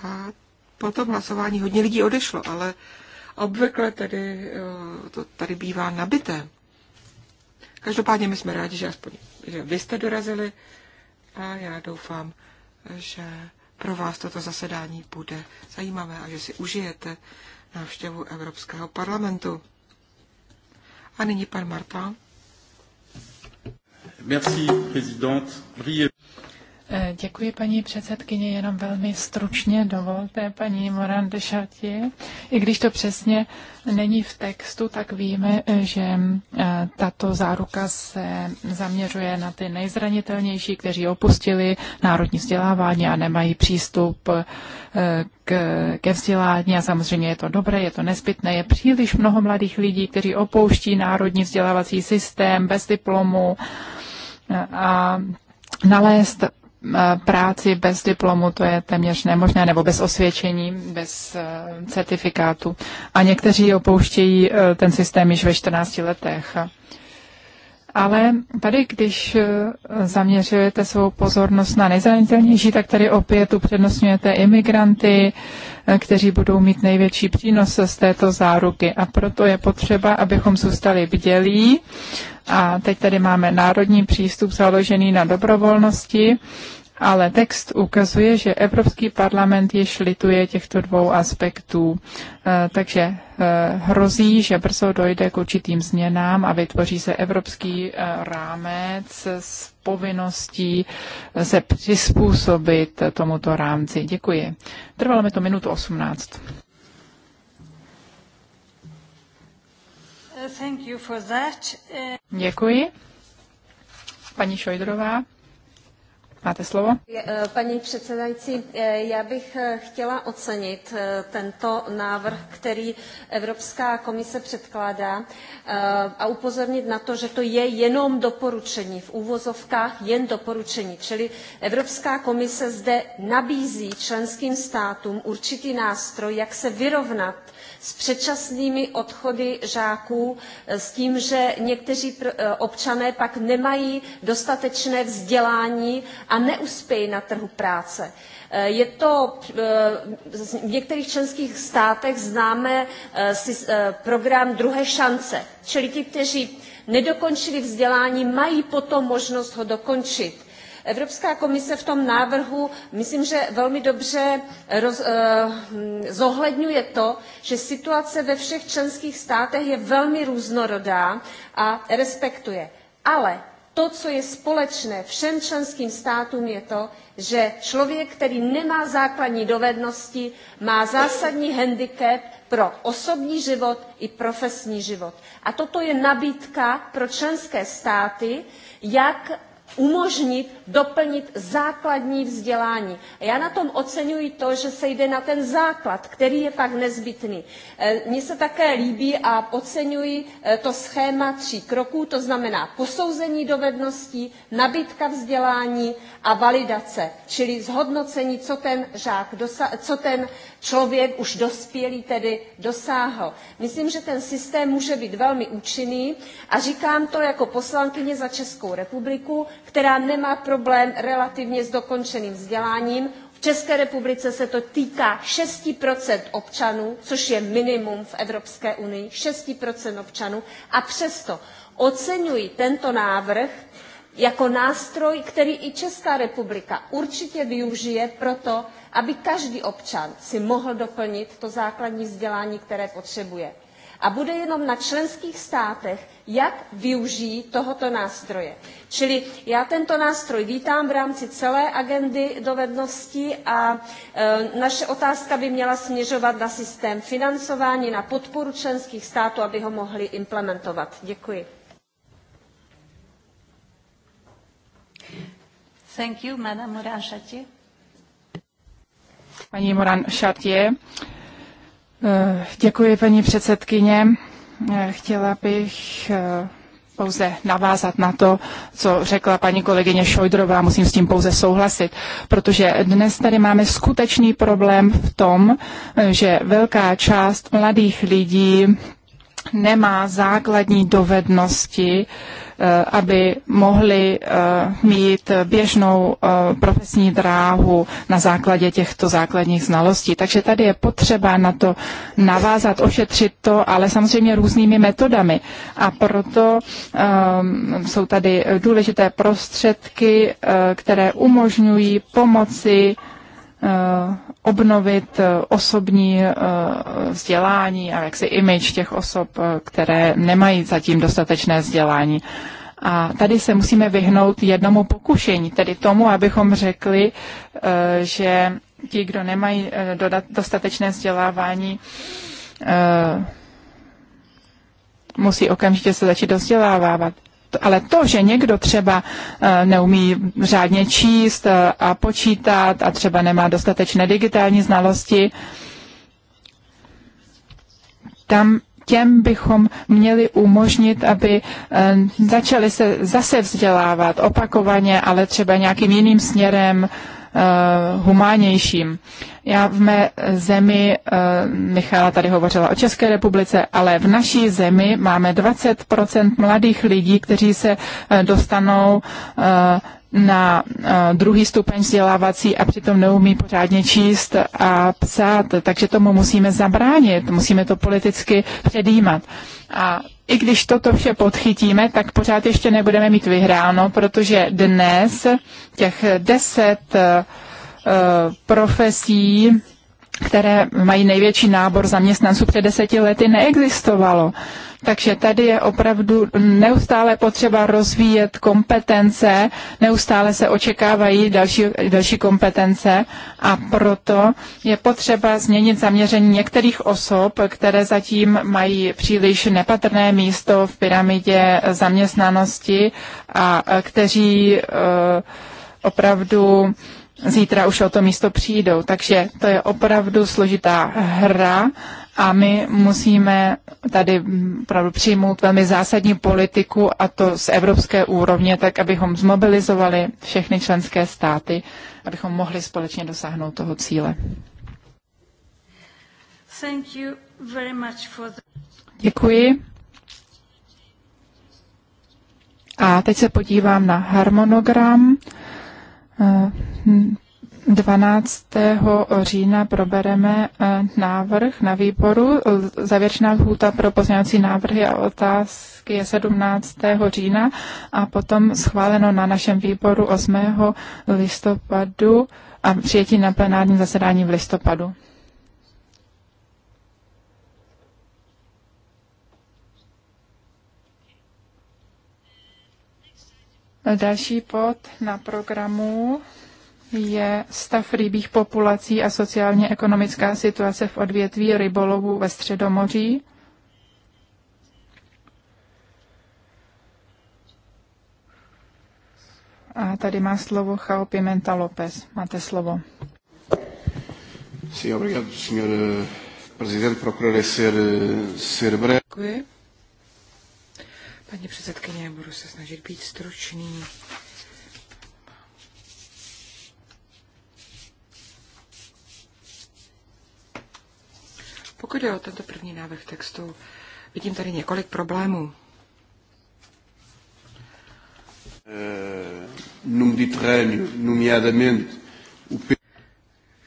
C: a po tom hlasování hodně lidí odešlo, ale obvykle tedy eh, to tady bývá nabité. Každopádně my jsme rádi, že aspoň že vy jste dorazili a já doufám, že pro vás toto zasedání bude zajímavé a že si užijete návštěvu Evropského parlamentu. A nyní pan Marta.
D: Merci, prezident.
C: Eh, děkuji, paní předsedkyně.
B: Jenom velmi stručně dovolte, paní Moran de Chartier. I když to přesně není v textu, tak víme, eh, že eh, tato záruka se zaměřuje na ty nejzranitelnější, kteří opustili národní vzdělávání a nemají přístup k, ke vzdělání. A samozřejmě je to dobré, je to nezbytné. Je příliš mnoho mladých lidí, kteří opouští národní vzdělávací systém bez diplomu a nalézt Eh, práci bez diplomu, to je téměř nemožné, nebo bez osvědčení, bez eh, certifikátu. A někteří opouštějí eh, ten systém již ve 14 letech. Ale tady, když eh, zaměřujete svou pozornost na nejzranitelnější, tak tady opět upřednostňujete imigranty, eh, kteří budou mít největší přínos z této záruky. A proto je potřeba, abychom zůstali bdělí. A teď tady máme národní přístup založený na dobrovolnosti ale text ukazuje, že Evropský parlament již lituje těchto dvou aspektů, eh, takže eh, hrozí, že brzo dojde k určitým změnám a vytvoří se evropský eh, rámec s povinností se přizpůsobit tomuto rámci. Děkuji. Trvalo mi to minutu 18. Děkuji. Paní Šojdrová. Máte slovo?
D: Eh, paní předsedající, eh, já bych eh, chtěla ocenit tento návrh, který Evropská komise předkládá a upozornit na to, že to je jenom doporučení, v úvozovkách jen doporučení. Čili Evropská komise zde nabízí členským státům určitý nástroj, jak se vyrovnat s předčasnými odchody žáků, eh, s tím, že někteří eh, občané pak nemají dostatečné vzdělání a neuspějí na trhu práce. Eh, je to v některých členských státech známe program druhé šance, čili ti, kteří nedokončili vzdělání, mají potom možnost ho dokončit Evropská komise v tom návrhu, myslím, že velmi dobře roz, eh, zohledňuje to, že situace ve všech členských státech je velmi různorodá a respektuje. Ale to, co je společné všem členským státům, je to, že člověk, který nemá základní dovednosti, má zásadní handicap pro osobní život i profesní život. A toto je nabídka pro členské státy, jak umožnit doplnit základní vzdělání. Já na tom oceňuji to, že se jde na ten základ, který je pak nezbytný. E, mně se také líbí a oceňuji e, to schéma tří kroků, to znamená posouzení dovedností, nabídka vzdělání a validace, čili zhodnocení, co ten, žák dosa- co ten člověk už dospělý tedy dosáhl. Myslím, že ten systém může být velmi účinný a říkám to jako poslankyně za Českou republiku, která nemá problém relativně s dokončeným vzděláním, v České republice se to týká 6 občanů, což je minimum v Evropské unii, 6 občanů, a přesto oceňuji tento návrh jako nástroj, který i Česká republika určitě využije proto, aby každý občan si mohl doplnit to základní vzdělání, které potřebuje. A bude jenom na členských státech, jak využijí tohoto nástroje. Čili já tento nástroj vítám v rámci celé agendy dovedností a e, naše otázka by měla směřovat na systém financování, na podporu členských států, aby ho mohli implementovat. Děkuji. Thank you, Madame morin
B: paní Moran Šatě. Eh, děkuji, paní předsedkyně. Eh, chtěla bych eh, pouze navázat na to, co řekla paní kolegyně Šojdrová, musím s tím pouze souhlasit, protože dnes tady máme skutečný problém v tom, že velká část mladých lidí nemá základní dovednosti, eh, aby mohli eh, mít běžnou eh, profesní dráhu na základě těchto základních znalostí. Takže tady je potřeba na to navázat, ošetřit to, ale samozřejmě různými metodami. A proto ehm, jsou tady důležité prostředky, které umožňují pomoci Eh, obnovit eh, osobní eh, vzdělání a jaksi image těch osob, které nemají zatím dostatečné vzdělání. A tady se musíme vyhnout jednomu pokušení, tedy tomu, abychom řekli, že ti, kdo nemají dostatečné vzdělávání, musí okamžitě se začít dozdělávat ale to, že někdo třeba eh, neumí řádně číst eh, a počítat a třeba nemá dostatečné digitální znalosti, tam těm bychom měli umožnit, aby eh, začali se zase vzdělávat opakovaně, ale třeba nějakým jiným směrem, Eh, humánějším. Já v mé zemi, eh, Michála tady hovořila o České republice, ale v naší zemi máme 20% mladých lidí, kteří se eh, dostanou na druhý stupeň vzdělávací a přitom neumí pořádně číst a psát, takže tomu musíme zabránit, musíme to politicky předjímat. A i když toto vše podchytíme, tak pořád ještě nebudeme mít vyhráno, protože dnes těch deset eh, profesí které mají největší nábor zaměstnanců před deseti lety, neexistovalo. Takže tady je opravdu neustále potřeba rozvíjet kompetence, neustále se očekávají další, další kompetence a proto je potřeba změnit zaměření některých osob, které zatím mají příliš nepatrné místo v pyramidě zaměstnanosti a kteří eh, opravdu zítra už o to místo přijdou. Takže to je opravdu složitá hra a my musíme tady opravdu přijmout velmi zásadní politiku a to z evropské úrovně, tak abychom zmobilizovali všechny členské státy, abychom mohli společně dosáhnout toho cíle.
D: Thank you very much for the...
B: Děkuji. A teď se podívám na harmonogram. 12. Eh, hm, října probereme eh, návrh na výboru. Závěrečná lhůta pro pozměňovací návrhy a otázky je 17. října a potom schváleno na našem výboru 8. listopadu a přijetí na plenárním zasedání v listopadu. Další pod na programu je stav rybích populací a sociálně-ekonomická situace v odvětví rybolovu ve Středomoří. A tady má slovo Chao Pimenta López. Máte slovo.
D: obrigado, senhor eh, presidente. Procurarei eh, ser, eh, ser breve.
C: Děkuji. Paní předsedkyně, budu se snažit být stručný. Pokud je o tento první návrh textu, vidím tady několik problémů.
D: Eh,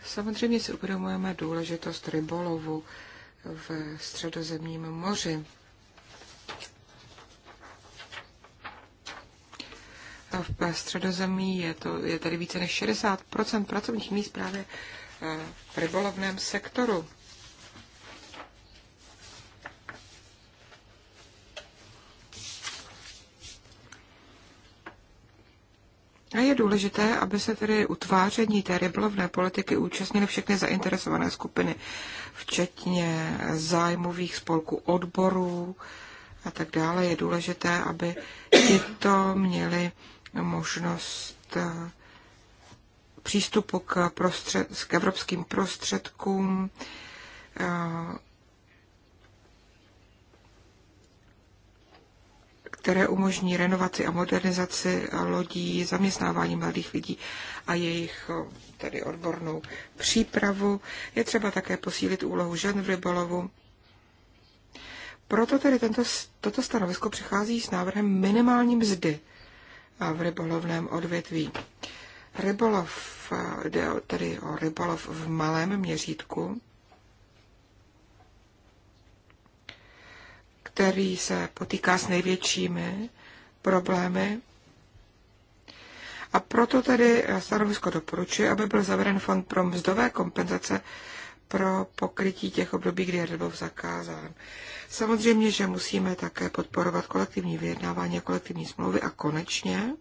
C: Samozřejmě si uvědomujeme důležitost rybolovu v středozemním moři. v středozemí je, to, je tady více než 60 pracovních míst právě eh, v rybolovném sektoru. A je důležité, aby se tedy utváření té rybolovné politiky účastnily všechny zainteresované skupiny, včetně zájmových spolků odborů a tak dále. Je důležité, aby tyto měli možnost eh, přístupu k, prostřed, k evropským prostředkům, eh, které umožní renovaci a modernizaci lodí, zaměstnávání mladých lidí a jejich eh, tedy odbornou přípravu. Je třeba také posílit úlohu žen v rybolovu. Proto tedy tento, toto stanovisko přichází s návrhem minimální mzdy v rybolovném odvětví. Rybolov, jde tedy o rybolov v malém měřítku, který se potýká s největšími problémy. A proto tedy stanovisko doporučuje, aby byl zaveden fond pro mzdové kompenzace pro pokrytí těch období, kdy je rybolov zakázán. Samozřejmě, že musíme také podporovat kolektivní vyjednávání a kolektivní smlouvy a konečně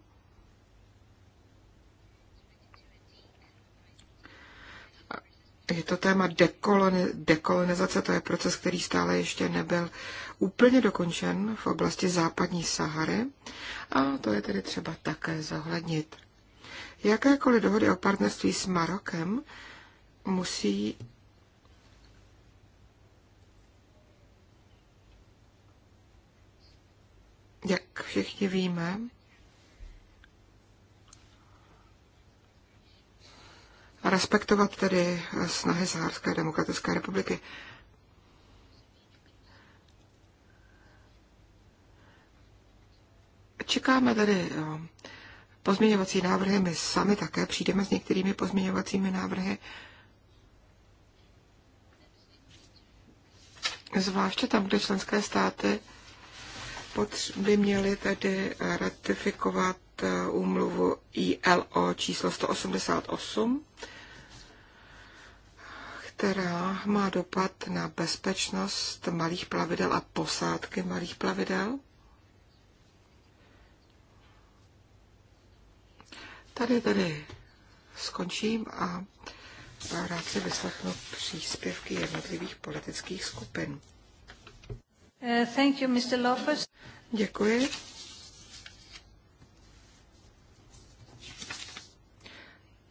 C: je to téma dekolonizace, to je proces, který stále ještě nebyl úplně dokončen v oblasti západní Sahary a to je tedy třeba také zohlednit. Jakékoliv dohody o partnerství s Marokem musí jak všichni víme, respektovat tedy snahy Sahárské demokratické republiky. Čekáme tedy pozměňovací návrhy, my sami také přijdeme s některými pozměňovacími návrhy. Zvláště tam, kde členské státy by měly tedy ratifikovat eh, úmluvu ILO číslo 188, která má dopad na bezpečnost malých plavidel a posádky malých plavidel. Tady tady skončím a rád si vyslechnu příspěvky jednotlivých politických skupin.
D: Uh, thank you, Mr. Lopez.
A: Děkuji.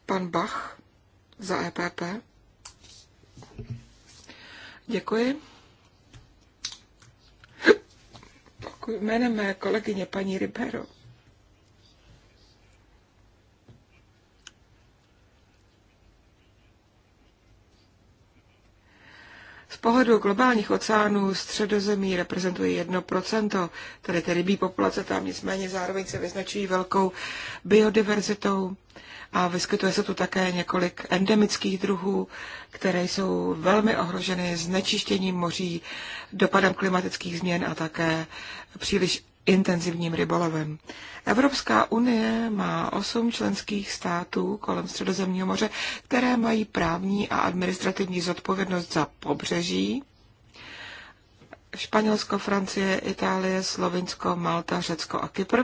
A: Pan Bach
C: za EPP. Děkuji. Jménem mé kolegyně paní Ribero. pohledu globálních oceánů středozemí reprezentují 1%, tedy ty rybí populace tam nicméně zároveň se vyznačují velkou biodiverzitou a vyskytuje se tu také několik endemických druhů, které jsou velmi ohroženy znečištěním moří, dopadem klimatických změn a také příliš intenzivním rybolovem. Evropská unie má osm členských států kolem Středozemního moře, které mají právní a administrativní zodpovědnost za pobřeží. Španělsko, Francie, Itálie, Slovinsko, Malta, Řecko a Kypr.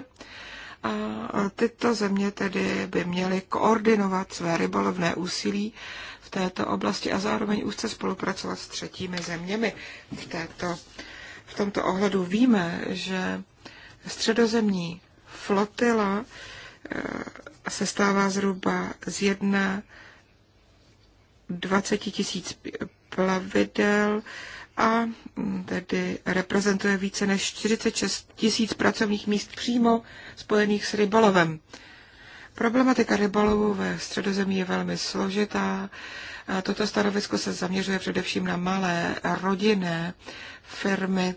C: A tyto země tedy by měly koordinovat své rybolovné úsilí v této oblasti a zároveň úzce spolupracovat s třetími zeměmi v, této, v tomto ohledu. Víme, že Středozemní flotila eh, se stává zhruba z jedna 20 tisíc plavidel a mm, tedy reprezentuje více než 46 tisíc pracovních míst přímo spojených s rybolovem. Problematika rybolovu ve středozemí je velmi složitá. Toto stanovisko se zaměřuje především na malé rodinné firmy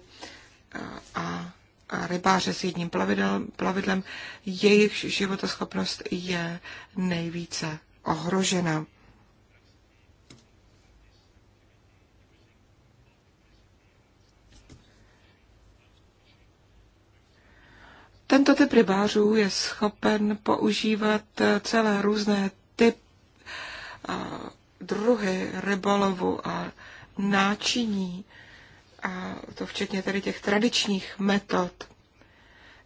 C: eh, a rybáře s jedním plavidlem, plavidlem jejich životoschopnost je nejvíce ohrožena. Tento typ rybářů je schopen používat celé různé typ a druhy rybolovu a náčiní, a to včetně tady těch tradičních metod.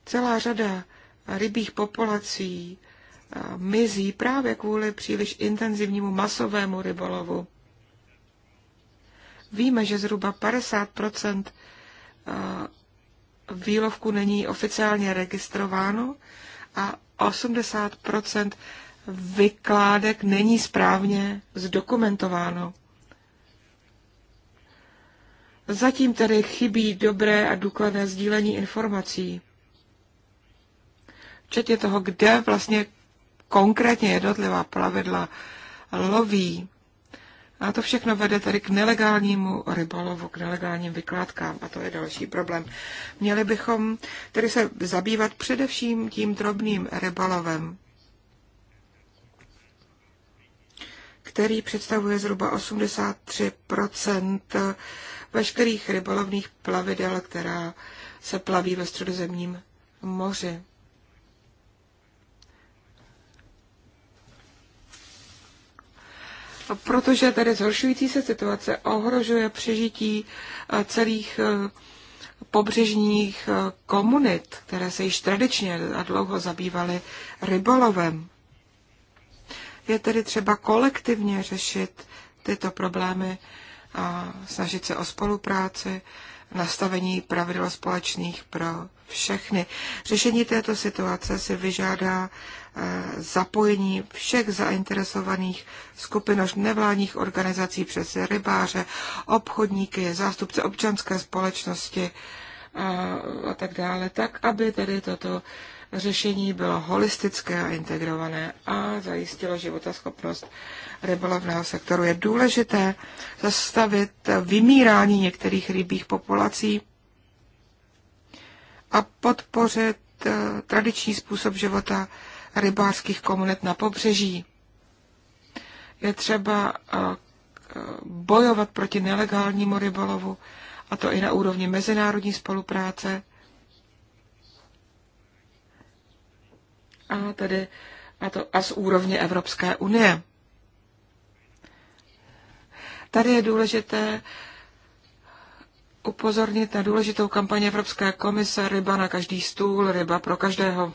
C: Celá řada rybích populací eh, mizí právě kvůli příliš intenzivnímu masovému rybolovu. Víme, že zhruba 50 eh, výlovku není oficiálně registrováno a 80 vykládek není správně zdokumentováno. Zatím tedy chybí dobré a důkladné sdílení informací. Včetně toho, kde vlastně konkrétně jednotlivá plavidla loví. A to všechno vede tedy k nelegálnímu rybolovu, k nelegálním vykládkám a to je další problém. Měli bychom tedy se zabývat především tím drobným rybolovem, který představuje zhruba 83 veškerých rybolovných plavidel, která se plaví ve středozemním moři. Protože tedy zhoršující se situace ohrožuje přežití eh, celých eh, pobřežních eh, komunit, které se již tradičně a dlouho zabývaly rybolovem. Je tedy třeba kolektivně řešit tyto problémy a snažit se o spolupráci, nastavení pravidel společných pro všechny. Řešení této situace si vyžádá eh, zapojení všech zainteresovaných skupin až nevládních organizací přes rybáře, obchodníky, zástupce občanské společnosti a, eh, a tak dále, tak aby tedy toto řešení bylo holistické a integrované a zajistilo životaschopnost rybolovného sektoru. Je důležité zastavit vymírání některých rybích populací a podpořit eh, tradiční způsob života rybářských komunit na pobřeží. Je třeba eh, bojovat proti nelegálnímu rybolovu, a to i na úrovni mezinárodní spolupráce a tedy a to a z úrovně Evropské unie. Tady je důležité upozornit na důležitou kampaně Evropské komise Ryba na každý stůl, ryba pro každého.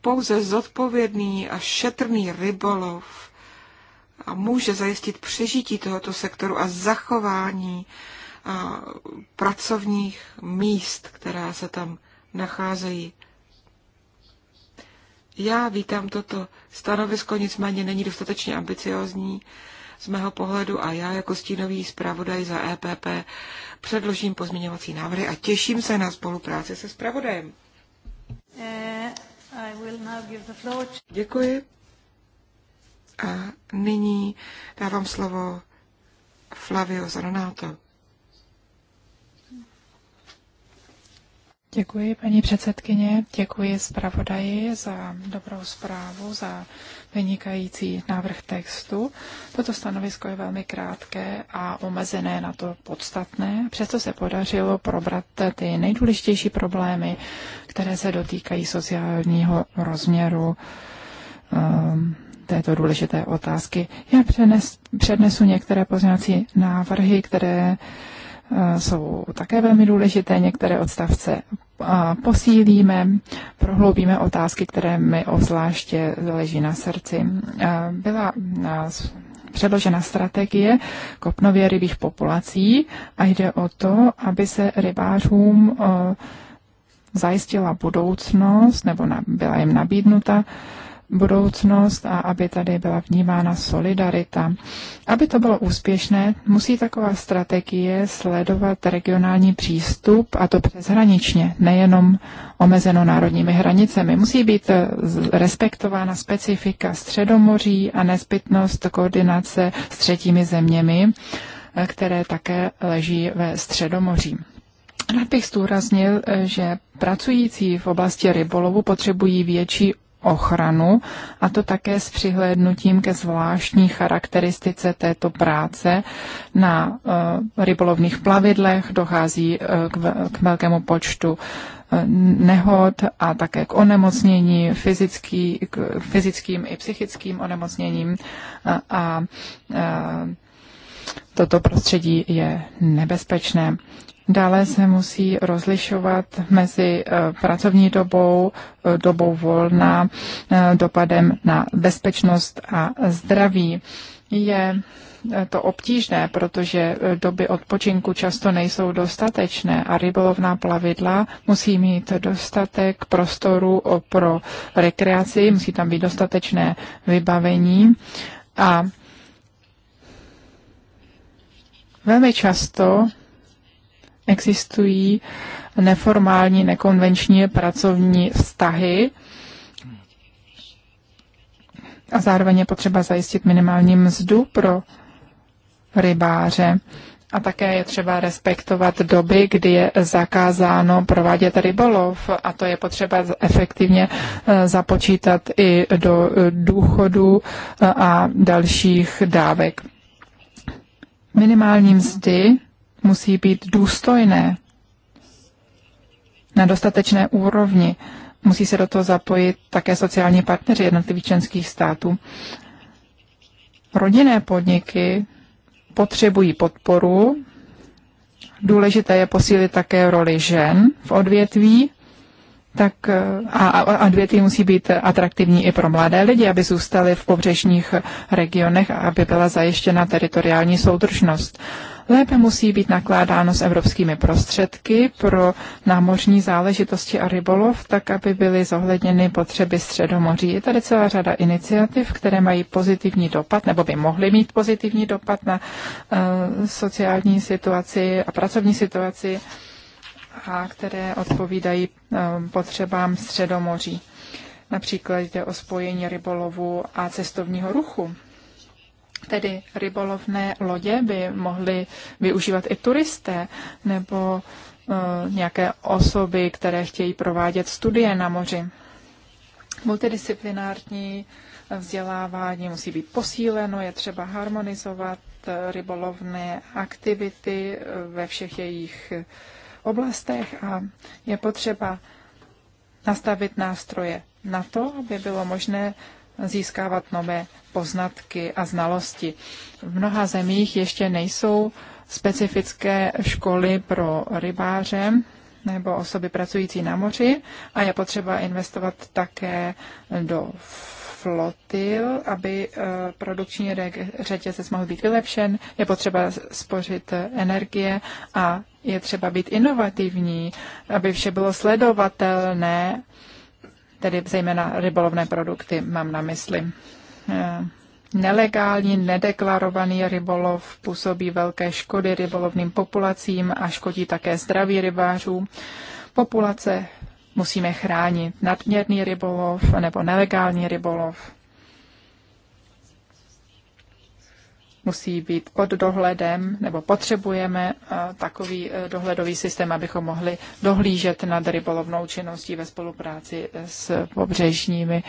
C: Pouze zodpovědný a šetrný rybolov a může zajistit přežití tohoto sektoru a zachování a pracovních míst, která se tam nacházejí. Já vítám toto stanovisko, nicméně není dostatečně ambiciozní z mého pohledu a já jako stínový zpravodaj za EPP předložím pozměňovací návrhy a těším se na spolupráci se zpravodajem. Eh, Děkuji. A nyní dávám slovo Flavio Zanonato. Děkuji,
B: paní předsedkyně, děkuji zpravodaji za dobrou zprávu, za vynikající návrh textu. Toto stanovisko je velmi krátké a omezené na to podstatné. Přesto se podařilo probrat ty nejdůležitější problémy, které se dotýkají sociálního rozměru um, této důležité otázky. Já přenes, přednesu některé pozměňovací návrhy, které eh, jsou také velmi důležité. Některé odstavce eh, posílíme, prohloubíme otázky, které mi obzvláště leží na srdci. Eh, byla předložena strategie kopnově rybích populací a jde o to, aby se rybářům zajistila budoucnost nebo byla jim nabídnuta budoucnost a aby tady byla vnímána solidarita. Aby to bylo úspěšné, musí taková strategie sledovat regionální přístup a to přeshraničně, nejenom omezeno národními hranicemi. Musí být eh, respektována specifika středomoří a nezbytnost koordinace s třetími zeměmi, eh, které také leží ve středomoří. Rád bych zdůraznil, eh, že pracující v oblasti rybolovu potřebují větší ochranu, a to také s přihlédnutím ke zvláštní charakteristice této práce. Na eh, rybolovných plavidlech dochází eh, k velkému počtu eh, nehod a také k onemocnění fyzický, k fyzickým i psychickým onemocněním a, a, a toto prostředí je nebezpečné. Dále se musí rozlišovat mezi eh, pracovní dobou, eh, dobou volna, eh, dopadem na bezpečnost a zdraví. Je to obtížné, protože doby odpočinku často nejsou dostatečné a rybolovná plavidla musí mít dostatek prostoru pro rekreaci, musí tam být dostatečné vybavení a velmi často existují neformální, nekonvenční pracovní vztahy a zároveň je potřeba zajistit minimální mzdu pro rybáře. A také je třeba respektovat doby, kdy je zakázáno provádět rybolov a to je potřeba efektivně eh, započítat i do eh, důchodu eh, a dalších dávek. Minimální mzdy musí být důstojné na dostatečné úrovni. Musí se do toho zapojit také sociální partneři jednotlivých členských států. Rodinné podniky potřebují podporu. Důležité je posílit také roli žen v odvětví, tak a, odvětví musí být atraktivní i pro mladé lidi, aby zůstali v pobřežních regionech a aby byla zajištěna teritoriální soudržnost. Lépe musí být nakládáno s evropskými prostředky pro námořní záležitosti a rybolov, tak aby byly zohledněny potřeby Středomoří. Je tady celá řada iniciativ, které mají pozitivní dopad, nebo by mohly mít pozitivní dopad na uh, sociální situaci a pracovní situaci a které odpovídají uh, potřebám Středomoří. Například jde o spojení rybolovu a cestovního ruchu. Tedy rybolovné lodě by mohli využívat i turisté nebo eh, nějaké osoby, které chtějí provádět studie na moři. Multidisciplinární vzdělávání musí být posíleno, je třeba harmonizovat eh, rybolovné aktivity eh, ve všech jejich oblastech a je potřeba nastavit nástroje na to, aby bylo možné získávat nové poznatky a znalosti. V mnoha zemích ještě nejsou specifické školy pro rybáře nebo osoby pracující na moři a je potřeba investovat také do flotil, aby eh, produkční řetězec mohl být vylepšen, je potřeba spořit energie a je třeba být inovativní, aby vše bylo sledovatelné tedy zejména rybolovné produkty mám na mysli. Eh, nelegální, nedeklarovaný rybolov působí velké škody rybolovným populacím a škodí také zdraví rybářů. Populace musíme chránit. Nadměrný rybolov nebo nelegální rybolov musí být pod dohledem, nebo potřebujeme eh, takový eh, dohledový systém, abychom mohli dohlížet nad rybolovnou činností ve spolupráci eh, s pobřežními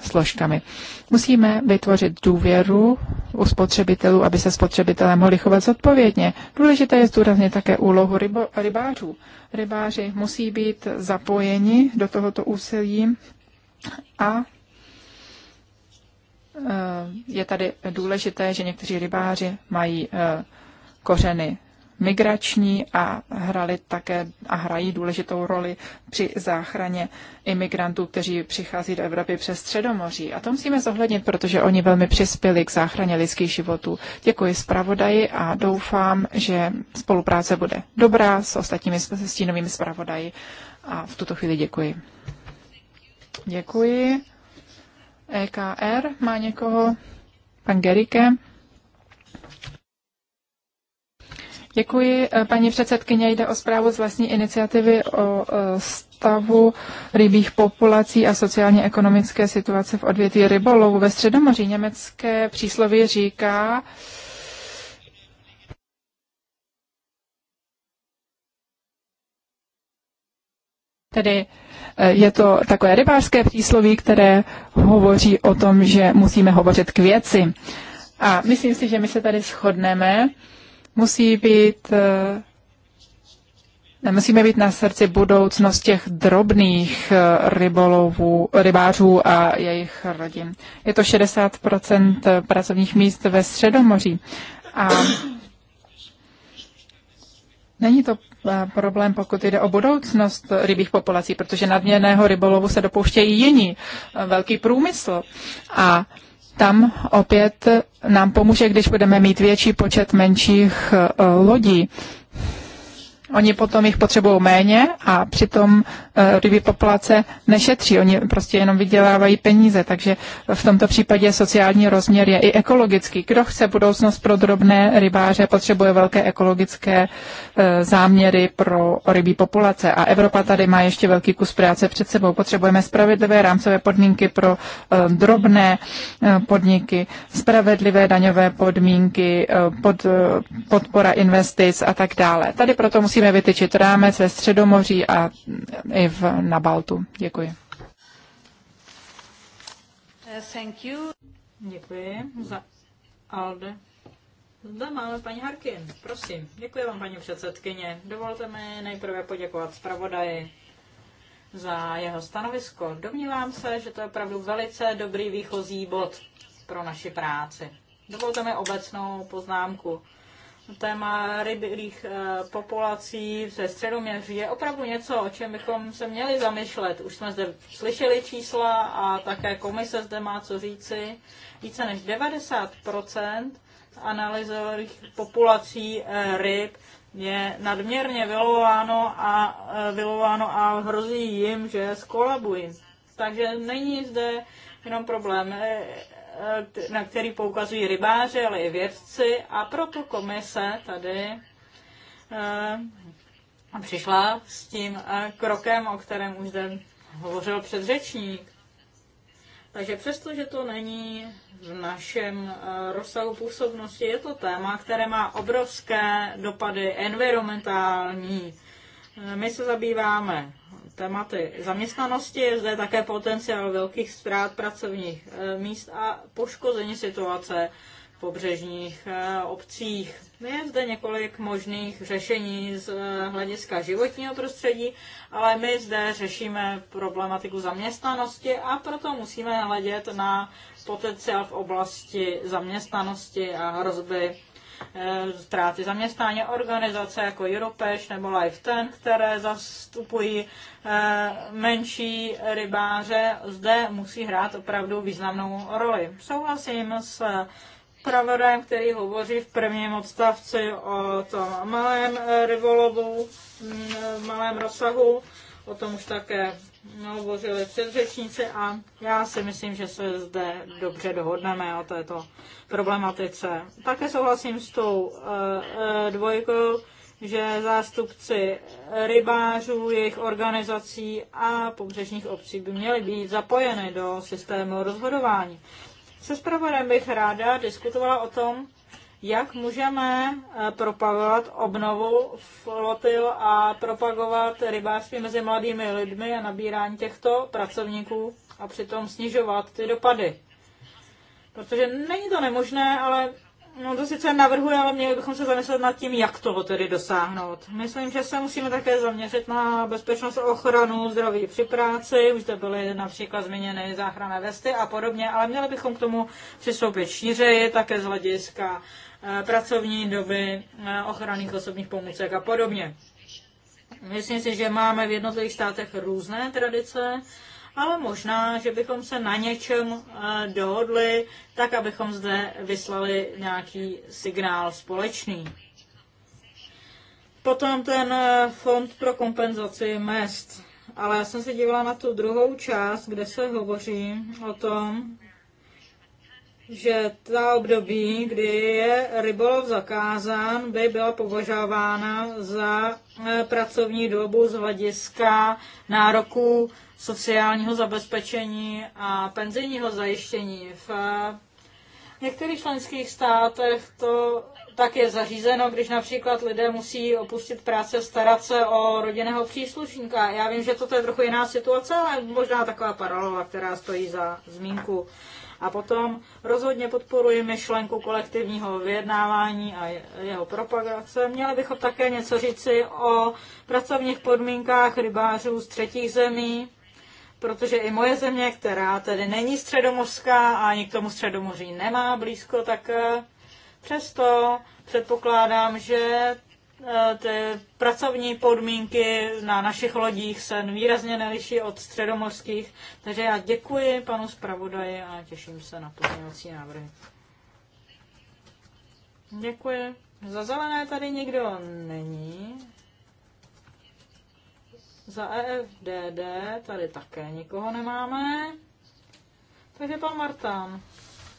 B: složkami. Musíme vytvořit důvěru u spotřebitelů, aby se spotřebitelé mohli chovat zodpovědně. Důležité je zdůraznit také úlohu rybo, rybářů. Rybáři musí být zapojeni do tohoto úsilí a Eh, je tady důležité, že někteří rybáři mají eh, kořeny migrační a hrali také a hrají důležitou roli při záchraně imigrantů, kteří přichází do Evropy přes Středomoří. A to musíme zohlednit, protože oni velmi přispěli k záchraně lidských životů. Děkuji zpravodaji a doufám, že spolupráce bude dobrá s ostatními stínovými zpravodaji. A v tuto chvíli děkuji. Děkuji. EKR má někoho? Pan Gerike? Děkuji, eh, paní předsedkyně. Jde o zprávu z vlastní iniciativy o eh, stavu rybích populací a sociálně-ekonomické situace v odvětví rybolovu. Ve Středomoří německé přísloví říká, tedy Eh, je to takové rybářské přísloví, které hovoří o tom, že musíme hovořit k věci. A myslím si, že my se tady shodneme. Musí být eh, Musíme být na srdci budoucnost těch drobných eh, rybolovů, rybářů a jejich rodin. Je to 60 pracovních míst ve Středomoří. A Není to eh, problém, pokud jde o budoucnost rybích populací, protože nadměrného rybolovu se dopouštějí jiní, eh, velký průmysl. A tam opět nám pomůže, když budeme mít větší počet menších eh, lodí. Oni potom jich potřebují méně a přitom uh, ryby populace nešetří. Oni prostě jenom vydělávají peníze, takže v tomto případě sociální rozměr je i ekologický. Kdo chce budoucnost pro drobné rybáře, potřebuje velké ekologické uh, záměry pro rybí populace. A Evropa tady má ještě velký kus práce před sebou. Potřebujeme spravedlivé rámcové podmínky pro uh, drobné uh, podniky, spravedlivé daňové podmínky, uh, pod, uh, podpora investic a tak dále. Tady proto musí musíme vytyčit rámec ve Středomoří a i v, na Baltu. Děkuji.
D: Thank you.
A: Děkuji za Alde. Zde máme paní Harkin, prosím. Děkuji vám, paní předsedkyně. Dovolte mi nejprve poděkovat zpravodaji za jeho stanovisko. Domnívám se, že to je opravdu velice dobrý výchozí bod pro naši práci. Dovolte mi obecnou poznámku téma rybích eh, populací ze středoměří je opravdu něco, o čem bychom se měli zamišlet. Už jsme zde slyšeli čísla a také komise zde má co říci. Více než 90 analyzovaných populací eh, ryb je nadměrně vylováno a, eh, vylováno a hrozí jim, že skolabují. Takže není zde jenom problém Eh, na který poukazují rybáři, ale i vědci. A proto komise tady eh, přišla s tím eh, krokem, o kterém už zde hovořil předřečník. Takže přesto, že to není v našem rozsahu působnosti, je to téma, které má obrovské dopady environmentální. My se zabýváme tématy zaměstnanosti. Je zde také potenciál velkých ztrát pracovních eh, míst a poškození situace v pobřežních eh, obcích. Je zde několik možných řešení z eh, hlediska životního prostředí, ale my zde řešíme problematiku zaměstnanosti a proto musíme hledět na potenciál v oblasti zaměstnanosti a hrozby Eh, ztráty zaměstnání organizace jako Europeš nebo Life Ten, které zastupují eh, menší rybáře, zde musí hrát opravdu významnou roli. Souhlasím s pravodajem, který hovoří v prvním odstavci o tom malém eh, rybolovu, mm, malém rozsahu, o tom už také No, hovořili předřečnice a já si myslím, že se zde dobře dohodneme o této problematice. Také souhlasím s tou eh, dvojkou, že zástupci rybářů, jejich organizací a pobřežních obcí by měli být zapojeny do systému rozhodování. Se zpravodem bych ráda diskutovala o tom, jak můžeme eh, propagovat obnovu flotil a propagovat rybářství mezi mladými lidmi a nabírání těchto pracovníků a přitom snižovat ty dopady. Protože není to nemožné, ale no to sice navrhuje, ale měli bychom se zamyslet nad tím, jak toho tedy dosáhnout. Myslím, že se musíme také zaměřit na bezpečnost ochranu zdraví při práci, už zde byly například změněny záchranné vesty a podobně, ale měli bychom k tomu přistoupit šířeji, také z hlediska Eh, pracovní doby, eh, ochranných osobních pomůcek a podobně. Myslím si, že máme v jednotlivých státech různé tradice, ale možná, že bychom se na něčem eh, dohodli, tak abychom zde vyslali nějaký signál společný. Potom ten fond pro kompenzaci mest. Ale já jsem se dívala na tu druhou část, kde se hovoří o tom, že ta období, kdy je rybolov zakázán, by byla považována za e, pracovní dobu z hlediska nároků sociálního zabezpečení a penzijního zajištění. V e, některých členských státech to tak je zařízeno, když například lidé musí opustit práce, starat se o rodinného příslušníka. Já vím, že toto je trochu jiná situace, ale možná taková paralela, která stojí za zmínku. A potom rozhodně podporuji myšlenku kolektivního vyjednávání a jeho propagace. Měli bychom také něco říci o pracovních podmínkách rybářů z třetích zemí, protože i moje země, která tedy není středomořská a ani k tomu středomoří nemá blízko, tak eh, přesto předpokládám, že Eh, ty pracovní podmínky na našich lodích se výrazně neliší od středomorských, takže já děkuji panu zpravodaji a těším se na pozměňovací návrhy. Děkuji. Za zelené tady nikdo není. Za EFDD tady také nikoho nemáme. Takže pan Martán,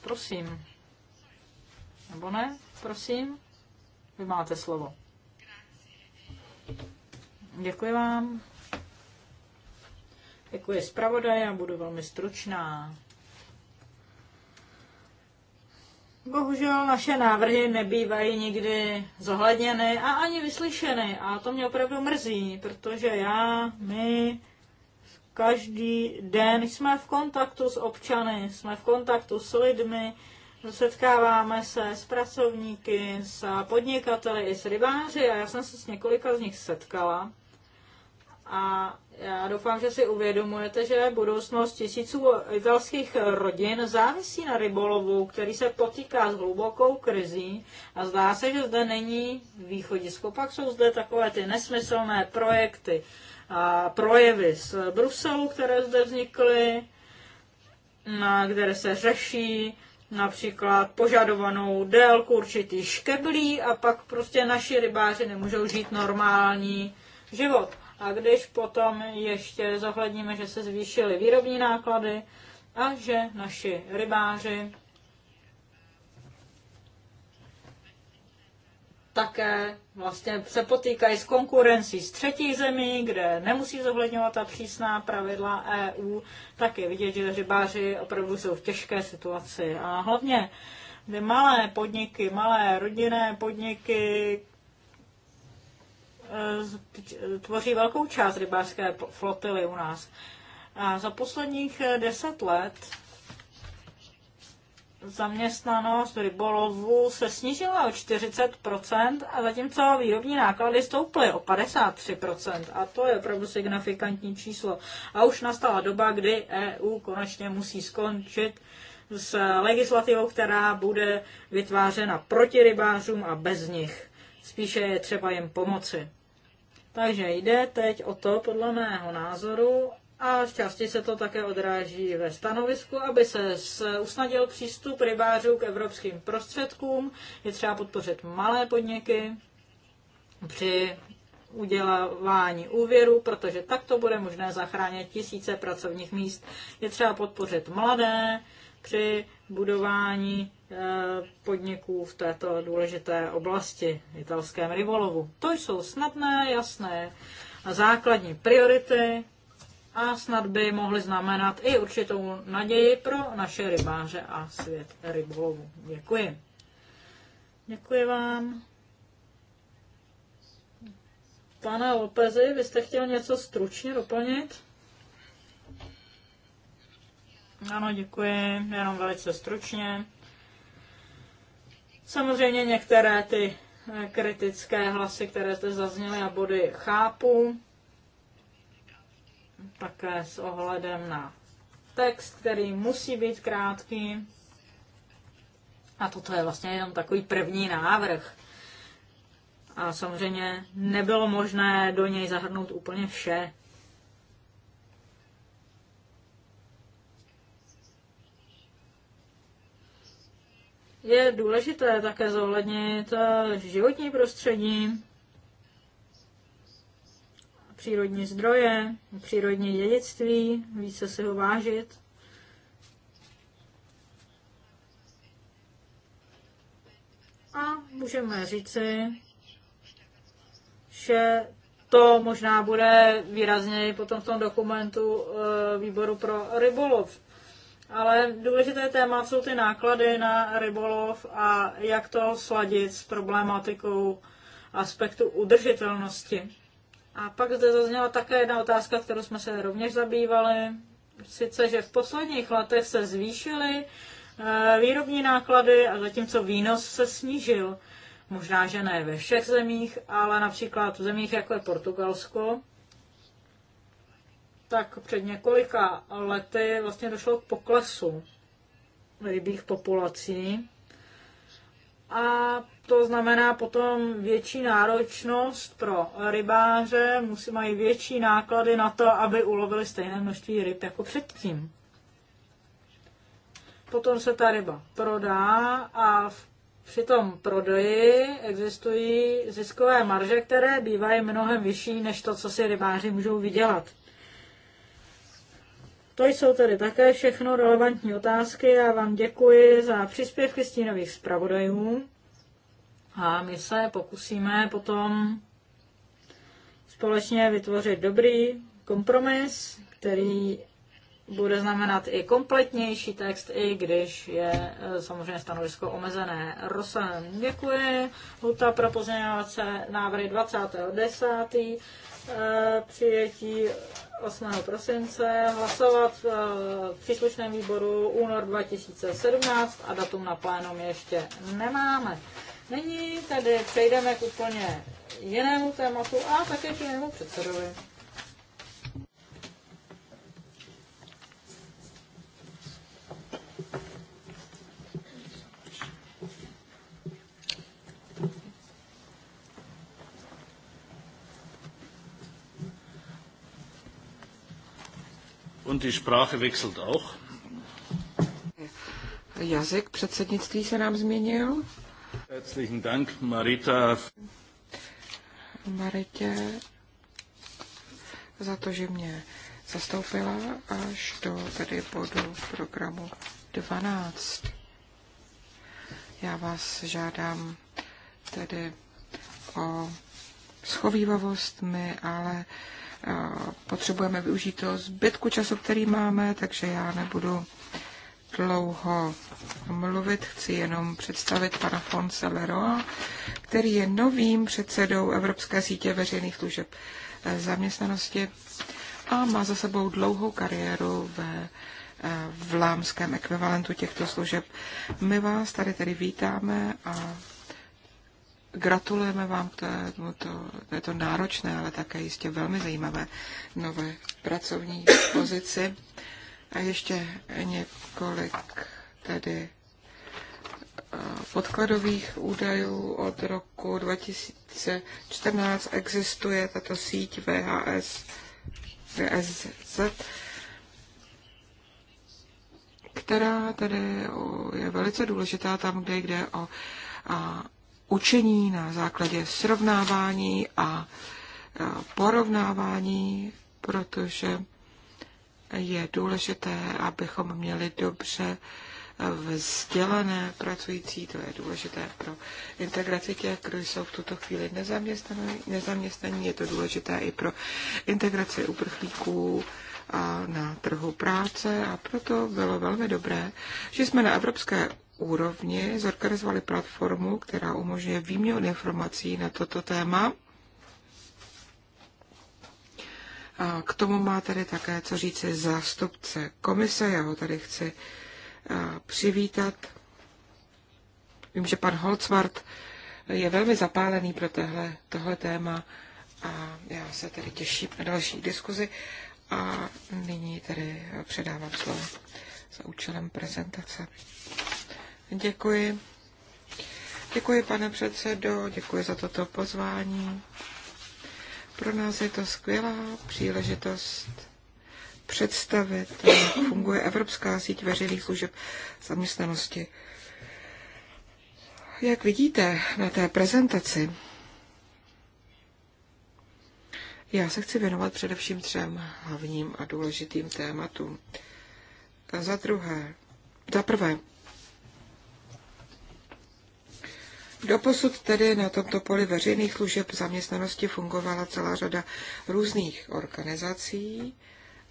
A: prosím. Nebo ne? Prosím. Vy máte slovo. Děkuji vám. Děkuji zpravodaj, já budu velmi stručná. Bohužel naše návrhy nebývají nikdy zohledněny a ani vyslyšeny. A to mě opravdu mrzí, protože já, my každý den jsme v kontaktu s občany, jsme v kontaktu s lidmi, setkáváme se s pracovníky, s podnikateli i s rybáři a já jsem se s několika z nich setkala. A já doufám, že si uvědomujete, že budoucnost tisíců italských rodin závisí na rybolovu, který se potýká s hlubokou krizí a zdá se, že zde není východisko. Pak jsou zde takové ty nesmyslné projekty a projevy z Bruselu, které zde vznikly, na, které se řeší například požadovanou délku určitých škeblí a pak prostě naši rybáři nemůžou žít normální život. A když potom ještě zohledníme, že se zvýšily výrobní náklady a že naši rybáři také vlastně se potýkají s konkurencí z třetích zemí, kde nemusí zohledňovat ta přísná pravidla EU, tak je vidět, že rybáři opravdu jsou v těžké situaci. A hlavně ty malé podniky, malé rodinné podniky eh, tvoří velkou část rybářské flotily u nás. A za posledních deset let zaměstnanost rybolovu se snížila o 40%, a zatímco výrobní náklady stouply o 53%. A to je opravdu signifikantní číslo. A už nastala doba, kdy EU konečně musí skončit s legislativou, která bude vytvářena proti rybářům a bez nich. Spíše je třeba jim pomoci. Takže jde teď o to, podle mého názoru, a v části se to také odráží ve stanovisku, aby se usnadil přístup rybářů k evropským prostředkům. Je třeba podpořit malé podniky při udělování úvěru, protože takto bude možné zachránit tisíce pracovních míst. Je třeba podpořit mladé při budování e, podniků v této důležité oblasti, italském rybolovu. To jsou snadné, jasné a základní priority, a snad by mohly znamenat i určitou naději pro naše rybáře a svět rybolovu. Děkuji. Děkuji vám. Pane Lopezi, vy jste chtěl něco stručně doplnit? Ano, děkuji, jenom velice stručně. Samozřejmě některé ty eh, kritické hlasy, které zde zazněly a body chápu také s ohledem na text, který musí být krátký. A toto je vlastně jenom takový první návrh. A samozřejmě nebylo možné do něj zahrnout úplně vše. Je důležité také zohlednit životní prostředí, přírodní zdroje, přírodní dědictví, více se ho vážit. A můžeme říci, že to možná bude výrazněji potom v tom dokumentu e, výboru pro rybolov. Ale důležité téma jsou ty náklady na rybolov a jak to sladit s problematikou aspektu udržitelnosti. A pak zde zazněla také jedna otázka, kterou jsme se rovněž zabývali. Sice, že v posledních letech se zvýšily eh, výrobní náklady a zatímco výnos se snížil. Možná, že ne ve všech zemích, ale například v zemích jako je Portugalsko, tak před několika lety vlastně došlo k poklesu rybích populací. A to znamená potom větší náročnost pro rybáře, musí mají větší náklady na to, aby ulovili stejné množství ryb jako předtím. Potom se ta ryba prodá a v, při tom prodeji existují ziskové marže, které bývají mnohem vyšší než to, co si rybáři můžou vydělat. To jsou tedy také všechno relevantní otázky. Já vám děkuji za příspěvky stínových zpravodajů. A my se pokusíme potom společně vytvořit dobrý kompromis, který bude znamenat i kompletnější text, i když je e, samozřejmě stanovisko omezené rozsahem. Děkuji. Huta pro pozměňovace návrhy 20.10. E, přijetí 8. prosince, hlasovat e, v příslušném výboru únor 2017 a datum na plénum ještě nemáme. Nyní tedy přejdeme k úplně jinému tématu a také k jinému předsedovi.
E: Und die Sprache wechselt auch.
C: Jazyk předsednictví se nám změnil.
E: Herzlichen Dank, Marita.
C: Maritě za to, že mě zastoupila až do tedy bodu programu 12. Já vás žádám tedy o schovývavost, my ale eh, potřebujeme využít to zbytku času, který máme, takže já nebudu dlouho mluvit, chci jenom představit pana Fonse Leroa, který je novým předsedou Evropské sítě veřejných služeb eh, zaměstnanosti a má za sebou dlouhou kariéru ve eh, v lámském ekvivalentu těchto služeb. My vás tady tedy vítáme a gratulujeme vám k je to náročné, ale také jistě velmi zajímavé nové pracovní pozici. A ještě několik tedy eh, podkladových údajů od roku 2014 existuje tato síť VHS, VSZ, která tedy je velice důležitá tam, kde jde o a, učení na základě srovnávání a, a porovnávání, protože je důležité, abychom měli dobře vzdělané pracující, to je důležité pro integraci těch, kdo jsou v tuto chvíli nezaměstnaní, nezaměstnaní je to důležité i pro integraci uprchlíků na trhu práce a proto bylo velmi dobré, že jsme na evropské úrovni zorganizovali platformu, která umožňuje výměnu informací na toto téma A k tomu má tady také co říci zástupce komise, já ho tady chci eh, přivítat. Vím, že pan Holcwart je velmi zapálený pro tohle, tohle téma a já se tedy těším na další diskuzi a nyní tedy předávám slovo za účelem prezentace. Děkuji. Děkuji, pane předsedo, děkuji za toto pozvání. Pro nás je to skvělá příležitost představit, jak funguje Evropská síť veřejných služeb zaměstnanosti. Jak vidíte na té prezentaci, já se chci věnovat především třem hlavním a důležitým tématům. Za druhé, za prvé, Doposud tedy na tomto poli veřejných služeb zaměstnanosti fungovala celá řada různých organizací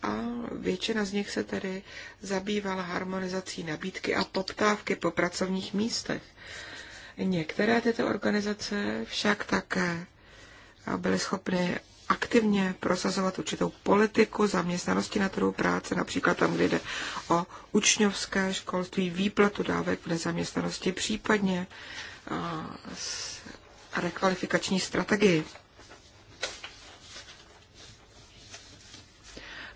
C: a většina z nich se tedy zabývala harmonizací nabídky a poptávky po pracovních místech. Některé tyto organizace však také byly schopny aktivně prosazovat určitou politiku zaměstnanosti na trhu práce, například tam, kde jde o učňovské školství, výplatu dávek v nezaměstnanosti, případně rekvalifikační strategii.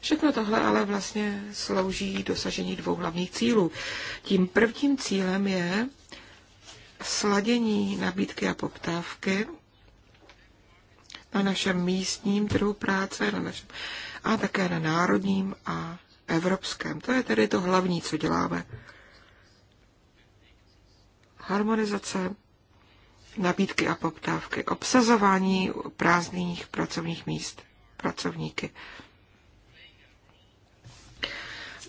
C: Všechno tohle ale vlastně slouží dosažení dvou hlavních cílů. Tím prvním cílem je sladění nabídky a poptávky na našem místním trhu práce na našem, a také na národním a evropském. To je tedy to hlavní, co děláme harmonizace nabídky a poptávky, obsazování prázdných pracovních míst pracovníky.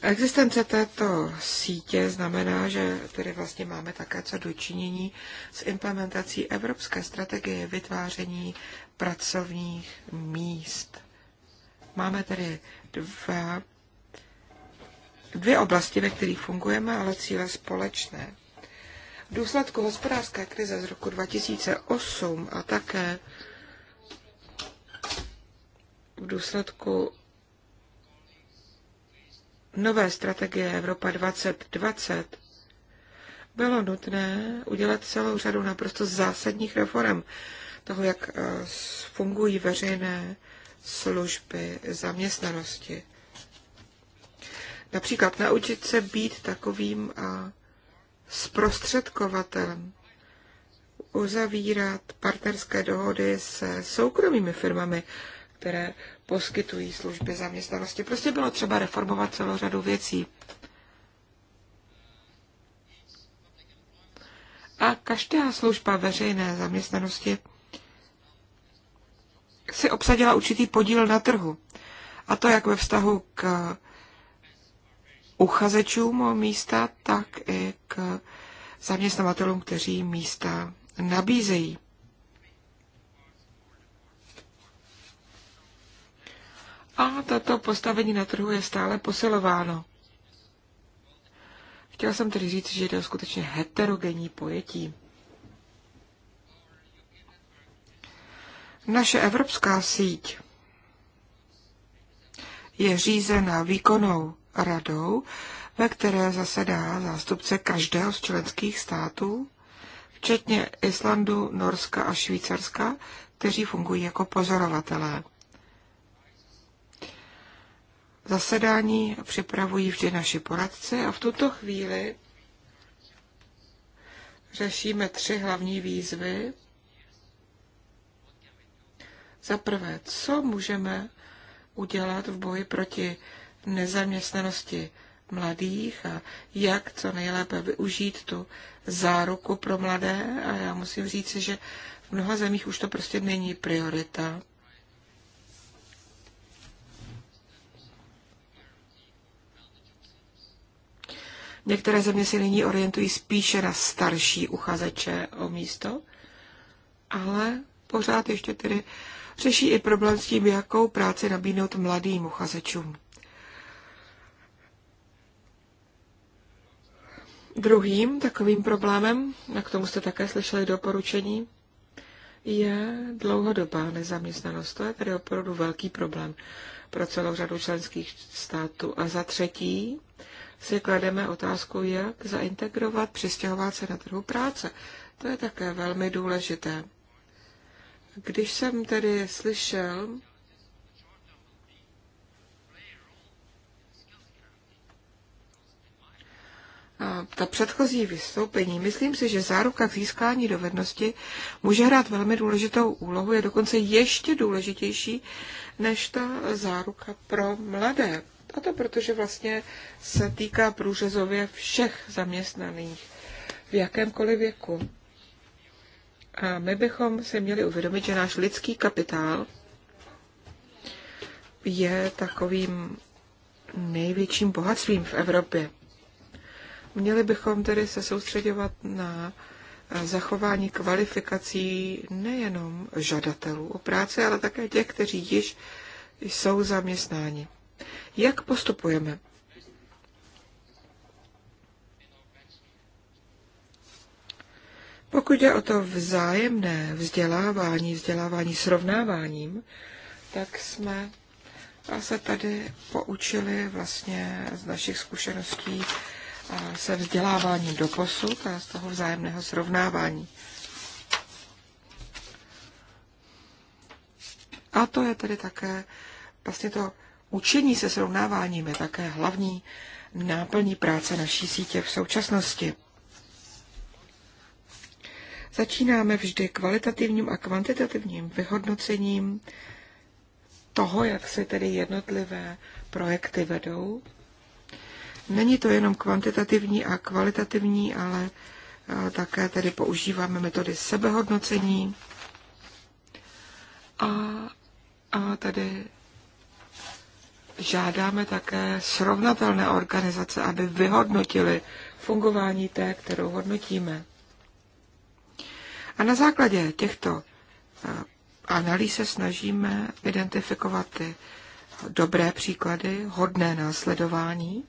C: Existence této sítě znamená, že tedy vlastně máme také co dočinění s implementací evropské strategie vytváření pracovních míst. Máme tedy dva, dvě oblasti, ve kterých fungujeme, ale cíle společné. V důsledku hospodářské krize z roku 2008 a také v důsledku nové strategie Evropa 2020 bylo nutné udělat celou řadu naprosto zásadních reform toho, jak eh, fungují veřejné služby zaměstnanosti. Například naučit se být takovým a zprostředkovatelem uzavírat partnerské dohody se soukromými firmami, které poskytují služby zaměstnanosti. Prostě bylo třeba reformovat celou řadu věcí. A každá služba veřejné zaměstnanosti si obsadila určitý podíl na trhu. A to jak ve vztahu k uchazečům o místa, tak i k zaměstnavatelům, kteří místa nabízejí. A toto postavení na trhu je stále posilováno. Chtěl jsem tedy říct, že jde o skutečně heterogenní pojetí. Naše evropská síť je řízena výkonou radou, ve které zasedá zástupce každého z členských států, včetně Islandu, Norska a Švýcarska, kteří fungují jako pozorovatelé. Zasedání připravují vždy naši poradci a v tuto chvíli řešíme tři hlavní výzvy. Za prvé, co můžeme udělat v boji proti nezaměstnanosti mladých a jak co nejlépe využít tu záruku pro mladé. A já musím říct, že v mnoha zemích už to prostě není priorita. Některé země se nyní orientují spíše na starší uchazeče o místo, ale pořád ještě tedy řeší i problém s tím, jakou práci nabídnout mladým uchazečům. Druhým takovým problémem, a k tomu jste také slyšeli doporučení, je dlouhodobá nezaměstnanost. To je tedy opravdu velký problém pro celou řadu členských států. A za třetí si klademe otázku, jak zaintegrovat se na trhu práce. To je také velmi důležité. Když jsem tedy slyšel ta předchozí vystoupení, myslím si, že záruka k získání dovednosti může hrát velmi důležitou úlohu, je dokonce ještě důležitější než ta záruka pro mladé. A to protože vlastně se týká průřezově všech zaměstnaných v jakémkoliv věku. A my bychom si měli uvědomit, že náš lidský kapitál je takovým největším bohatstvím v Evropě. Měli bychom tedy se soustředovat na eh, zachování kvalifikací nejenom žadatelů o práci, ale také těch, kteří již jsou zaměstnáni. Jak postupujeme? Pokud je o to vzájemné vzdělávání, vzdělávání srovnáváním, tak jsme se tady poučili vlastně z našich zkušeností se vzděláváním do posud a z toho vzájemného srovnávání. A to je tedy také, vlastně to učení se srovnáváním je také hlavní náplní práce naší sítě v současnosti. Začínáme vždy kvalitativním a kvantitativním vyhodnocením toho, jak se tedy jednotlivé projekty vedou. Není to jenom kvantitativní a kvalitativní, ale eh, také tedy používáme metody sebehodnocení a, a tady žádáme také srovnatelné organizace, aby vyhodnotili fungování té, kterou hodnotíme. A na základě těchto eh, analýz se snažíme identifikovat ty dobré příklady, hodné následování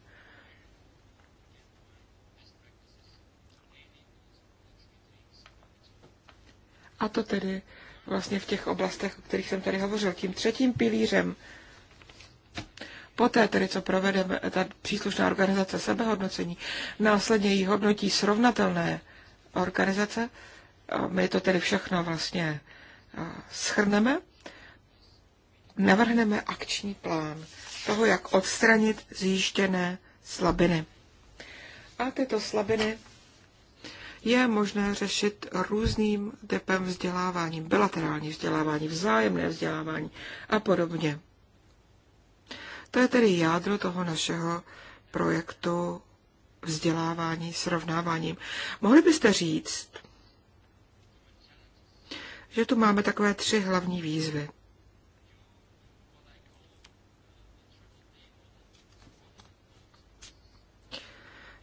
C: A to tedy vlastně v těch oblastech, o kterých jsem tady hovořil, tím třetím pilířem. Poté tedy, co provede eh, ta příslušná organizace sebehodnocení, následně ji hodnotí srovnatelné organizace, my to tedy všechno vlastně schrneme, navrhneme akční plán toho, jak odstranit zjištěné slabiny. A tyto slabiny je možné řešit různým typem vzdělávání, bilaterální vzdělávání, vzájemné vzdělávání a podobně. To je tedy jádro toho našeho projektu vzdělávání srovnáváním. Mohli byste říct, že tu máme takové tři hlavní výzvy.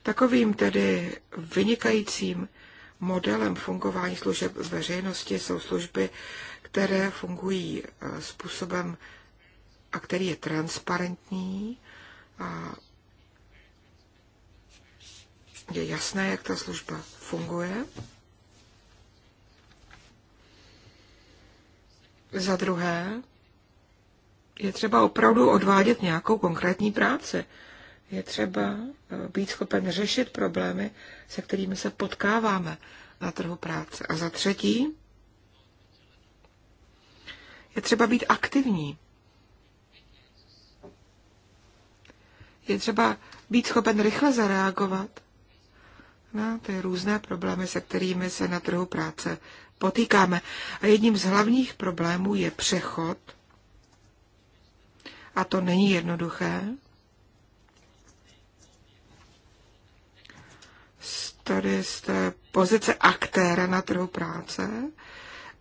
C: Takovým tedy vynikajícím modelem fungování služeb veřejnosti jsou služby, které fungují eh, způsobem, a který je transparentní a je jasné, jak ta služba funguje. Za druhé, je třeba opravdu odvádět nějakou konkrétní práci je třeba eh, být schopen řešit problémy, se kterými se potkáváme na trhu práce. A za třetí, je třeba být aktivní. Je třeba být schopen rychle zareagovat na ty různé problémy, se kterými se na trhu práce potýkáme. A jedním z hlavních problémů je přechod. A to není jednoduché. tady z té pozice aktéra na trhu práce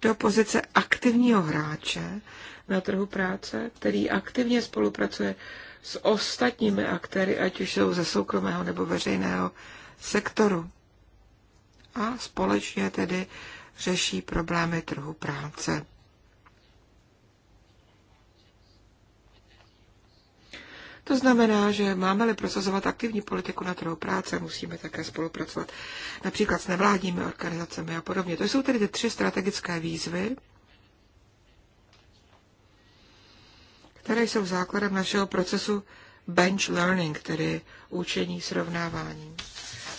C: do pozice aktivního hráče na trhu práce, který aktivně spolupracuje s ostatními aktéry, ať už jsou ze soukromého nebo veřejného sektoru. A společně tedy řeší problémy trhu práce. To znamená, že máme-li prosazovat aktivní politiku na trhu práce, musíme také spolupracovat například s nevládními organizacemi a podobně. To jsou tedy ty tři strategické výzvy, které jsou základem našeho procesu bench learning, tedy učení srovnávání.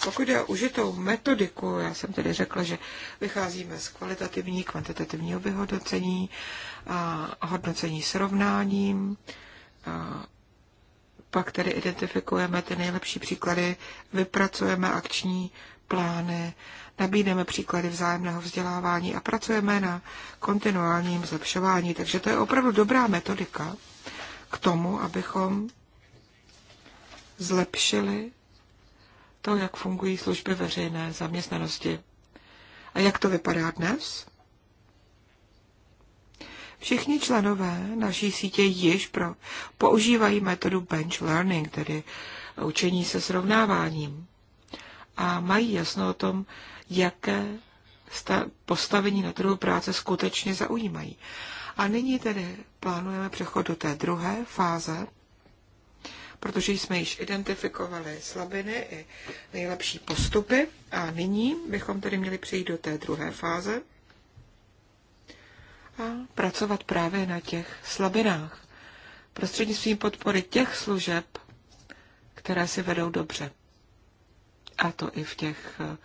C: Pokud je o užitou metodiku, já jsem tedy řekla, že vycházíme z kvalitativní, kvantitativního vyhodnocení, a hodnocení srovnáním, a pak tedy identifikujeme ty nejlepší příklady, vypracujeme akční plány, nabídneme příklady vzájemného vzdělávání a pracujeme na kontinuálním zlepšování. Takže to je opravdu dobrá metodika k tomu, abychom zlepšili to, jak fungují služby veřejné zaměstnanosti. A jak to vypadá dnes? Všichni členové naší sítě již pro, používají metodu bench learning, tedy učení se srovnáváním. A mají jasno o tom, jaké postavení na trhu práce skutečně zaujímají. A nyní tedy plánujeme přechod do té druhé fáze, protože jsme již identifikovali slabiny i nejlepší postupy. A nyní bychom tedy měli přejít do té druhé fáze, a pracovat právě na těch slabinách. Prostřednictvím podpory těch služeb, které si vedou dobře. A to i v těch eh,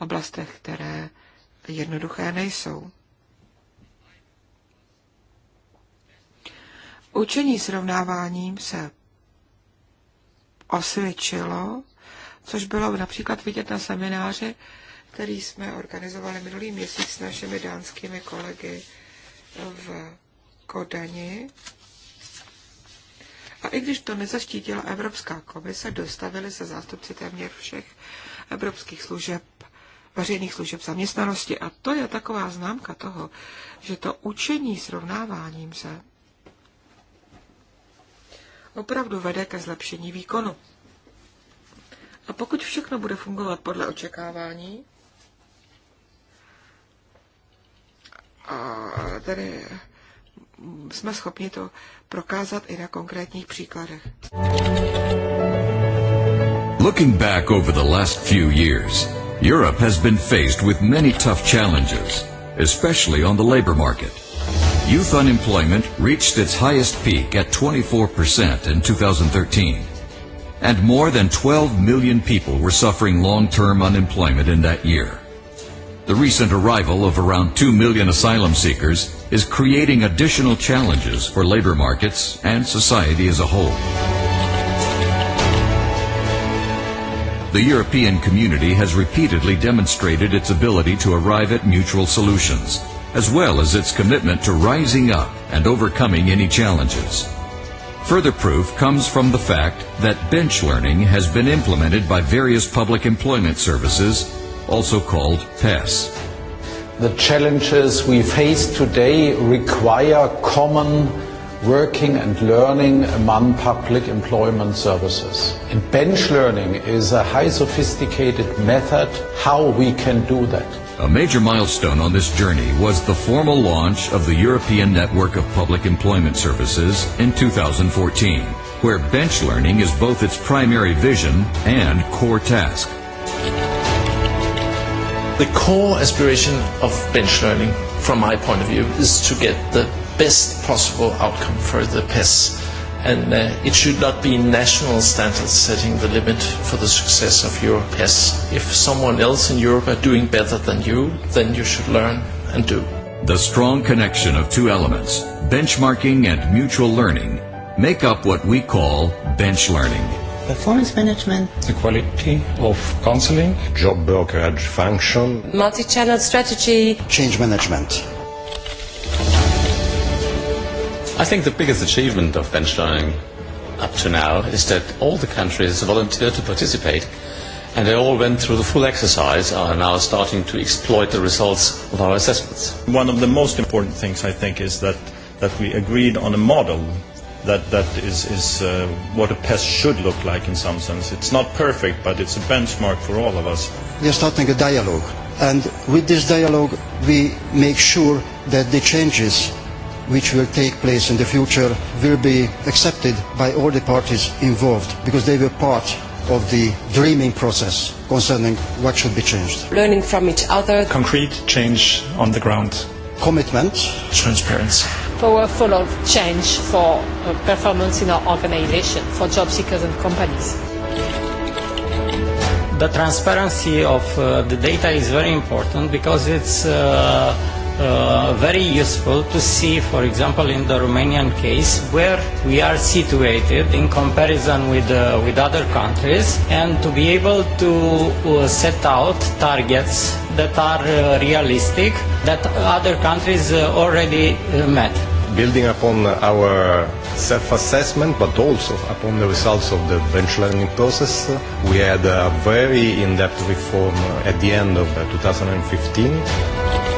C: oblastech, které jednoduché nejsou. Učení srovnáváním se osvědčilo, což bylo například vidět na semináři, který jsme organizovali minulý měsíc s našimi dánskými kolegy v Kodani. A i když to nezaštítila Evropská komise, dostavili se zástupci téměř všech evropských služeb, veřejných služeb zaměstnanosti. A to je taková známka toho, že to učení srovnáváním se opravdu vede ke zlepšení výkonu. A pokud všechno bude fungovat podle očekávání, a tedy jsme schopni to prokázat i na konkrétních příkladech.
E: Looking back over the last few years, Europe has been faced with many tough challenges, especially on the labor market. Youth unemployment reached its highest peak at 24% in 2013, and more than 12 million people were suffering long-term unemployment in that year. The recent arrival of around 2 million asylum seekers is creating additional challenges for labor markets and society as a whole. The European community has repeatedly demonstrated its ability to arrive at mutual solutions, as well as its commitment to rising up and overcoming any challenges. Further proof comes from the fact that bench learning has been implemented by various public employment services also called PES. The challenges we face today require common working and learning among public employment services. And bench learning is a high sophisticated method how we can do that. A major milestone on this journey was the formal launch of the European Network of Public Employment Services in 2014, where bench learning is both its primary vision and core task the core aspiration of bench learning, from my point of view, is to get the best possible outcome for the PES. And uh, it should not be national standards setting the limit for the success of your PES. If someone else in Europe are doing better than you, then you should learn and do. The strong connection of two elements, benchmarking and mutual learning, make up what we call bench learning performance management, the quality of counseling, job brokerage function,
D: multi-channel strategy,
E: change management. I think the biggest achievement of Benstein up to now is that all the countries volunteered to participate and they all went through the full exercise and are now starting to exploit the results of our assessments. One of the most important things I think is that, that we agreed on a model that that is, is uh, what a pest should look like in some sense. It's not perfect, but it's a benchmark for all of us.
B: We are starting a dialogue, and with this dialogue, we make sure that the changes which will take place in the future will be accepted by all the parties involved because they were part of the dreaming process concerning what should be changed.
D: Learning from each other.
E: Concrete change on the ground. Commitment. Transparency
A: powerful of change for uh, performance in our organization, for job seekers and companies.
D: The transparency of uh, the data is
A: very important because it's uh, Uh, very useful to see, for example, in the Romanian case, where we are situated in comparison with, uh, with other countries, and to be able to uh, set out targets that are uh, realistic, that other countries uh, already uh, met building upon our self-assessment, but also upon the results of the
C: bench learning process. We had a very in-depth reform at the end of 2015. Uh,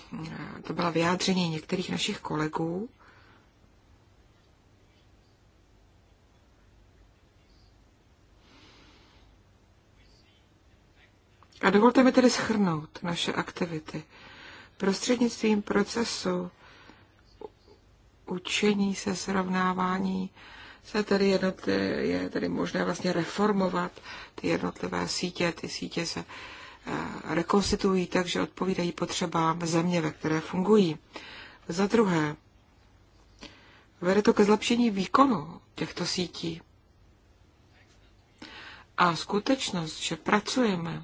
C: to byla vyjádření některých našich kolegů, A dovolte mi tedy schrnout naše aktivity. Prostřednictvím procesu učení se srovnávání se tedy jednotli, je tedy možné vlastně reformovat ty jednotlivé sítě. Ty sítě se Eh, rekonstituují tak, že odpovídají potřebám země, ve které fungují. Za druhé, vede to ke zlepšení výkonu těchto sítí. A skutečnost, že pracujeme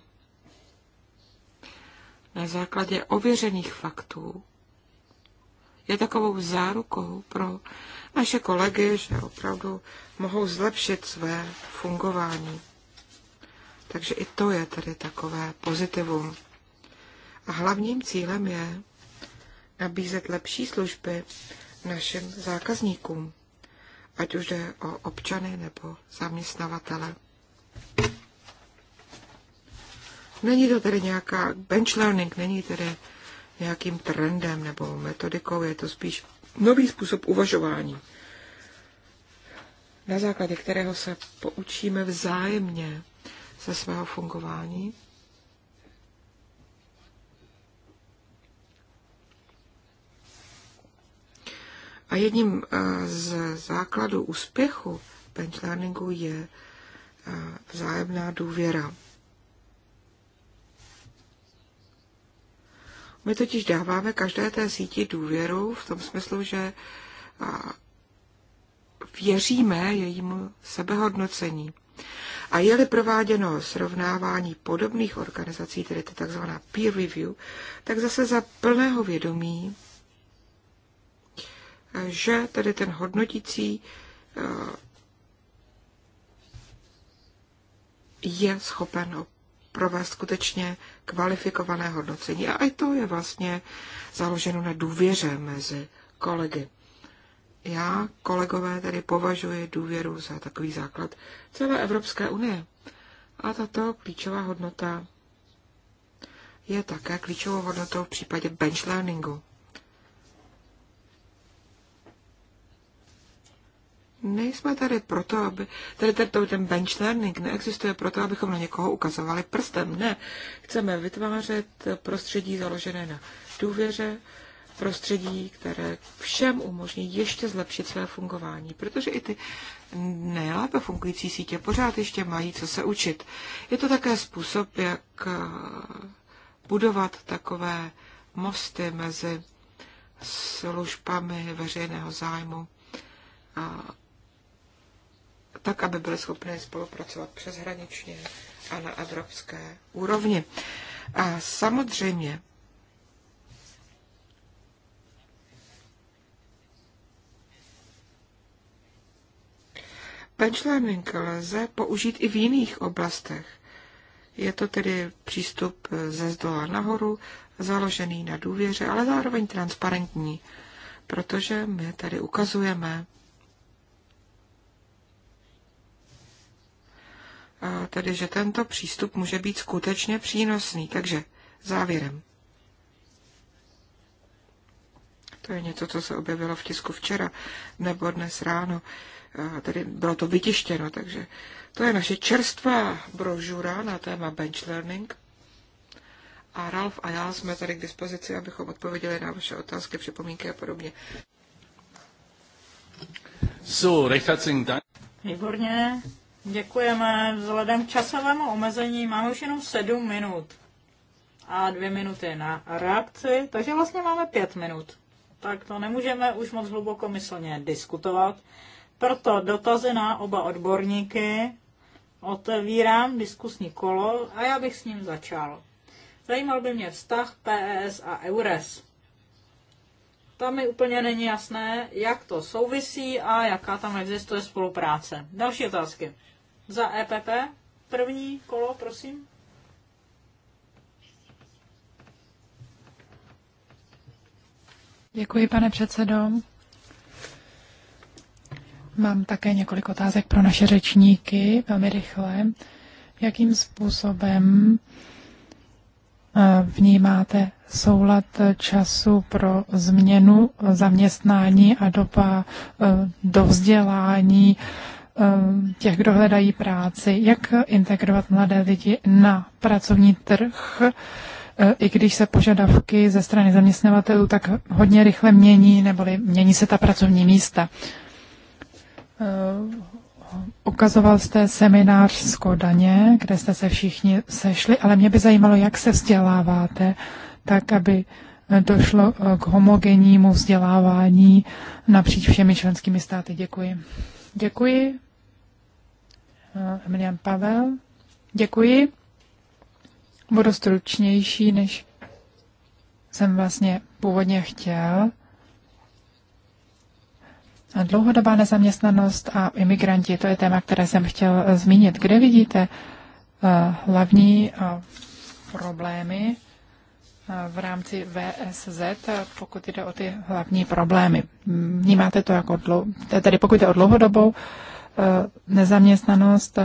C: na základě ověřených faktů, je takovou zárukou pro naše kolegy, že opravdu mohou zlepšit své fungování. Takže i to je tedy takové pozitivum. A hlavním cílem je nabízet lepší služby našim zákazníkům, ať už jde o občany nebo zaměstnavatele. Není to tedy nějaká bench learning, není tedy nějakým trendem nebo metodikou, je to spíš nový způsob uvažování, na základě kterého se poučíme vzájemně ze svého fungování. A jedním eh, z základů úspěchu learningu je eh, vzájemná důvěra. My totiž dáváme každé té síti důvěru v tom smyslu, že eh, věříme jejímu sebehodnocení. A je-li prováděno srovnávání podobných organizací, tedy to tzv. peer review, tak zase za plného vědomí, že tedy ten hodnotící eh, je schopen provést skutečně kvalifikované hodnocení. A i to je vlastně založeno na důvěře mezi kolegy. Já, kolegové, tedy považuji důvěru za takový základ celé Evropské unie. A tato klíčová hodnota je také klíčovou hodnotou v případě bench learningu. Nejsme tady proto, aby... Tady tento, ten bench learning. neexistuje proto, abychom na někoho ukazovali prstem. Ne. Chceme vytvářet prostředí založené na důvěře, prostředí, které všem umožní ještě zlepšit své fungování, protože i ty nejlépe fungující sítě pořád ještě mají co se učit. Je to také způsob, jak eh, budovat takové mosty mezi službami veřejného zájmu, a tak, aby byly schopné spolupracovat přeshraničně a na evropské úrovni. A samozřejmě Benchlearning lze použít i v jiných oblastech. Je to tedy přístup ze zdola nahoru, založený na důvěře, ale zároveň transparentní, protože my tady ukazujeme tedy, že tento přístup může být skutečně přínosný. Takže závěrem. To je něco, co se objevilo v tisku včera nebo dnes ráno. Tady bylo to vytištěno, takže to je naše čerstvá brožura na téma bench learning. A Ralf a já jsme tady k dispozici, abychom
A: odpověděli na vaše otázky, připomínky a podobně.
E: So, recht Dank.
A: Výborně, děkujeme. Vzhledem k časovému omezení máme už jenom sedm minut a dvě minuty na reakci, takže vlastně máme pět minut tak to nemůžeme už moc hlubokomyslně diskutovat. Proto dotazy na oba odborníky otevírám diskusní kolo a já bych s ním začal. Zajímal by mě vztah PES a EURES. Tam mi úplně není jasné, jak to souvisí a jaká tam existuje spolupráce. Další otázky. Za EPP první kolo, prosím.
B: Děkuji, pane předsedo. Mám také několik otázek pro naše řečníky, velmi rychle. Jakým způsobem eh, vnímáte soulad času pro změnu zaměstnání a doba eh, do vzdělání eh, těch, kdo hledají práci? Jak integrovat mladé lidi na pracovní trh? E, i když se požadavky ze strany zaměstnavatelů tak hodně rychle mění, neboli mění se ta pracovní místa. E, ukazoval jste seminář z Kodaně, kde jste se všichni sešli, ale mě by zajímalo, jak se vzděláváte, tak aby došlo e, k homogennímu vzdělávání napříč všemi členskými státy. Děkuji. Děkuji. Emilian Pavel. Děkuji. Budu stručnější, než jsem vlastně původně chtěl. A dlouhodobá nezaměstnanost a imigranti, to je téma, které jsem chtěl eh, zmínit. Kde vidíte eh, hlavní eh, problémy v rámci VSZ, pokud jde o ty hlavní problémy? Vnímáte to jako, dlouho, tedy pokud jde o dlouhodobou nezaměstnanost,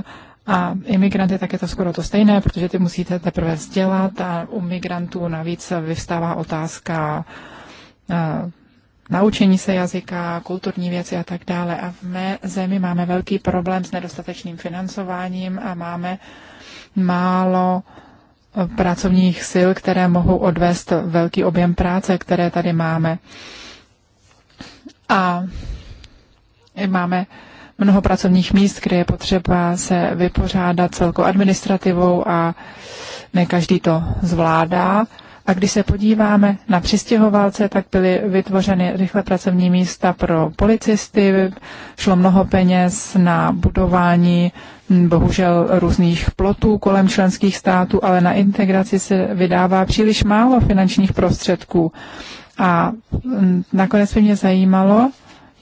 B: a imigranty tak je to skoro to stejné, protože ty musíte teprve vzdělat a u migrantů navíc vyvstává otázka eh, naučení se jazyka, kulturní věci a tak dále. A v mé zemi máme velký problém s nedostatečným financováním a máme málo eh, pracovních sil, které mohou odvést velký objem práce, které tady máme. A máme mnoho pracovních míst, kde je potřeba se vypořádat celkou administrativou a ne každý to zvládá. A když se podíváme na přistěhovalce, tak byly vytvořeny rychle pracovní místa pro policisty, šlo mnoho peněz na budování hm, bohužel různých plotů kolem členských států, ale na integraci se vydává příliš málo finančních prostředků. A hm, nakonec by mě zajímalo,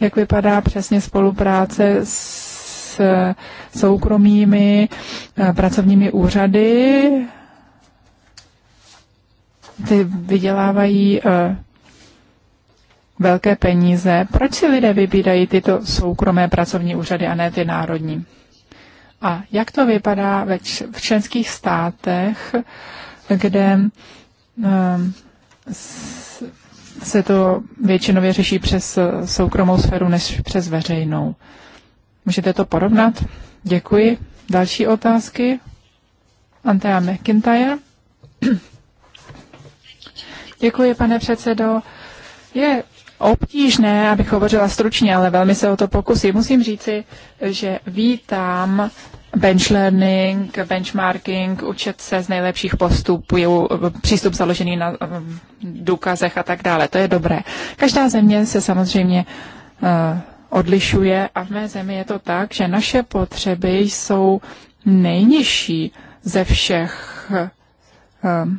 B: jak vypadá přesně spolupráce s soukromými eh, pracovními úřady. Ty vydělávají eh, velké peníze. Proč si lidé vybírají tyto soukromé pracovní úřady a ne ty národní? A jak to vypadá ve v členských státech, kde um, s, se to většinově řeší přes eh, soukromou sféru než přes veřejnou. Můžete to porovnat? Děkuji. Další otázky? Antea McIntyre. Děkuji, pane předsedo. Je obtížné, abych hovořila stručně, ale velmi se o to pokusím. Musím říci, že vítám bench learning, benchmarking, učet se z nejlepších postupů, přístup založený na eh, důkazech a tak dále. To je dobré. Každá země se samozřejmě eh, odlišuje a v mé zemi je to tak, že naše potřeby jsou nejnižší ze všech. Um,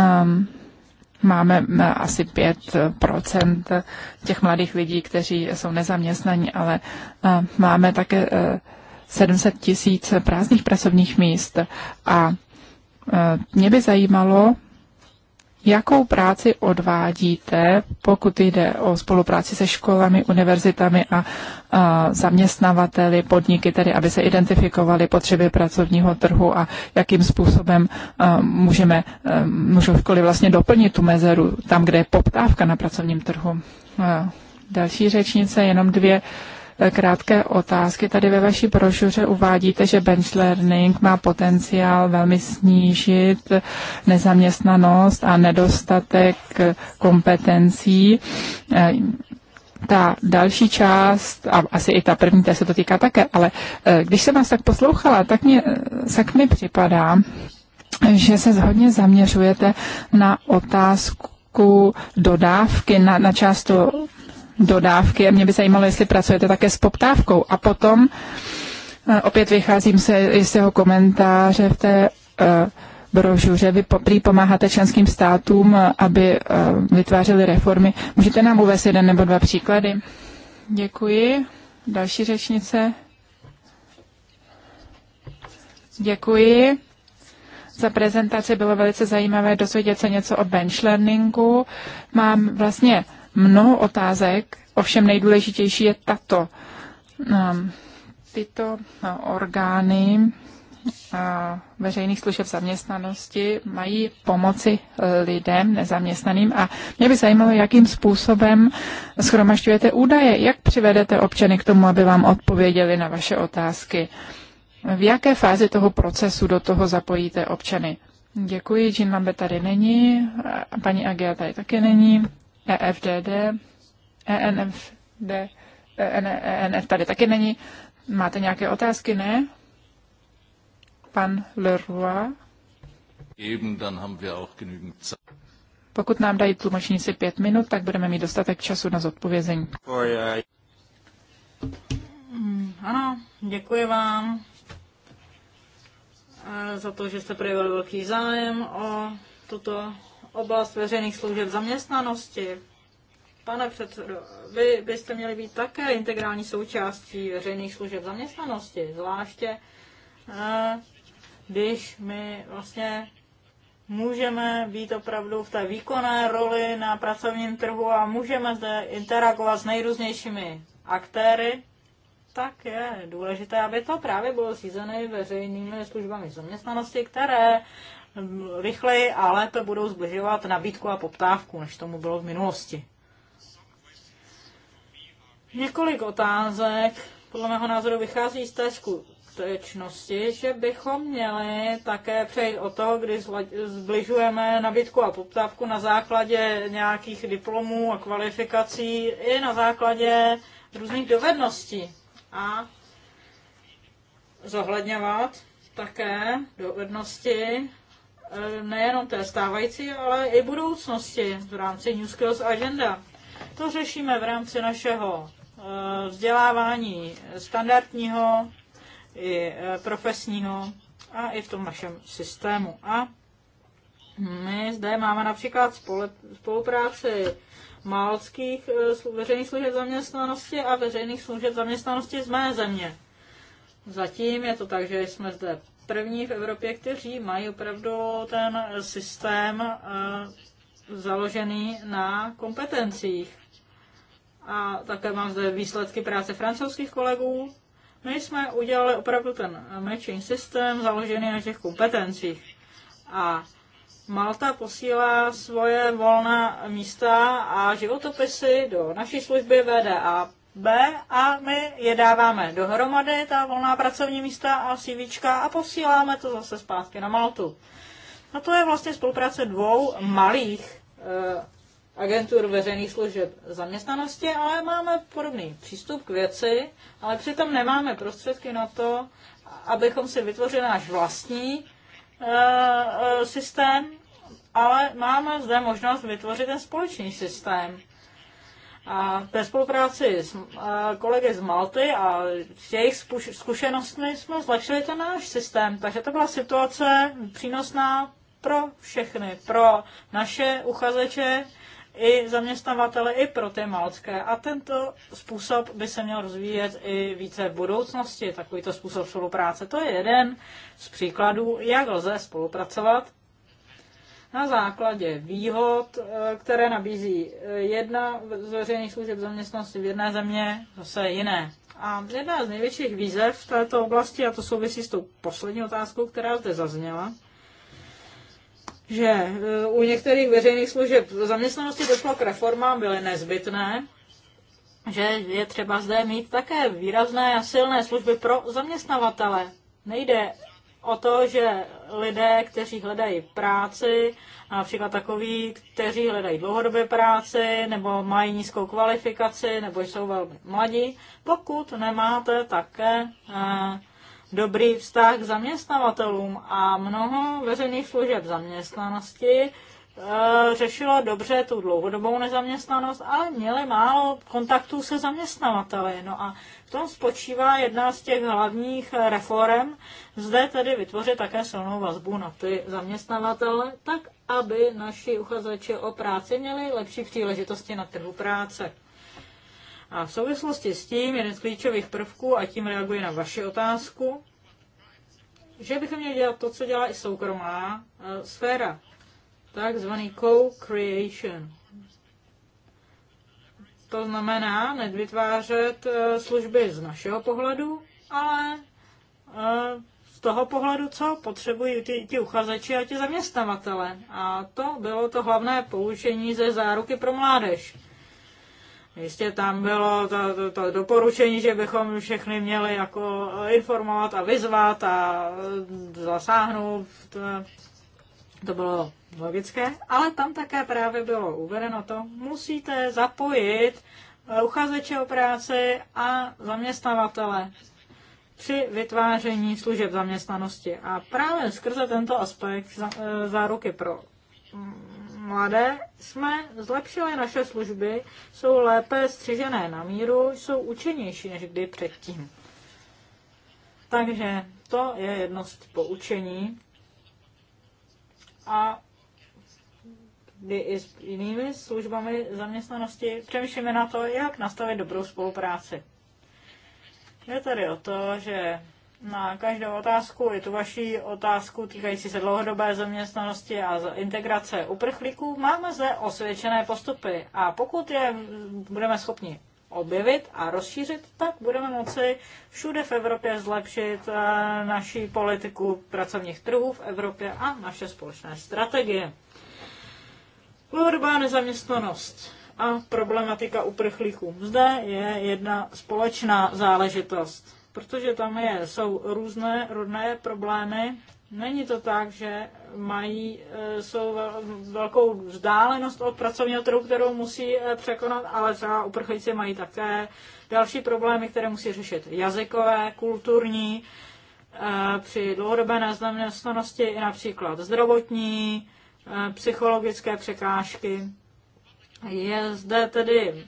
B: um, máme asi 5% těch mladých lidí, kteří jsou nezaměstnaní, ale máme také 700 tisíc prázdných pracovních míst. A e, mě by zajímalo, jakou práci odvádíte, pokud jde o spolupráci se školami, univerzitami a, e, zaměstnavateli, podniky, tedy aby se identifikovaly potřeby pracovního trhu a jakým způsobem e, můžeme, můžou školy vlastně doplnit tu mezeru tam, kde je poptávka na pracovním trhu. další řečnice, jenom dvě. Eh, krátké otázky. Tady ve vaší brošuře uvádíte, že bench learning má potenciál velmi snížit nezaměstnanost a nedostatek eh, kompetencí. Eh, ta další část, a asi i ta první, ta se to týká také, ale když jsem vás tak poslouchala, tak, mě, tak mi připadá, že se hodně zaměřujete na otázku dodávky, na, na část dodávky a mě by zajímalo, jestli pracujete také s poptávkou. A potom eh, opět vycházím se z jeho komentáře v té eh, brožuře. Vy poprý pomáháte členským státům, eh, aby vytvářely reformy. Můžete nám uvést jeden nebo dva příklady? Děkuji. Další řečnice. Děkuji. Za prezentaci bylo velice zajímavé dozvědět se něco o benchlearningu. Mám vlastně mnoho otázek, ovšem nejdůležitější je tato. Ehm, tyto eh, orgány eh, veřejných služeb zaměstnanosti mají pomoci eh, lidem nezaměstnaným a mě by zajímalo, jakým způsobem schromažďujete údaje, jak přivedete občany k tomu, aby vám odpověděli na vaše otázky. V jaké fázi toho procesu do toho zapojíte občany? Děkuji, Jean Lambe tady není, paní Agia tady taky není. EFDD, ENFD, ENF e tady taky není. Máte nějaké otázky, ne? Pan Leroy? Pokud nám dají tlumočníci pět minut, tak budeme mít dostatek času na zodpovězení.
A: Mm, ano, děkuji vám eh, za to, že jste projevili velký zájem o tuto oblast veřejných služeb zaměstnanosti. Pane předsedo, vy byste měli být také integrální součástí veřejných služeb zaměstnanosti, zvláště eh, když my vlastně můžeme být opravdu v té výkonné roli na pracovním trhu a můžeme zde interagovat s nejrůznějšími aktéry, tak je důležité, aby to právě bylo řízené veřejnými službami zaměstnanosti, které rychleji a lépe budou zbližovat nabídku a poptávku, než tomu bylo v minulosti. Několik otázek podle mého názoru vychází z té skutečnosti, že bychom měli také přejít o toho, kdy zbližujeme nabídku a poptávku na základě nějakých diplomů a kvalifikací i na základě různých dovedností a zohledňovat také dovednosti Eh, nejenom té stávající, ale i budoucnosti v rámci New Skills Agenda. To řešíme v rámci našeho eh, vzdělávání standardního i eh, profesního a i v tom našem systému. A my zde máme například spolupráci malckých veřejných služeb zaměstnanosti a veřejných služeb zaměstnanosti z mé země. Zatím je to tak, že jsme zde první v Evropě, kteří mají opravdu ten systém eh, založený na kompetencích. A také mám zde výsledky práce francouzských kolegů. My jsme udělali opravdu ten matching systém založený na těch kompetencích. A Malta posílá svoje volná místa a životopisy do naší služby VDA B a my je dáváme dohromady, ta volná pracovní místa a CVčka a posíláme to zase zpátky na Maltu. A to je vlastně spolupráce dvou malých e, agentur veřejných služeb zaměstnanosti, ale máme podobný přístup k věci, ale přitom nemáme prostředky na to, abychom si vytvořili náš vlastní e, e, systém, ale máme zde možnost vytvořit ten společný systém. A ve spolupráci s kolegy z Malty a s jejich zkušenostmi jsme zlepšili ten náš systém. Takže to byla situace přínosná pro všechny, pro naše uchazeče, i zaměstnavatele, i pro ty malcké. A tento způsob by se měl rozvíjet i více v budoucnosti, takovýto způsob spolupráce. To je jeden z příkladů, jak lze spolupracovat na základě výhod, eh, které nabízí eh, jedna z veřejných služeb zaměstnanosti v jedné země, zase jiné. A jedna z největších výzev v této oblasti, a to souvisí s tou poslední otázkou, která zde zazněla, že eh, u některých veřejných služeb zaměstnanosti došlo k reformám, byly nezbytné, že je třeba zde mít také výrazné a silné služby pro zaměstnavatele. Nejde o to, že lidé, kteří hledají práci, například takoví, kteří hledají dlouhodobé práci, nebo mají nízkou kvalifikaci, nebo jsou velmi mladí, pokud nemáte také eh, dobrý vztah k zaměstnavatelům a mnoho veřejných služeb zaměstnanosti eh, řešilo dobře tu dlouhodobou nezaměstnanost, ale měli málo kontaktů se zaměstnavateli. No a tom spočívá jedna z těch hlavních reform, zde tedy vytvořit také silnou vazbu na ty zaměstnavatele, tak aby naši uchazeči o práci měli lepší příležitosti na trhu práce. A v souvislosti s tím jeden z klíčových prvků, a tím reaguji na vaši otázku, že bychom měli dělat to, co dělá i soukromá eh, sféra, takzvaný co-creation. To znamená nevytvářet eh, služby z našeho pohledu, ale eh, z toho pohledu, co potřebují ti, ti uchazeči a ti zaměstnavatele. A to bylo to hlavné poučení ze záruky pro mládež. Jistě tam bylo to, to, to doporučení, že bychom všechny měli jako eh, informovat a vyzvat a zasáhnout. To bylo logické, ale tam také právě bylo uvedeno to, musíte zapojit eh, uchazeče o práci a zaměstnavatele při vytváření služeb zaměstnanosti. A právě skrze tento aspekt eh, záruky pro mm, mladé jsme zlepšili naše služby, jsou lépe střižené na míru, jsou učenější než kdy předtím. Takže to je jedno z poučení. A kdy i s jinými službami zaměstnanosti přemýšlíme na to, jak nastavit dobrou spolupráci. Je tady o to, že na každou otázku, i tu vaší otázku týkající se dlouhodobé zaměstnanosti a integrace uprchlíků, máme zde osvědčené postupy a pokud je budeme schopni objevit a rozšířit, tak budeme moci všude v Evropě zlepšit eh, naši politiku pracovních trhů v Evropě a naše společné strategie. Dlouhodobá nezaměstnanost a problematika uprchlíků. Zde je jedna společná záležitost, protože tam je, jsou různé rodné problémy. Není to tak, že mají e, jsou velkou vzdálenost od pracovního trhu, kterou musí e, překonat, ale třeba uprchlíci mají také další problémy, které musí řešit jazykové, kulturní, e, při dlouhodobé nezaměstnanosti i například zdravotní, Eh, psychologické překážky. Je zde tedy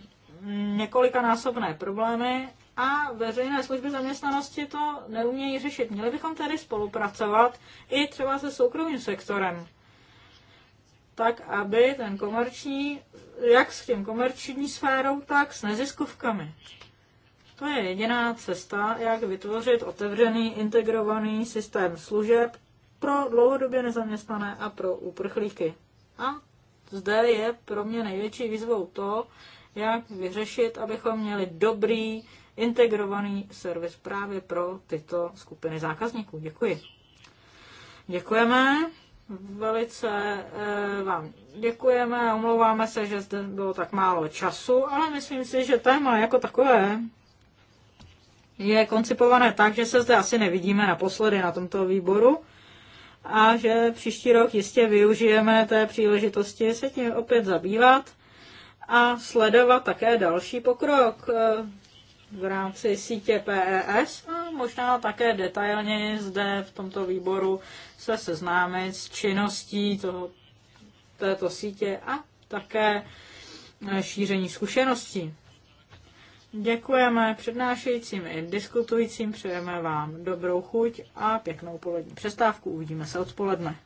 A: několikanásobné problémy a veřejné služby zaměstnanosti to neumějí řešit. Měli bychom tedy spolupracovat i třeba se soukromým sektorem, tak aby ten komerční, jak s tím komerční sférou, tak s neziskovkami. To je jediná cesta, jak vytvořit otevřený integrovaný systém služeb, pro dlouhodobě nezaměstnané a pro uprchlíky. A zde je pro mě největší výzvou to, jak vyřešit, abychom měli dobrý, integrovaný servis právě pro tyto skupiny zákazníků. Děkuji. Děkujeme. Velice eh, vám děkujeme. Omlouváme se, že zde bylo tak málo času, ale myslím si, že téma jako takové je koncipované tak, že se zde asi nevidíme naposledy na tomto výboru a že příští rok jistě využijeme té příležitosti se tím opět zabývat a sledovat také další pokrok eh, v rámci sítě PES a možná také detailně zde v tomto výboru se seznámit s činností toho, této sítě a také eh, šíření zkušeností. Děkujeme přednášejícím i diskutujícím, přejeme vám dobrou chuť a pěknou polední přestávku. Uvidíme se odpoledne.